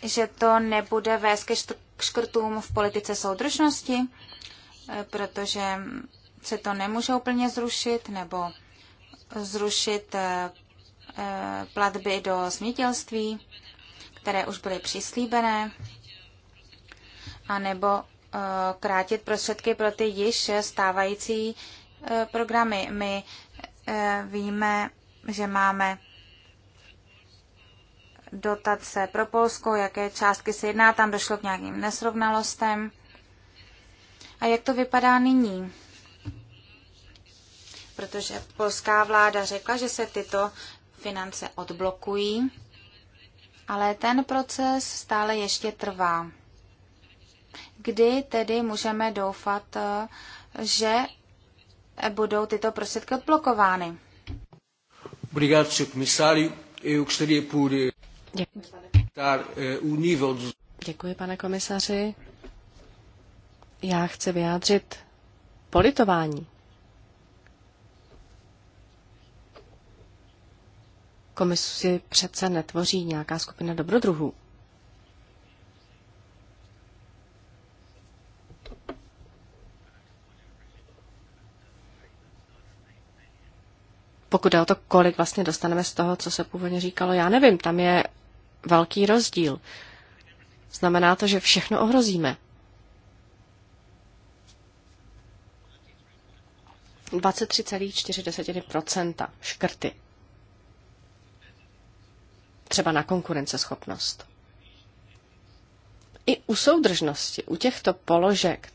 že to nebude vést ke škrtům v politice soudržnosti, eh, protože se to nemůže úplně zrušit, nebo zrušit eh, platby do smětelství? které už byly přislíbené, anebo eh, krátit prostředky pro ty již stávající eh, programy. My eh, víme, že máme dotace pro Polsko, jaké částky se jedná, tam došlo k nějakým nesrovnalostem. A jak to vypadá nyní? Protože polská vláda řekla, že se tyto finance odblokují ale ten proces stále ještě trvá. Kdy tedy můžeme doufat, eh, že budou tyto prostředky odblokovány? Eh, eh, Děkuji. pane komisaři. Já chci vyjádřit politování komisi přece netvoří nějaká skupina dobrodruhů. Pokud je o to, kolik vlastně dostaneme z toho, co se původně říkalo, já nevím, tam je velký rozdíl. Znamená to, že všechno ohrozíme. 23,4 škrty třeba na konkurenceschopnost. I u soudržnosti, u těchto položek,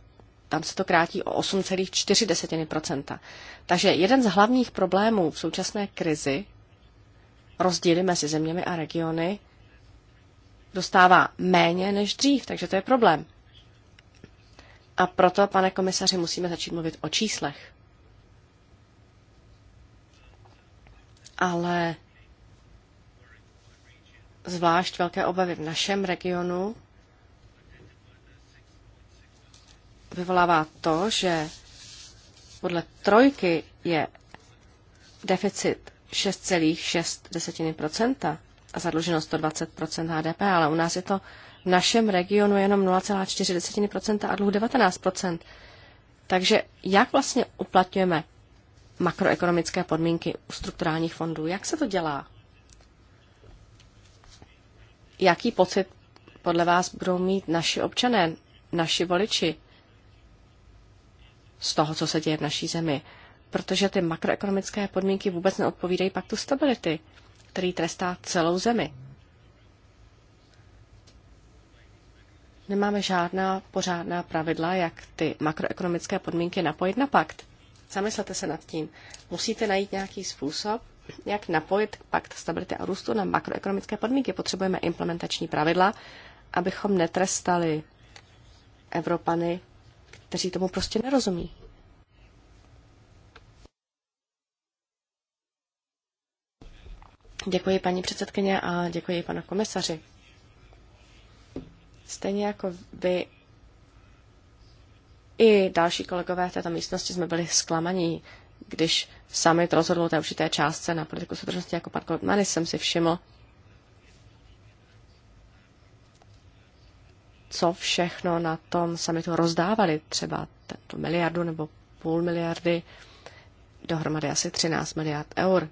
tam se to krátí o 8,4 Takže jeden z hlavních problémů v současné krizi, rozdíly mezi zeměmi a regiony, dostává méně než dřív, takže to je problém. A proto, pane komisaři, musíme začít mluvit o číslech. Ale zvlášť velké obavy v našem regionu vyvolává to, že podle trojky je deficit 6,6% a zadluženost 120% HDP, ale u nás je to v našem regionu jenom 0,4% a dluh 19%. Takže jak vlastně uplatňujeme makroekonomické podmínky u strukturálních fondů? Jak se to dělá? jaký pocit podle vás budou mít naši občané, naši voliči z toho, co se děje v naší zemi. Protože ty makroekonomické podmínky vůbec neodpovídají paktu stability, který trestá celou zemi. Nemáme žádná pořádná pravidla, jak ty makroekonomické podmínky napojit na pakt. Zamyslete se nad tím. Musíte najít nějaký způsob, jak napojit pakt stability a růstu na makroekonomické podmínky. Potřebujeme implementační pravidla, abychom netrestali Evropany, kteří tomu prostě nerozumí. Děkuji paní předsedkyně a děkuji panu komisaři. Stejně jako vy i další kolegové v této místnosti jsme byli zklamaní když summit rozhodl o té určité částce na politiku soudržnosti jako pan Goldman, jsem si všiml, co všechno na tom summitu rozdávali, třeba tu miliardu nebo půl miliardy, dohromady asi 13 miliard eur.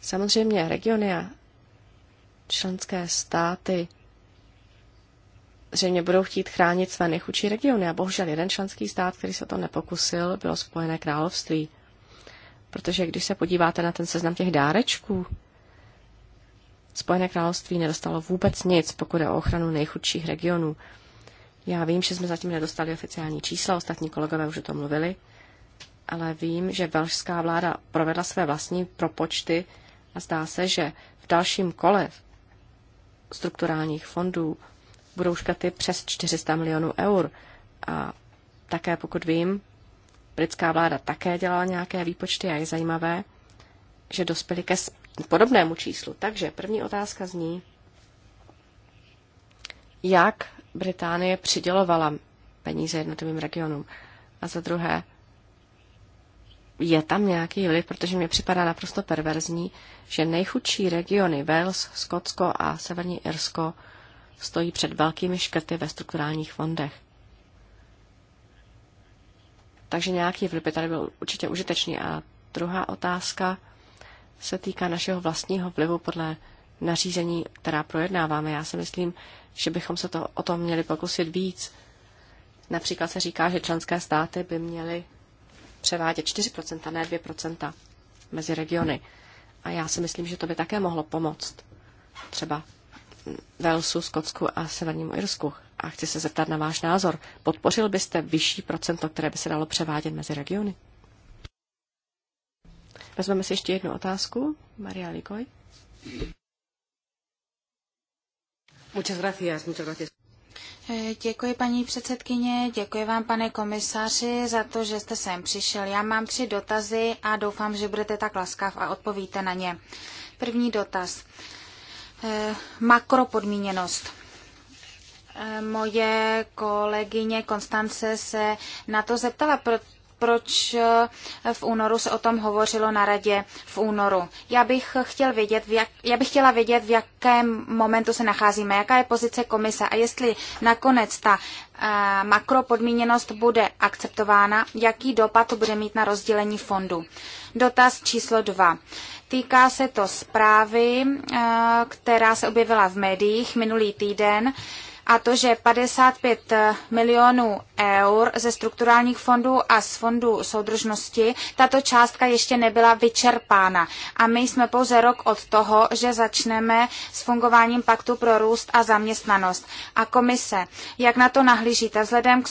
Samozřejmě regiony a členské státy zřejmě budou chtít chránit své nejchudší regiony. A bohužel jeden členský stát, který se to nepokusil, bylo Spojené království. Protože když se podíváte na ten seznam těch dárečků, Spojené království nedostalo vůbec nic, pokud je o ochranu nejchudších regionů. Já vím, že jsme zatím nedostali oficiální čísla, ostatní kolegové už o tom mluvili, ale vím, že velšská vláda provedla své vlastní propočty a zdá se, že v dalším kole strukturálních fondů budou škrty přes 400 milionů eur. A také, pokud vím, britská vláda také dělala nějaké výpočty a je zajímavé, že dospěli ke podobnému číslu. Takže první otázka zní, jak Británie přidělovala peníze jednotlivým regionům. A za druhé, je tam nějaký vliv, protože mě připadá naprosto perverzní, že nejchudší regiony Wales, Skotsko a Severní Irsko stojí před velkými škrty ve strukturálních fondech. Takže nějaký vliv by tady byl určitě užitečný. A druhá otázka se týká našeho vlastního vlivu podle nařízení, která projednáváme. Já si myslím, že bychom se to, o tom měli pokusit víc. Například se říká, že členské státy by měly převádět 4%, ne 2% mezi regiony. A já si myslím, že to by také mohlo pomoct třeba Velsu, Skotsku a Severnímu Irsku. A chci se zeptat na váš názor. Podpořil byste vyšší procento, které by se dalo převádět mezi regiony? Vezmeme si ještě jednu otázku. Maria Likoj. Muchas gracias, muchas gracias. Eh, děkuji, paní předsedkyně, děkuji vám, pane komisaři, za to, že jste sem přišel. Já mám tři dotazy a doufám, že budete tak laskav a odpovíte na ně. První dotaz. Eh, makropodmíněnost. Eh, moje kolegyně Konstance se na to zeptala, proč eh, v únoru se o tom hovořilo na radě v únoru. Já bych, chtěl vědět, jak, já bych chtěla vědět, v jakém momentu se nacházíme, jaká je pozice komise a jestli nakonec ta makropodmíněnost bude akceptována, jaký dopad to bude mít na rozdělení fondu. Dotaz číslo dva. Týká se to zprávy, eh, která se objevila v médiích minulý týden a to, že 55 eh, milionů eur ze strukturálních fondů a z fondů soudržnosti, tato částka ještě nebyla vyčerpána. A my jsme pouze rok od toho, že začneme s fungováním Paktu pro růst a zaměstnanost. A komise, jak na to nahlížíte vzhledem k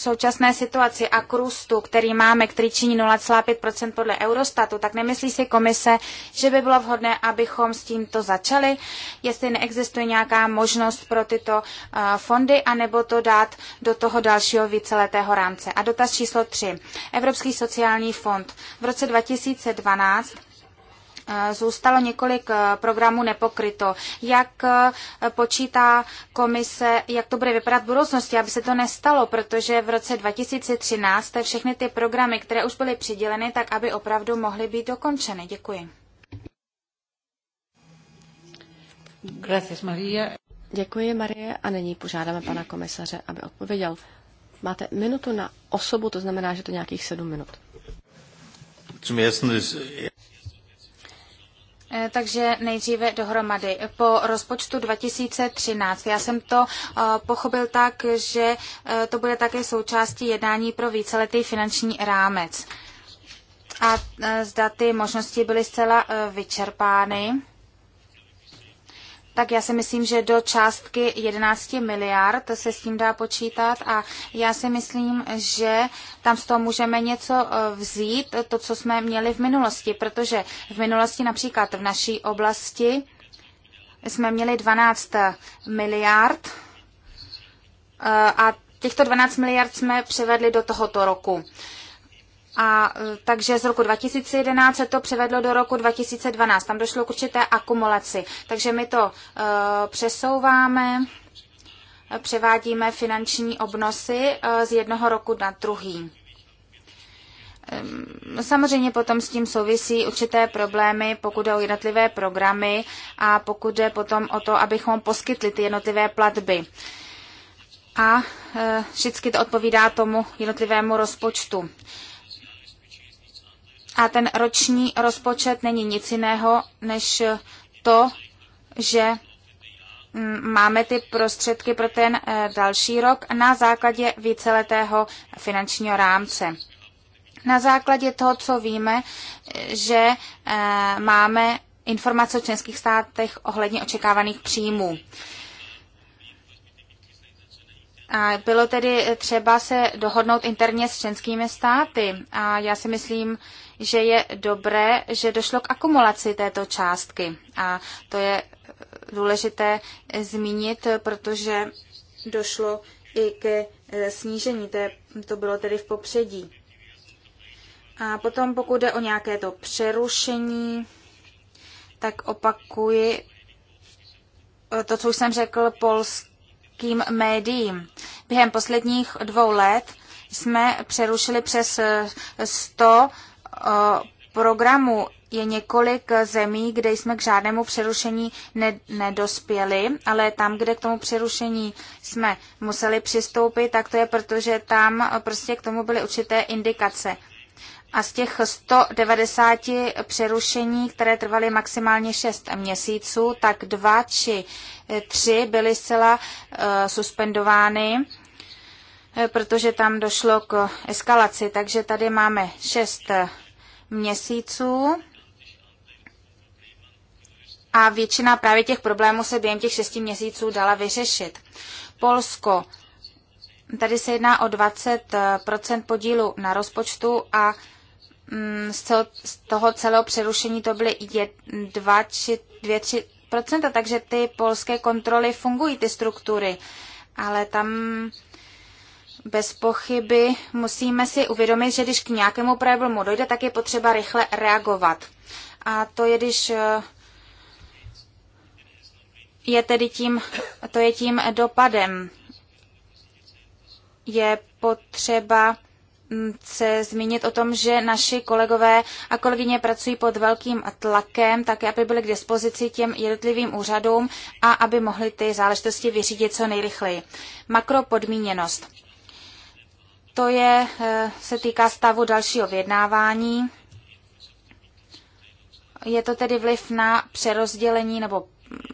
současné situaci a k růstu, který máme, který činí 0,5 podle Eurostatu, tak nemyslí si komise, že by bylo vhodné, abychom s tímto začali, jestli neexistuje nějaká možnost pro pro tyto eh, fondy, anebo to dát do toho dalšího víceletého rámce. A dotaz číslo 3. Evropský sociální fond. V roce 2012 eh, zůstalo několik eh, programů nepokryto. Jak počítá komise, jak to bude vypadat v budoucnosti, aby se to nestalo, protože v roce 2013 všechny ty programy, které už byly přiděleny, tak aby opravdu mohly být dokončeny. Děkuji. Gracias, María. Děkuji, Marie, a nyní požádáme pana komisaře, aby odpověděl. Máte minutu na osobu, to znamená, že to nějakých sedm minut. E, takže nejdříve dohromady. Po rozpočtu 2013, já jsem to e, pochopil tak, že e, to bude také součástí jednání pro víceletý finanční rámec. A zda ty možnosti byly zcela vyčerpány tak já si myslím, že do částky 11 miliard se s tím dá počítat a já si myslím, že tam z toho můžeme něco eh, vzít, to, co jsme měli v minulosti, protože v minulosti například v naší oblasti jsme měli 12 miliard eh, a těchto 12 miliard jsme převedli do tohoto roku. A e, takže z roku 2011 se to převedlo do roku 2012. Tam došlo k určité akumulaci. Takže my to e, přesouváme, e, převádíme finanční obnosy e, z jednoho roku na druhý. Samozřejmě potom s tím souvisí určité problémy, pokud jde o jednotlivé programy a pokud jde potom o to, abychom poskytli ty jednotlivé platby. A e, vždycky to odpovídá tomu jednotlivému rozpočtu. E, a ten roční rozpočet není nic jiného, než to, že mm, máme ty prostředky pro ten eh, další rok na základě víceletého finančního rámce. Na základě toho, co víme, že eh, máme informace o českých státech ohledně očekávaných příjmů. A bylo tedy třeba se dohodnout interně s členskými státy. A já si myslím, že je dobré, že došlo k akumulaci této částky. A to je důležité zmínit, protože došlo i ke snížení. To, je, to bylo tedy v popředí. A potom, pokud jde o nějaké to přerušení, tak opakuji to, co už jsem řekl polským médiím. Během posledních dvou let jsme přerušili přes 100 Eh, programu je několik zemí, kde jsme k žádnému přerušení nedospěli, ale tam, kde k tomu přerušení jsme museli přistoupit, tak to je proto, že tam eh, prostě k tomu byly určité indikace. A z těch 190 přerušení, které trvaly maximálně 6 měsíců, tak dva či tři byly zcela uh, suspendovány Eh, protože tam došlo k eskalaci. Takže tady máme šest eh, měsíců a většina právě těch problémů se během těch šesti měsíců dala vyřešit. Polsko. Tady se jedná o 20 eh, podílu na rozpočtu a mm, z toho celého přerušení to byly 2, či 2, 3 takže ty polské kontroly fungují, ty struktury. Ale tam bez pochyby musíme si uvědomit, že když k nějakému problému dojde, tak je potřeba rychle reagovat. A to je, když eh, je tedy tím, to je tím dopadem. Je potřeba mm, se zmínit o tom, že naši kolegové a kolegyně pracují pod velkým tlakem, také aby byly k dispozici těm jednotlivým úřadům a aby mohli ty záležitosti vyřídit co nejrychleji. Makropodmíněnost to je, eh, se týká stavu dalšího vyjednávání. Je to tedy vliv na přerozdělení nebo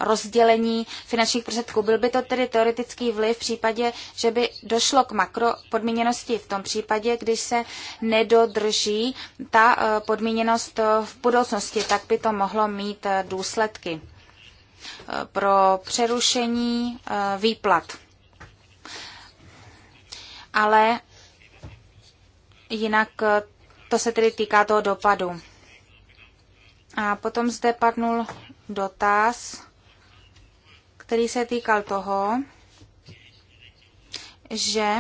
rozdělení finančních prostředků. Byl by to tedy teoretický vliv v případě, že by došlo k makropodmíněnosti v tom případě, když se nedodrží ta eh, podmíněnost eh, v budoucnosti, tak by to mohlo mít důsledky pro přerušení výplat. Ale Jinak eh, to se tedy týká toho dopadu. A potom zde padnul dotaz, který se týkal toho, že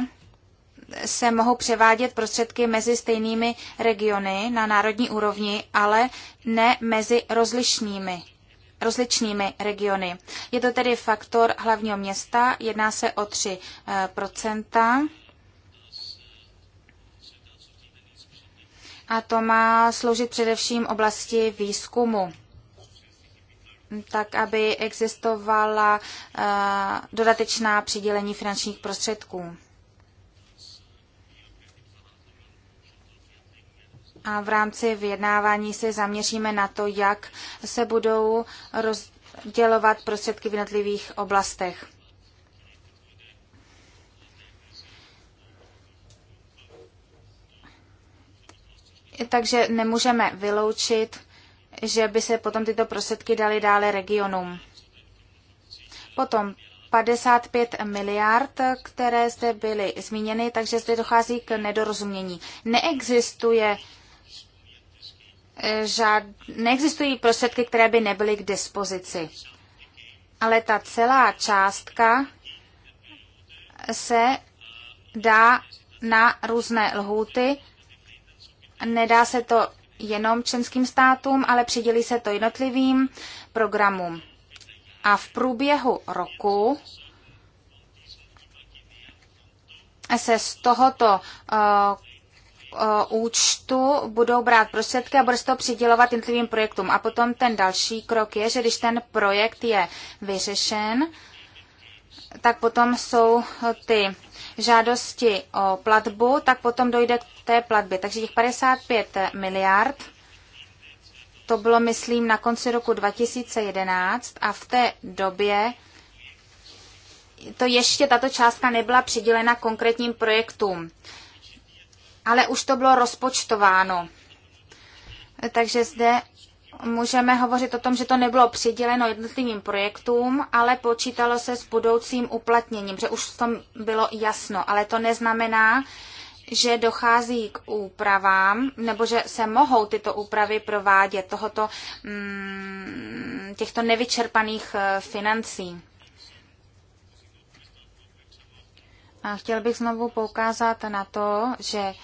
se mohou převádět prostředky mezi stejnými regiony na národní úrovni, ale ne mezi rozlišnými rozličnými regiony. Je to tedy faktor hlavního města, jedná se o 3 A to má sloužit především oblasti výzkumu tak aby existovala eh, dodatečná přidělení finančních prostředků. A v rámci vyjednávání se zaměříme na to, jak se budou rozdělovat prostředky v jednotlivých oblastech. takže nemůžeme vyloučit, že by se potom tyto prostředky daly dále regionům. Potom 55 miliard, které zde byly zmíněny, takže zde dochází k nedorozumění. Neexistuje eh, žád, neexistují prostředky, které by nebyly k dispozici. Ale ta celá částka se dá na různé lhůty nedá se to jenom členským státům, ale přidělí se to jednotlivým programům. A v průběhu roku se z tohoto uh, uh, účtu budou brát prostředky a bude se to přidělovat jednotlivým projektům. A potom ten další krok je, že když ten projekt je vyřešen, tak potom jsou ty žádosti o platbu, tak potom dojde k té platby. Takže těch 55 miliard, to bylo, myslím, na konci roku 2011 a v té době to ještě tato částka nebyla přidělena konkrétním projektům, ale už to bylo rozpočtováno. Takže zde můžeme hovořit o tom, že to nebylo přiděleno jednotlivým projektům, ale počítalo se s budoucím uplatněním, že už v tom bylo jasno. Ale to neznamená, že dochází k úpravám, nebo že se mohou tyto úpravy provádět tohoto, mm, těchto nevyčerpaných eh, financí. A chtěl bych znovu poukázat na to, že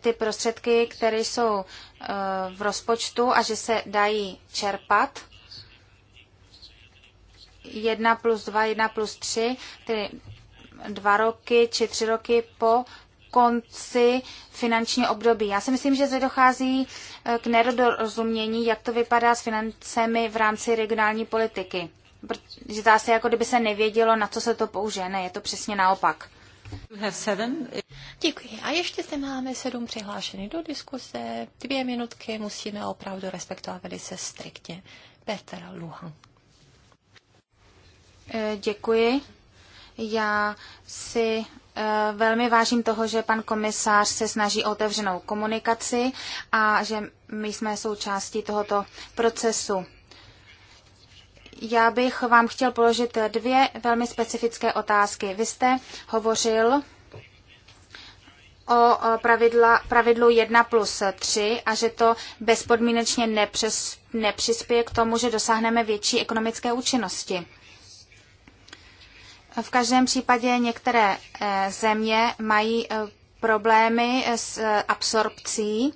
ty prostředky, které jsou eh, v rozpočtu a že se dají čerpat, 1 plus 2, 1 plus 3, tedy dva roky či tři roky po konci finančního období. Já si myslím, že zde dochází eh, k nedorozumění, jak to vypadá s financemi v rámci regionální politiky. Že zdá se, jako kdyby se nevědělo, na co se to použije. Ne, je to přesně naopak. Děkuji. A ještě zde máme sedm přihlášených do diskuse. Dvě minutky musíme opravdu respektovat velice striktně. Petr Luhan. Eh, děkuji. Já si Eh, velmi vážím toho, že pan komisář se snaží o otevřenou komunikaci a že my jsme součástí tohoto procesu. Já bych vám chtěl položit dvě velmi specifické otázky. Vy jste hovořil o pravidla, pravidlu 1 plus 3 a že to bezpodmínečně nepřispěje k tomu, že dosáhneme větší ekonomické účinnosti. V každém případě některé eh, země mají eh, problémy s eh, absorpcí,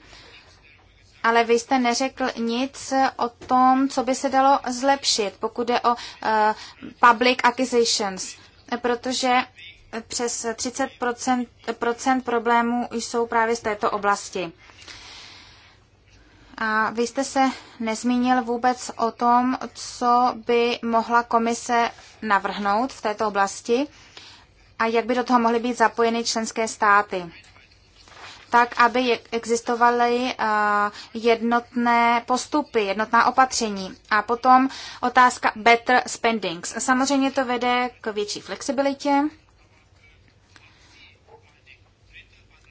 ale vy jste neřekl nic o tom, co by se dalo zlepšit, pokud je o public acquisitions, protože přes 30 problémů jsou právě z této oblasti. A vy jste se nezmínil vůbec o tom, co by mohla komise navrhnout v této oblasti a jak by do toho mohly být zapojeny členské státy tak, aby existovaly eh, jednotné postupy, jednotná opatření. A potom otázka better spendings. Samozřejmě to vede k větší flexibilitě,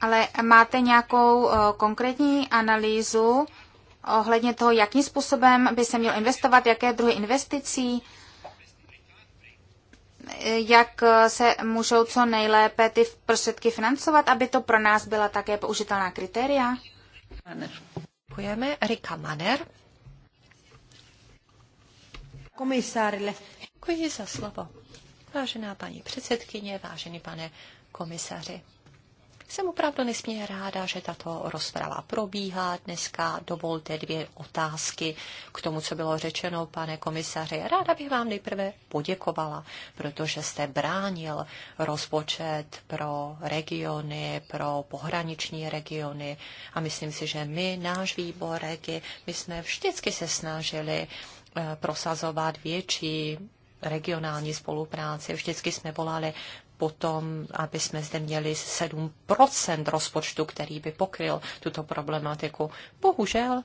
ale máte nějakou eh, konkrétní analýzu ohledně toho, jakým způsobem by se měl investovat, jaké druhy investicí, jak se můžou co nejlépe ty prostředky financovat, aby to pro nás byla také použitelná kritéria. Děkujeme. Erika Maner. Komisárle. Děkuji za slovo. Vážená paní předsedkyně, vážený pane komisaři. Jsem opravdu nesmírně ráda, že tato rozprava probíhá dneska. Dovolte dvě otázky k tomu, co bylo řečeno, pane komisaři. Ráda bych vám nejprve poděkovala, protože jste bránil rozpočet pro regiony, pro pohraniční regiony a myslím si, že my, náš výbor regi, my jsme vždycky se snažili eh, prosazovat větší regionální spolupráci. Vždycky jsme volali potom, aby jsme zde měli 7% rozpočtu, který by pokryl tuto problematiku. Bohužel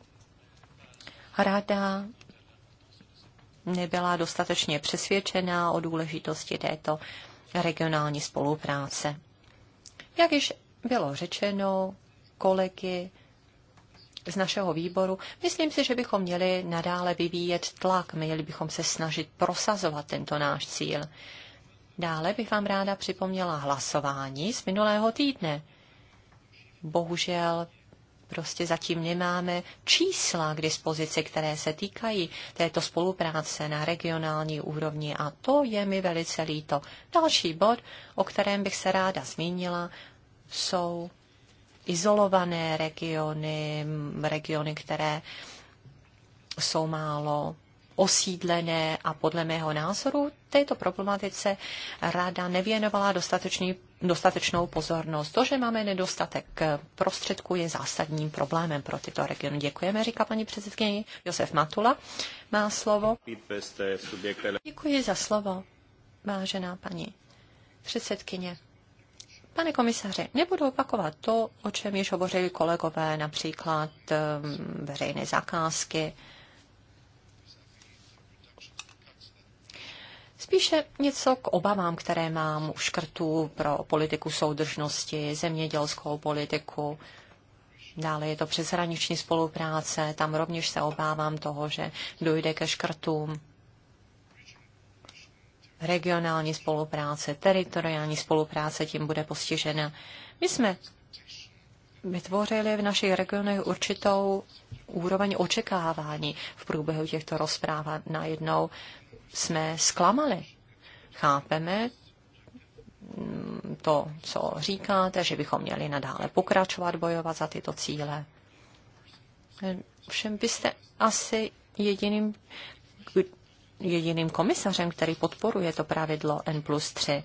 rada nebyla dostatečně přesvědčená o důležitosti této regionální spolupráce. Jak již bylo řečeno kolegy z našeho výboru, myslím si, že bychom měli nadále vyvíjet tlak, měli bychom se snažit prosazovat tento náš cíl. Dále bych vám ráda připomněla hlasování z minulého týdne. Bohužel prostě zatím nemáme čísla k dispozici, které se týkají této spolupráce na regionální úrovni a to je mi velice líto. Další bod, o kterém bych se ráda zmínila, jsou izolované regiony, regiony, které jsou málo osídlené a podle mého názoru této problematice ráda nevěnovala dostatečný, dostatečnou pozornost. To, že máme nedostatek prostředků, je zásadním problémem pro tyto regiony. Děkujeme, říká paní předsedkyně. Josef Matula má slovo. Děkuji za slovo, vážená paní předsedkyně. Pane komisaře, nebudu opakovat to, o čem již hovořili kolegové, například um, veřejné zakázky, Spíše něco k obavám, které mám u škrtů pro politiku soudržnosti, zemědělskou politiku. Dále je to přeshraniční spolupráce, tam rovněž se obávám toho, že dojde ke škrtům regionální spolupráce, teritoriální spolupráce tím bude postižena. My jsme vytvořili v našich regionech určitou úroveň očekávání v průběhu těchto rozpráv a najednou jsme zklamali. Chápeme to, co říkáte, že bychom měli nadále pokračovat, bojovat za tyto cíle. Všem byste asi jediným, jediným komisařem, který podporuje to pravidlo N plus 3.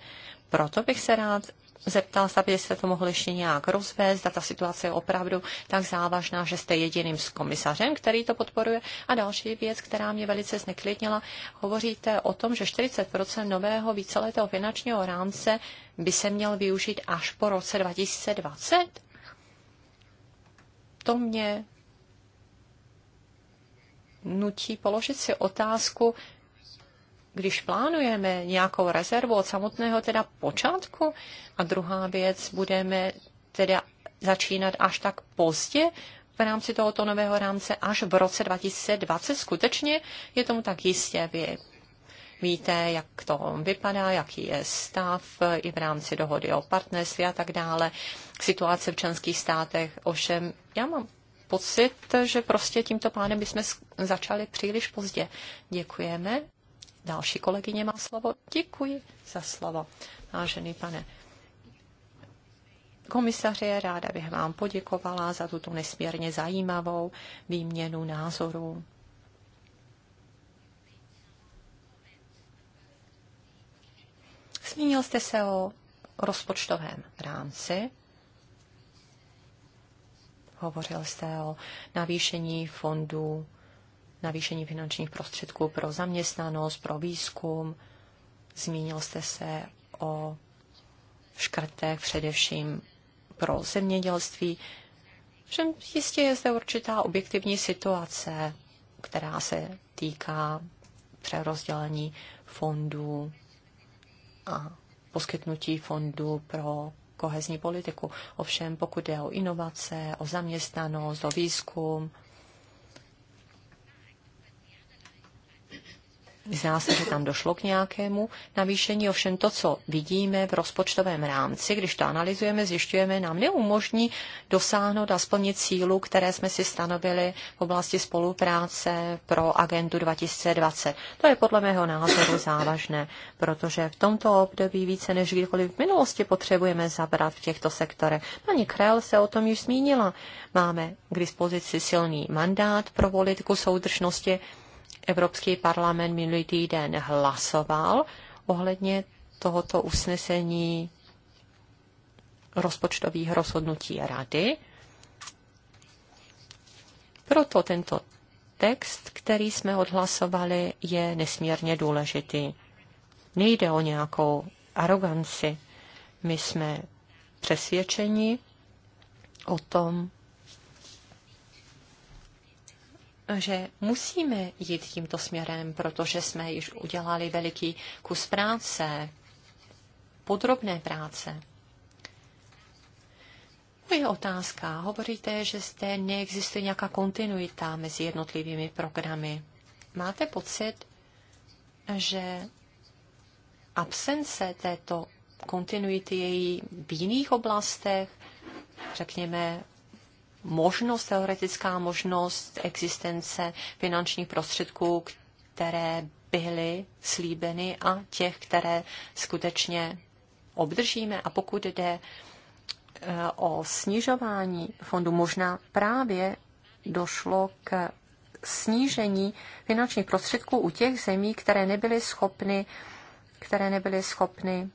Proto bych se rád zeptal, zda byste to mohli ještě nějak rozvést, zda ta situace je opravdu tak závažná, že jste jediným s komisařem, který to podporuje. A další věc, která mě velice zneklidnila, hovoříte o tom, že 40 nového víceletého finančního rámce by se měl využít až po roce 2020? To mě nutí položit si otázku, když plánujeme nějakou rezervu od samotného teda počátku a druhá věc, budeme teda začínat až tak pozdě v rámci tohoto nového rámce až v roce 2020. Skutečně je tomu tak jistě. Vy víte, jak to vypadá, jaký je stav i v rámci dohody o partnerství a tak dále. Situace v členských státech. Ovšem, já mám pocit, že prostě tímto pádem bychom začali příliš pozdě. Děkujeme. Další kolegyně má slovo. Děkuji za slovo, vážený pane komisaři. Ráda bych vám poděkovala za tuto nesmírně zajímavou výměnu názorů. Zmínil jste se o rozpočtovém rámci. Hovořil jste o navýšení fondů navýšení finančních prostředků pro zaměstnanost, pro výzkum. Zmínil jste se o škrtech především pro zemědělství. Všem jistě je zde určitá objektivní situace, která se týká přerozdělení fondů a poskytnutí fondů pro kohezní politiku. Ovšem, pokud jde o inovace, o zaměstnanost, o výzkum, Zná se, že tam došlo k nějakému navýšení, ovšem to, co vidíme v rozpočtovém rámci, když to analyzujeme, zjišťujeme, nám neumožní dosáhnout a splnit cílu, které jsme si stanovili v oblasti spolupráce pro agendu 2020. To je podle mého názoru závažné, protože v tomto období více než kdykoliv v minulosti potřebujeme zabrat v těchto sektorech. Pani Krell se o tom již zmínila. Máme k dispozici silný mandát pro politiku soudržnosti, Evropský parlament minulý týden hlasoval ohledně tohoto usnesení rozpočtových rozhodnutí rady. Proto tento text, který jsme odhlasovali, je nesmírně důležitý. Nejde o nějakou aroganci. My jsme přesvědčeni o tom, že musíme jít tímto směrem, protože jsme již udělali veliký kus práce, podrobné práce. Moje otázka. Hovoříte, že zde neexistuje nějaká kontinuita mezi jednotlivými programy. Máte pocit, že absence této kontinuity je i v jiných oblastech, řekněme možnost, teoretická možnost existence finančních prostředků, které byly slíbeny a těch, které skutečně obdržíme. A pokud jde eh, o snižování fondu, možná právě došlo k snížení finančních prostředků u těch zemí, které nebyly schopny, které nebyly schopny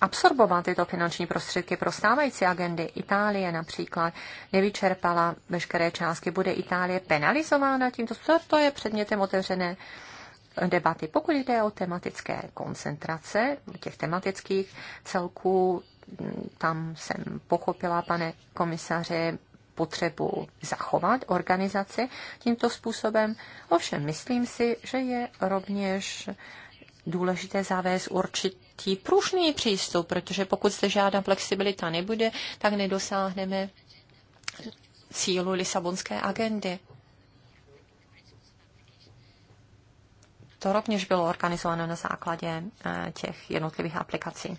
absorbovat tyto finanční prostředky pro stávající agendy. Itálie například nevyčerpala veškeré částky. Bude Itálie penalizována tímto? Co to je předmětem otevřené debaty? Pokud jde o tematické koncentrace těch tematických celků, tam jsem pochopila, pane komisaře, potřebu zachovat organizaci tímto způsobem. Ovšem, myslím si, že je rovněž důležité zavést určitý pružný přístup, protože pokud zde žádná flexibilita nebude, tak nedosáhneme cílu Lisabonské agendy. To rovněž bylo organizováno na základě eh, těch jednotlivých aplikací.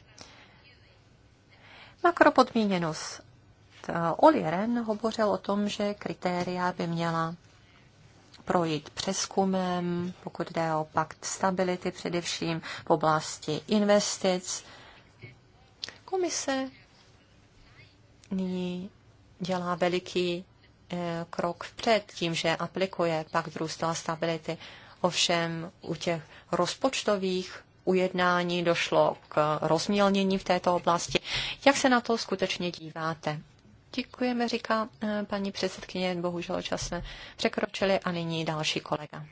Makropodmíněnost. Eh, Oli Ren hovořil o tom, že kritéria by měla projít přeskumem, pokud jde o pakt stability, především v oblasti investic. Komise nyní dělá veliký eh, krok vpřed tím, že aplikuje pakt růstu a stability. Ovšem u těch rozpočtových ujednání došlo k rozmělnění v této oblasti. Jak se na to skutečně díváte? Děkujeme, říká eh, paní předsedkyně, bohužel čas jsme překročili a nyní další kolega.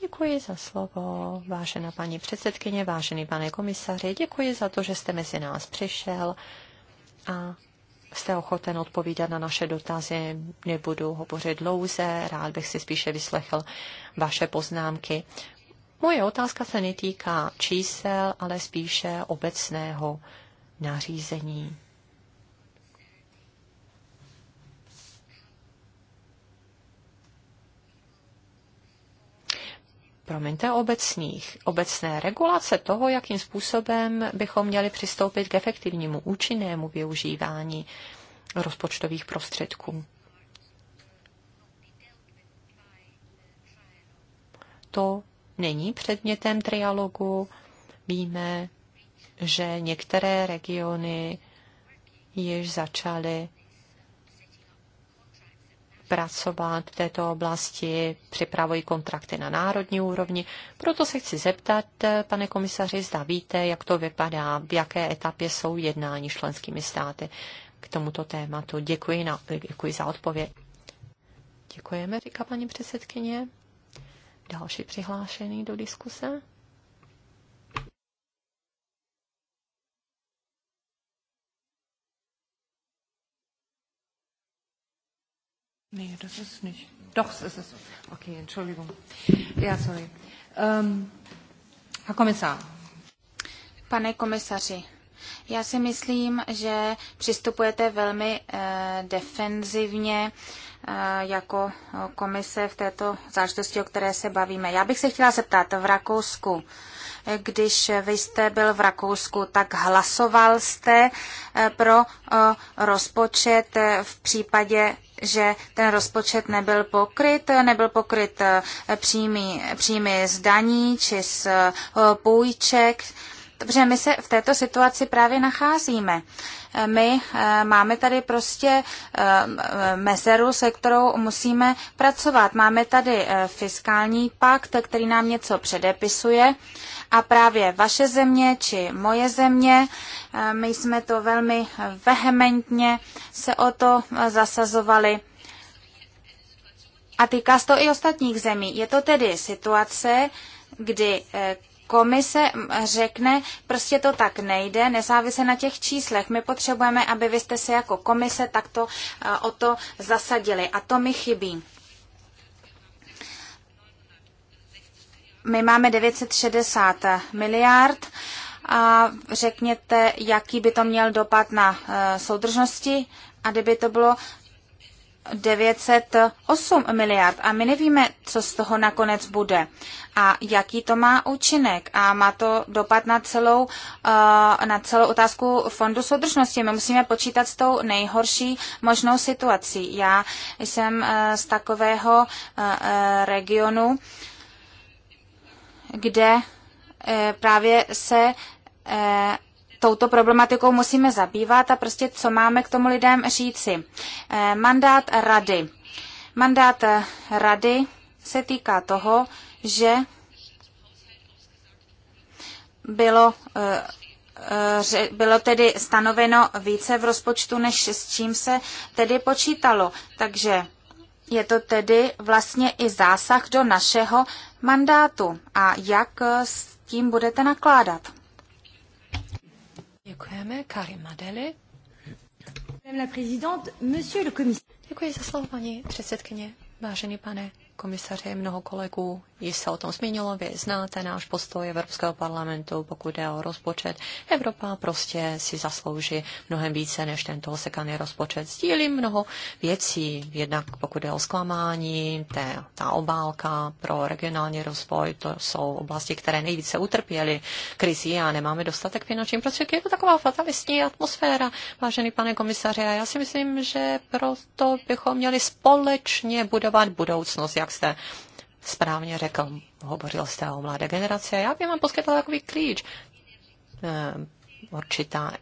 Děkuji za slovo, vážená paní předsedkyně, vážený pane komisaři, děkuji za to, že jste mezi nás přišel a jste ochoten odpovídat na naše dotazy. Nebudu hovořit dlouze, rád bych si spíše vyslechl vaše poznámky. Moje otázka se netýká čísel, ale spíše obecného nařízení. promiňte, obecných, obecné regulace toho, jakým způsobem bychom měli přistoupit k efektivnímu, účinnému využívání rozpočtových prostředků. To není předmětem trialogu. Víme, že některé regiony již začaly pracovat v této oblasti, připravují kontrakty na národní úrovni. Proto se chci zeptat, eh, pane komisaři, zda víte, jak to vypadá, v jaké etapě jsou jednání členskými státy k tomuto tématu. Děkuji, na, děkuji za odpověď. Děkujeme, říká paní předsedkyně. Další přihlášený do diskuse. Nee, das ist nicht. Doch, es ist es. Okay, Entschuldigung. Ja, sorry. Ähm, Herr Kommissar. Pane komisaři, já si myslím, že přistupujete velmi eh, defenzivně eh, jako eh, komise v této záležitosti, o které se bavíme. Já bych se chtěla zeptat v Rakousku. Eh, když vy jste byl v Rakousku, tak hlasoval jste eh, pro eh, rozpočet eh, v případě, že ten rozpočet nebyl pokryt, nebyl pokryt příjmy, příjmy z daní či z půjček. Protože my se v této situaci právě nacházíme. Eh, my eh, máme tady prostě eh, mezeru, se kterou musíme pracovat. Máme tady fiskální pakt, který nám něco předepisuje a právě vaše země či moje země, my jsme to velmi vehementně se o to zasazovali. A týká se to i ostatních zemí. Je to tedy situace, kdy komise řekne, prostě to tak nejde, nezávisle na těch číslech. My potřebujeme, aby vy jste se jako komise takto e, o to zasadili. A to mi chybí. My máme 960 e, miliard a řekněte, jaký by to měl dopad na e, soudržnosti a kdyby to bylo 908 miliard a my nevíme, co z toho nakonec bude a jaký to má účinek a má to dopad na celou, eh, na celou otázku fondu soudržnosti. My musíme počítat s tou nejhorší možnou situací. Já jsem eh, z takového eh, regionu, kde právě se touto problematikou musíme zabývat a prostě co máme k tomu lidem říci. Eh, mandát rady. Mandát eh, rady se týká toho, že bylo, eh, bylo tedy stanoveno více v rozpočtu, než s čím se tedy počítalo. Takže je to tedy vlastně i zásah do našeho mandátu. A jak s tím budete nakládat? Děkujeme. Karim Madeli. Děkuji za slovo, paní předsedkyně. Vážený pane komisaře, mnoho kolegů již se o tom zmínilo, vy znáte náš postoj Evropského parlamentu, pokud je o rozpočet. Evropa prostě si zaslouží mnohem více než tento osekaný rozpočet. Sdílí mnoho věcí, jednak pokud je o zklamání, té, ta obálka pro regionální rozvoj, to jsou oblasti, které nejvíce utrpěly krizi a nemáme dostatek finančních prostředků. Je to taková fatalistní atmosféra, vážený pane komisaře? a já si myslím, že proto bychom měli společně budovat budoucnost, jak jste správně řekl. Hovořil jste o mladé generaci a já bych vám poskytla takový klíč. Eh, určitá,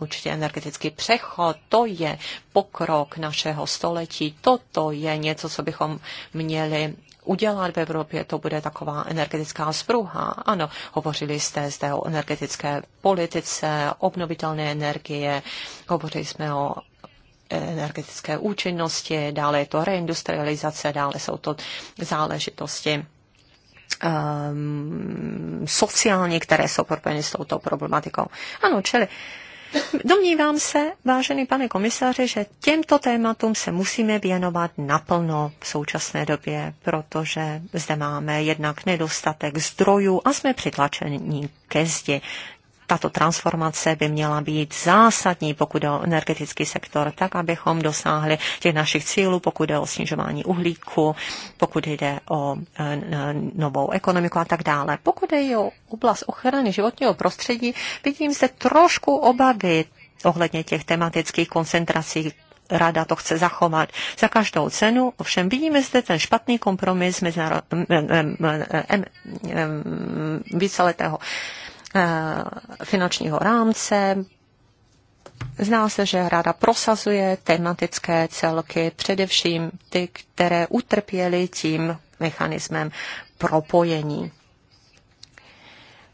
určitě energetický přechod, to je pokrok našeho století, toto je něco, co bychom měli udělat v Evropě, to bude taková energetická spruha. Ano, hovořili jste zde o energetické politice, obnovitelné energie, hovořili jsme o energetické účinnosti, dále je to reindustrializace, dále jsou to záležitosti um, sociální, které jsou propojeny s touto problematikou. Ano, čili domnívám se, vážený pane komisaře, že těmto tématům se musíme věnovat naplno v současné době, protože zde máme jednak nedostatek zdrojů a jsme přitlačení ke zdi tato transformace by měla být zásadní, pokud je o energetický sektor, tak abychom dosáhli těch našich cílů, pokud je o snižování uhlíku, pokud jde o novou ekonomiku a tak dále. Pokud je o oblast ochrany životního prostředí, vidím se trošku obavy ohledně těch tematických koncentrací, rada to chce zachovat za každou cenu. Ovšem vidíme zde ten špatný kompromis mezinárod... víceletého Eh, finančního rámce. Zná se, že rada prosazuje tematické celky, především ty, které utrpěly tím mechanismem propojení.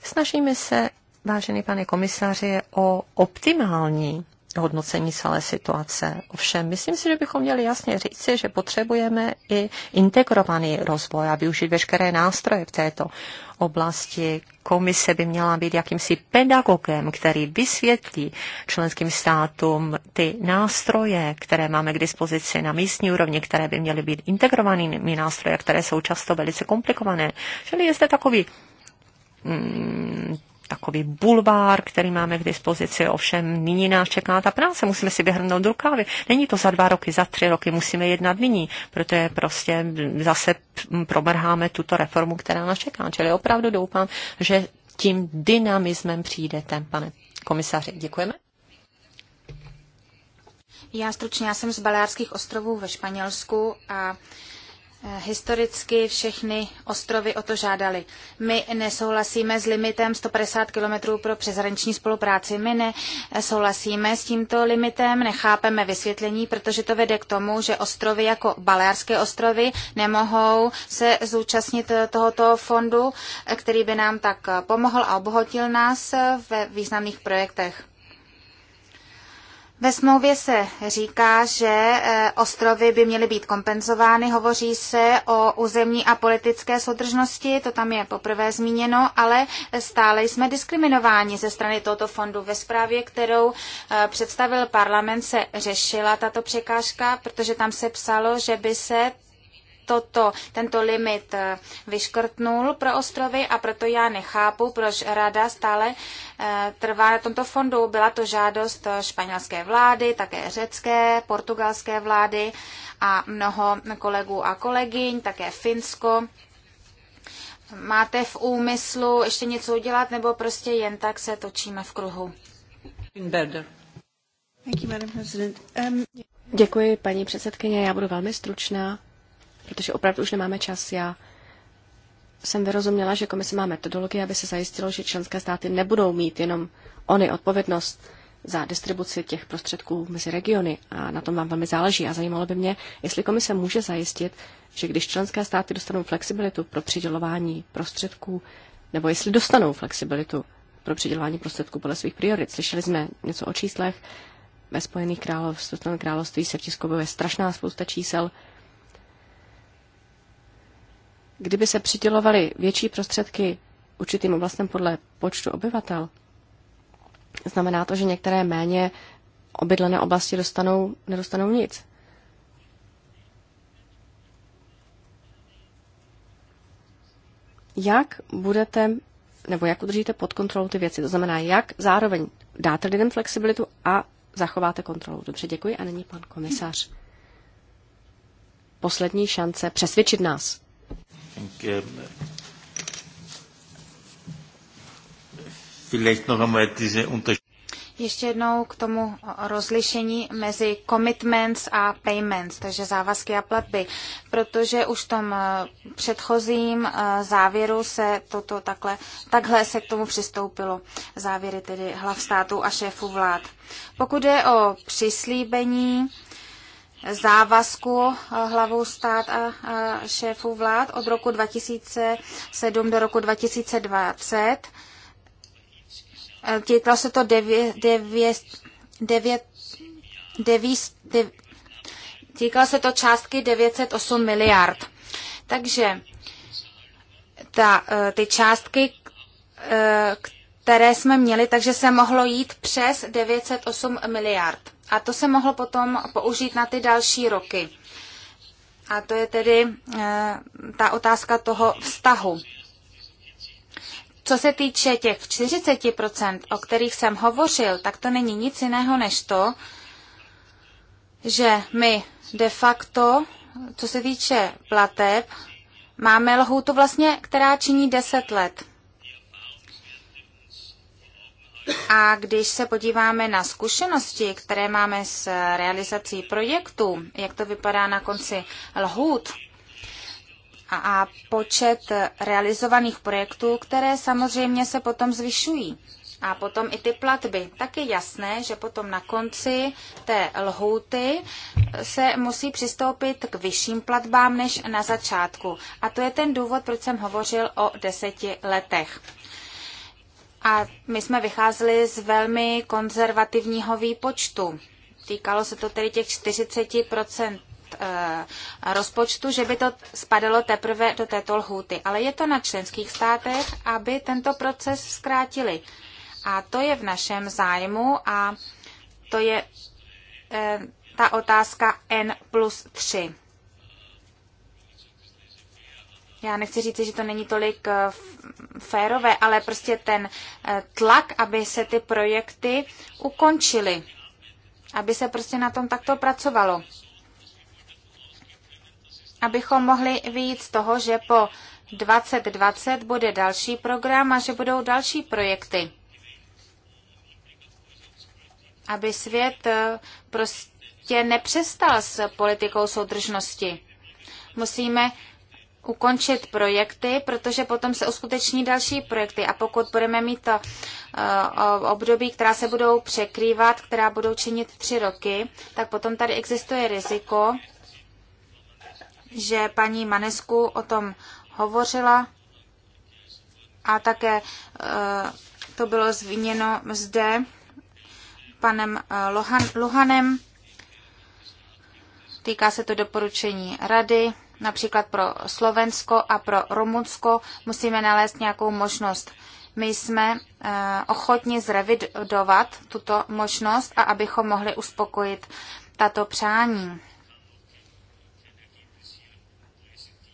Snažíme se, vážený pane komisaři, o optimální hodnocení celé situace. Ovšem, myslím si, že bychom měli jasně říci, že potřebujeme i integrovaný rozvoj a využít veškeré nástroje v této oblasti. Komise by měla být jakýmsi pedagogem, který vysvětlí členským státům ty nástroje, které máme k dispozici na místní úrovni, které by měly být integrovanými nástroje, které jsou často velice komplikované. Čili je zde takový mm, takový bulvár, který máme k dispozici, ovšem nyní nás čeká ta práce, musíme si vyhrnout rukávy. Není to za dva roky, za tři roky, musíme jednat nyní, protože prostě zase promrháme tuto reformu, která nás čeká. Čili opravdu doufám, že tím dynamismem ten pane komisaři. Děkujeme. Já stručně, já jsem z Baleárských ostrovů ve Španělsku a Eh, historicky všechny ostrovy o to žádali. My nesouhlasíme s limitem 150 km pro přeshraniční spolupráci. My nesouhlasíme s tímto limitem, nechápeme vysvětlení, protože to vede k tomu, že ostrovy jako Balearské ostrovy nemohou se zúčastnit eh, tohoto fondu, eh, který by nám tak pomohl a obohotil nás ve významných projektech. Ve smlouvě se říká, že eh, ostrovy by měly být kompenzovány, hovoří se o územní a politické soudržnosti, to tam je poprvé zmíněno, ale stále jsme diskriminováni ze strany tohoto fondu. Ve zprávě, kterou eh, představil parlament, se řešila tato překážka, protože tam se psalo, že by se toto, tento limit eh, vyškrtnul pro ostrovy a proto já nechápu, proč rada stále eh, trvá na tomto fondu. Byla to žádost eh, španělské vlády, také řecké, portugalské vlády a mnoho kolegů a kolegyň, také Finsko. Máte v úmyslu ještě něco udělat, nebo prostě jen tak se točíme v kruhu? Um, Děkuji, paní předsedkyně, já budu velmi stručná protože opravdu už nemáme čas. Já jsem vyrozuměla, že komise má metodologii, aby se zajistilo, že členské státy nebudou mít jenom ony odpovědnost za distribuci těch prostředků mezi regiony a na tom vám velmi záleží. A zajímalo by mě, jestli komise může zajistit, že když členské státy dostanou flexibilitu pro přidělování prostředků, nebo jestli dostanou flexibilitu pro přidělování prostředků podle svých priorit. Slyšeli jsme něco o číslech. Ve Spojených království, království se v tisku strašná spousta čísel Kdyby se přidělovaly větší prostředky určitým oblastem podle počtu obyvatel, znamená to, že některé méně obydlené oblasti dostanou, nedostanou nic. Jak budete, nebo jak udržíte pod kontrolou ty věci? To znamená, jak zároveň dáte lidem flexibilitu a zachováte kontrolu. Dobře, děkuji. A není pan komisař. Poslední šance přesvědčit nás denke, eh, vielleicht noch einmal diese Unterschiede. Ještě jednou k tomu rozlišení mezi commitments a payments, takže závazky a platby, protože už v tom eh, předchozím eh, závěru se toto takhle, takhle se k tomu přistoupilo, závěry tedy hlav států a šéfů vlád. Pokud je o přislíbení, závazku eh, hlavou stát a šéfů vlád od roku 2007 do roku 2020. Eh, týkalo se to 9, 9, 9, 9, se to částky 908 miliard. Takže ta, eh, ty částky, které jsme měli, takže se mohlo jít přes 908 miliard. A to se mohlo potom použít na ty další roky. A to je tedy eh, ta otázka toho vztahu. Co se týče těch 40%, o kterých jsem hovořil, tak to není nic jiného než to, že my de facto, co se týče plateb, máme lhůtu vlastně, která činí 10 let. A když se podíváme na zkušenosti, které máme s realizací projektů, jak to vypadá na konci lhůt, a počet realizovaných projektů, které samozřejmě se potom zvyšují. A potom i ty platby. Tak je jasné, že potom na konci té lhouty se musí přistoupit k vyšším platbám než na začátku. A to je ten důvod, proč jsem hovořil o deseti letech. A my jsme vycházeli z velmi konzervativního výpočtu. Týkalo se to tedy těch 40 eh, rozpočtu, že by to spadalo teprve do této lhůty. Ale je to na členských státech, aby tento proces zkrátili. A to je v našem zájmu a to je eh, ta otázka N plus 3 já nechci říct, že to není tolik eh, férové, ale prostě ten eh, tlak, aby se ty projekty ukončily, aby se prostě na tom takto pracovalo. Abychom mohli vyjít z toho, že po 2020 bude další program a že budou další projekty. Aby svět eh, prostě nepřestal s politikou soudržnosti. Musíme ukončit projekty, protože potom se uskuteční další projekty a pokud budeme mít to uh, období, která se budou překrývat, která budou činit tři roky, tak potom tady existuje riziko, že paní Manesku o tom hovořila a také uh, to bylo zviněno zde panem eh, Lohan, Luhanem. Týká se to doporučení rady například pro Slovensko a pro Rumunsko, musíme nalézt nějakou možnost. My jsme eh, ochotni zrevidovat tuto možnost a abychom mohli uspokojit tato přání.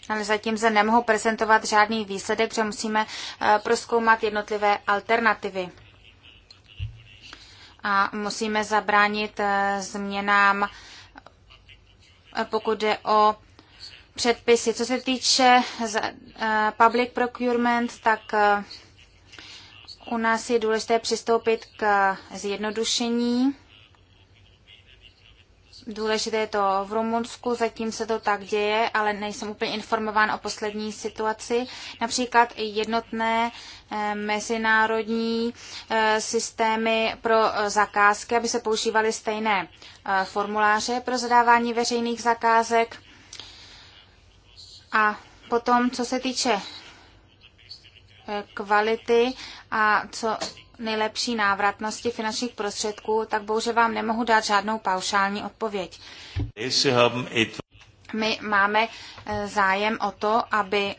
Ale zatím se nemohu prezentovat žádný výsledek, že musíme eh, proskoumat jednotlivé alternativy. A musíme zabránit eh, změnám, pokud jde o předpisy. Co se týče eh, public procurement, tak eh, u nás je důležité přistoupit k zjednodušení. Důležité je to v Rumunsku, zatím se to tak děje, ale nejsem úplně informován o poslední situaci. Například jednotné eh, mezinárodní systémy pro zakázky, aby se používaly stejné formuláře pro zadávání veřejných zakázek. A potom, co se týče eh, kvality a co nejlepší návratnosti finančních prostředků, tak bohužel vám nemohu dát žádnou paušální odpověď. My máme eh, zájem o to, aby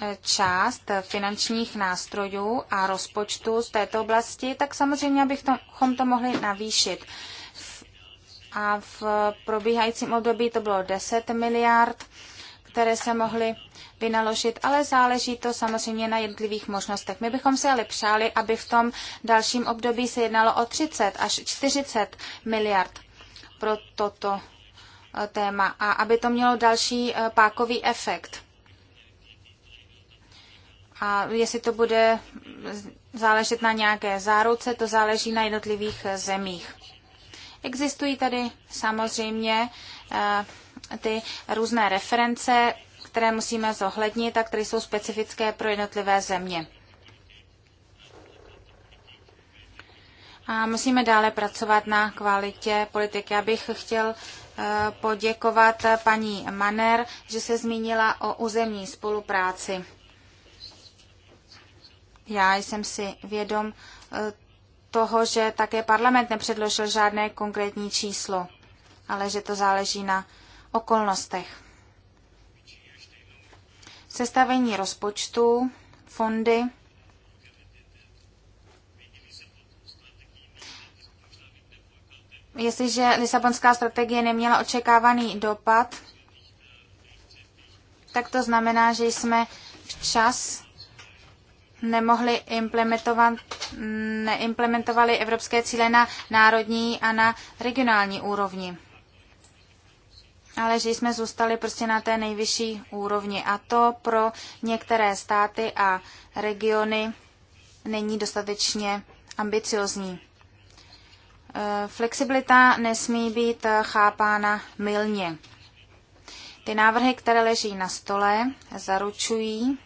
eh, část finančních nástrojů a rozpočtu z této oblasti, tak samozřejmě abychom to mohli navýšit. A v probíhajícím období to bylo 10 miliard které se mohly vynaložit, ale záleží to samozřejmě na jednotlivých možnostech. My bychom se ale přáli, aby v tom dalším období se jednalo o 30 až 40 miliard pro toto eh, téma a aby to mělo další eh, pákový efekt. A jestli to bude záležet na nějaké záruce, to záleží na jednotlivých eh, zemích. Existují tady samozřejmě ty různé reference, které musíme zohlednit a které jsou specifické pro jednotlivé země. A musíme dále pracovat na kvalitě politiky. Já bych chtěl eh, poděkovat paní Maner, že se zmínila o územní spolupráci. Já jsem si vědom eh, toho, že také parlament nepředložil žádné konkrétní číslo, ale že to záleží na okolnostech. Sestavení rozpočtu, fondy, Jestliže Lisabonská strategie neměla očekávaný dopad, tak to znamená, že jsme včas nemohli implementovat, neimplementovali evropské cíle na národní a na regionální úrovni ale že jsme zůstali prostě na té nejvyšší úrovni. A to pro některé státy a regiony není dostatečně ambiciozní. E, flexibilita nesmí být chápána mylně. Ty návrhy, které leží na stole, zaručují,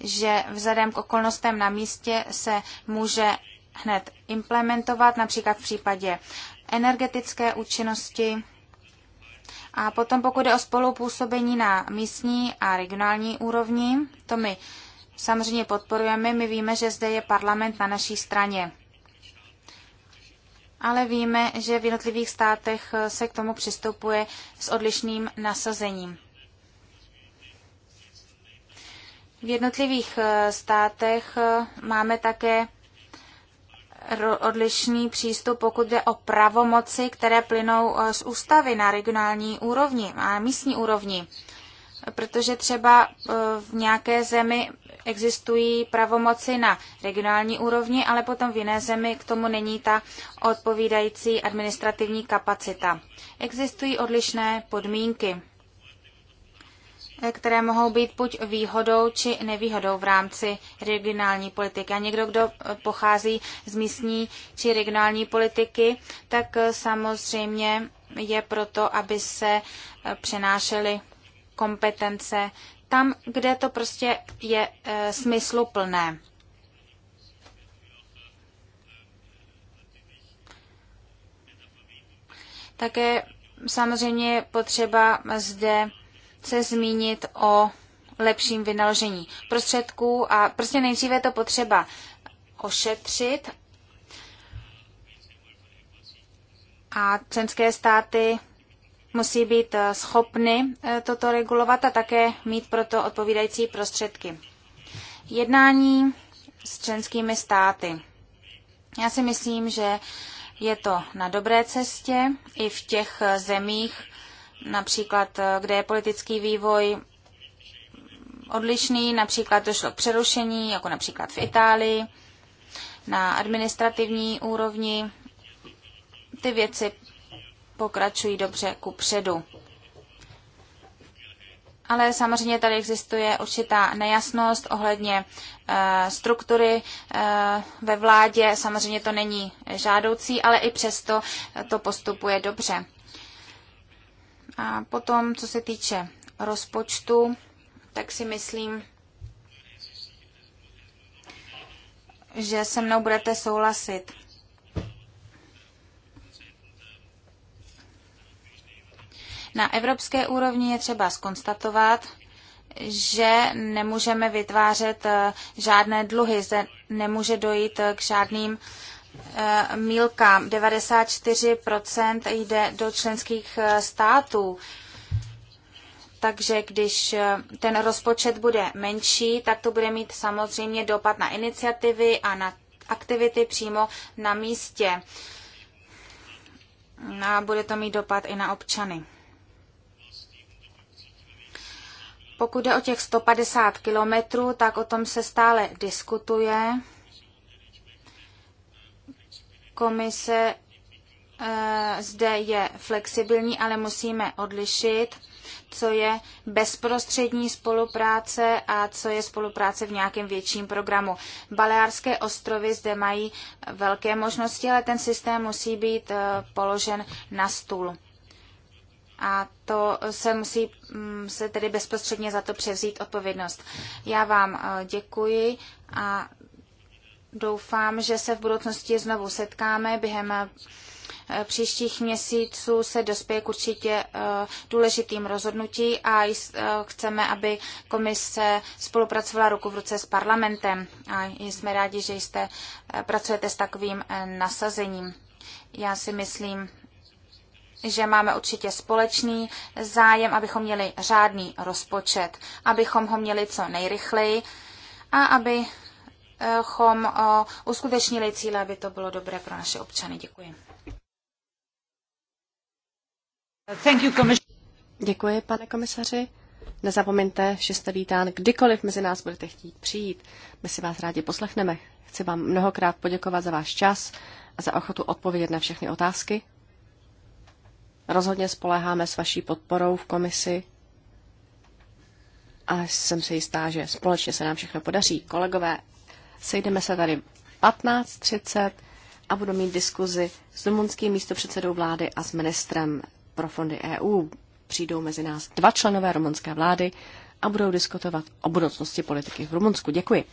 že vzhledem k okolnostem na místě se může hned implementovat, například v případě energetické účinnosti. A potom pokud je o spolupůsobení na místní a regionální úrovni, to my samozřejmě podporujeme, my víme, že zde je parlament na naší straně. Ale víme, že v jednotlivých státech se k tomu přistupuje s odlišným nasazením. V jednotlivých eh, státech eh, máme také odlišný přístup, pokud jde o pravomoci, které plynou eh, z ústavy na regionální úrovni, a místní úrovni. Protože třeba eh, v nějaké zemi existují pravomoci na regionální úrovni, ale potom v jiné zemi k tomu není ta odpovídající administrativní kapacita. Existují odlišné podmínky které mohou být buď výhodou či nevýhodou v rámci regionální politiky. A někdo, kdo eh, pochází z místní či regionální politiky, tak eh, samozřejmě je proto, aby se eh, přenášely kompetence tam, kde to prostě je smysluplné. Také samozřejmě je potřeba zde se zmínit o lepším vynaložení prostředků a prostě nejdříve je to potřeba ošetřit a členské státy musí být eh, schopny eh, toto regulovat a také mít proto odpovídající prostředky. Jednání s členskými státy. Já si myslím, že je to na dobré cestě i v těch eh, zemích, například eh, kde je politický vývoj odlišný, například došlo k přerušení, jako například v Itálii, na administrativní úrovni ty věci pokračují dobře ku předu. Ale samozřejmě tady existuje určitá nejasnost ohledně e, struktury e, ve vládě. Samozřejmě to není žádoucí, ale i přesto to postupuje dobře. A potom, co se týče rozpočtu, tak si myslím, že se mnou budete souhlasit. Na evropské úrovni je třeba skonstatovat, že nemůžeme vytvářet eh, žádné dluhy, že nemůže dojít eh, k žádným Eh, Milka, 94% jde do členských eh, států. Takže když eh, ten rozpočet bude menší, tak to bude mít samozřejmě dopad na iniciativy a na aktivity přímo na místě. A bude to mít dopad i na občany. Pokud jde o těch 150 kilometrů, tak o tom se stále diskutuje. Komise eh, zde je flexibilní, ale musíme odlišit, co je bezprostřední spolupráce a co je spolupráce v nějakém větším programu. Baleárské ostrovy zde mají velké možnosti, ale ten systém musí být eh, položen na stůl. A to se musí mm, se tedy bezprostředně za to převzít odpovědnost. Já vám eh, děkuji a Doufám, že se v budoucnosti znovu setkáme během eh, příštích měsíců se dospěje k určitě eh, důležitým rozhodnutí a eh, chceme, aby komise spolupracovala ruku v ruce s parlamentem. A jsme rádi, že jste, pracujete s takovým nasazením. Já si myslím, že máme určitě společný zájem, abychom měli řádný rozpočet, abychom ho měli co nejrychleji a aby abychom eh, uskutečnili cíle, aby to bylo dobré pro naše občany. Děkuji. Thank you, Děkuji, pane komisaři. Nezapomeňte, že jste vítán kdykoliv mezi nás budete chtít přijít. My si vás rádi poslechneme. Chci vám mnohokrát poděkovat za váš čas a za ochotu odpovědět na všechny otázky. Rozhodně spoléháme s vaší podporou v komisi a jsem si jistá, že společně se nám všechno podaří. Kolegové, Sejdeme se tady 15.30 a budu mít diskuzi s rumunským místopředsedou vlády a s ministrem pro fondy EU. Přijdou mezi nás dva členové rumunské vlády a budou diskutovat o budoucnosti politiky v Rumunsku. Děkuji.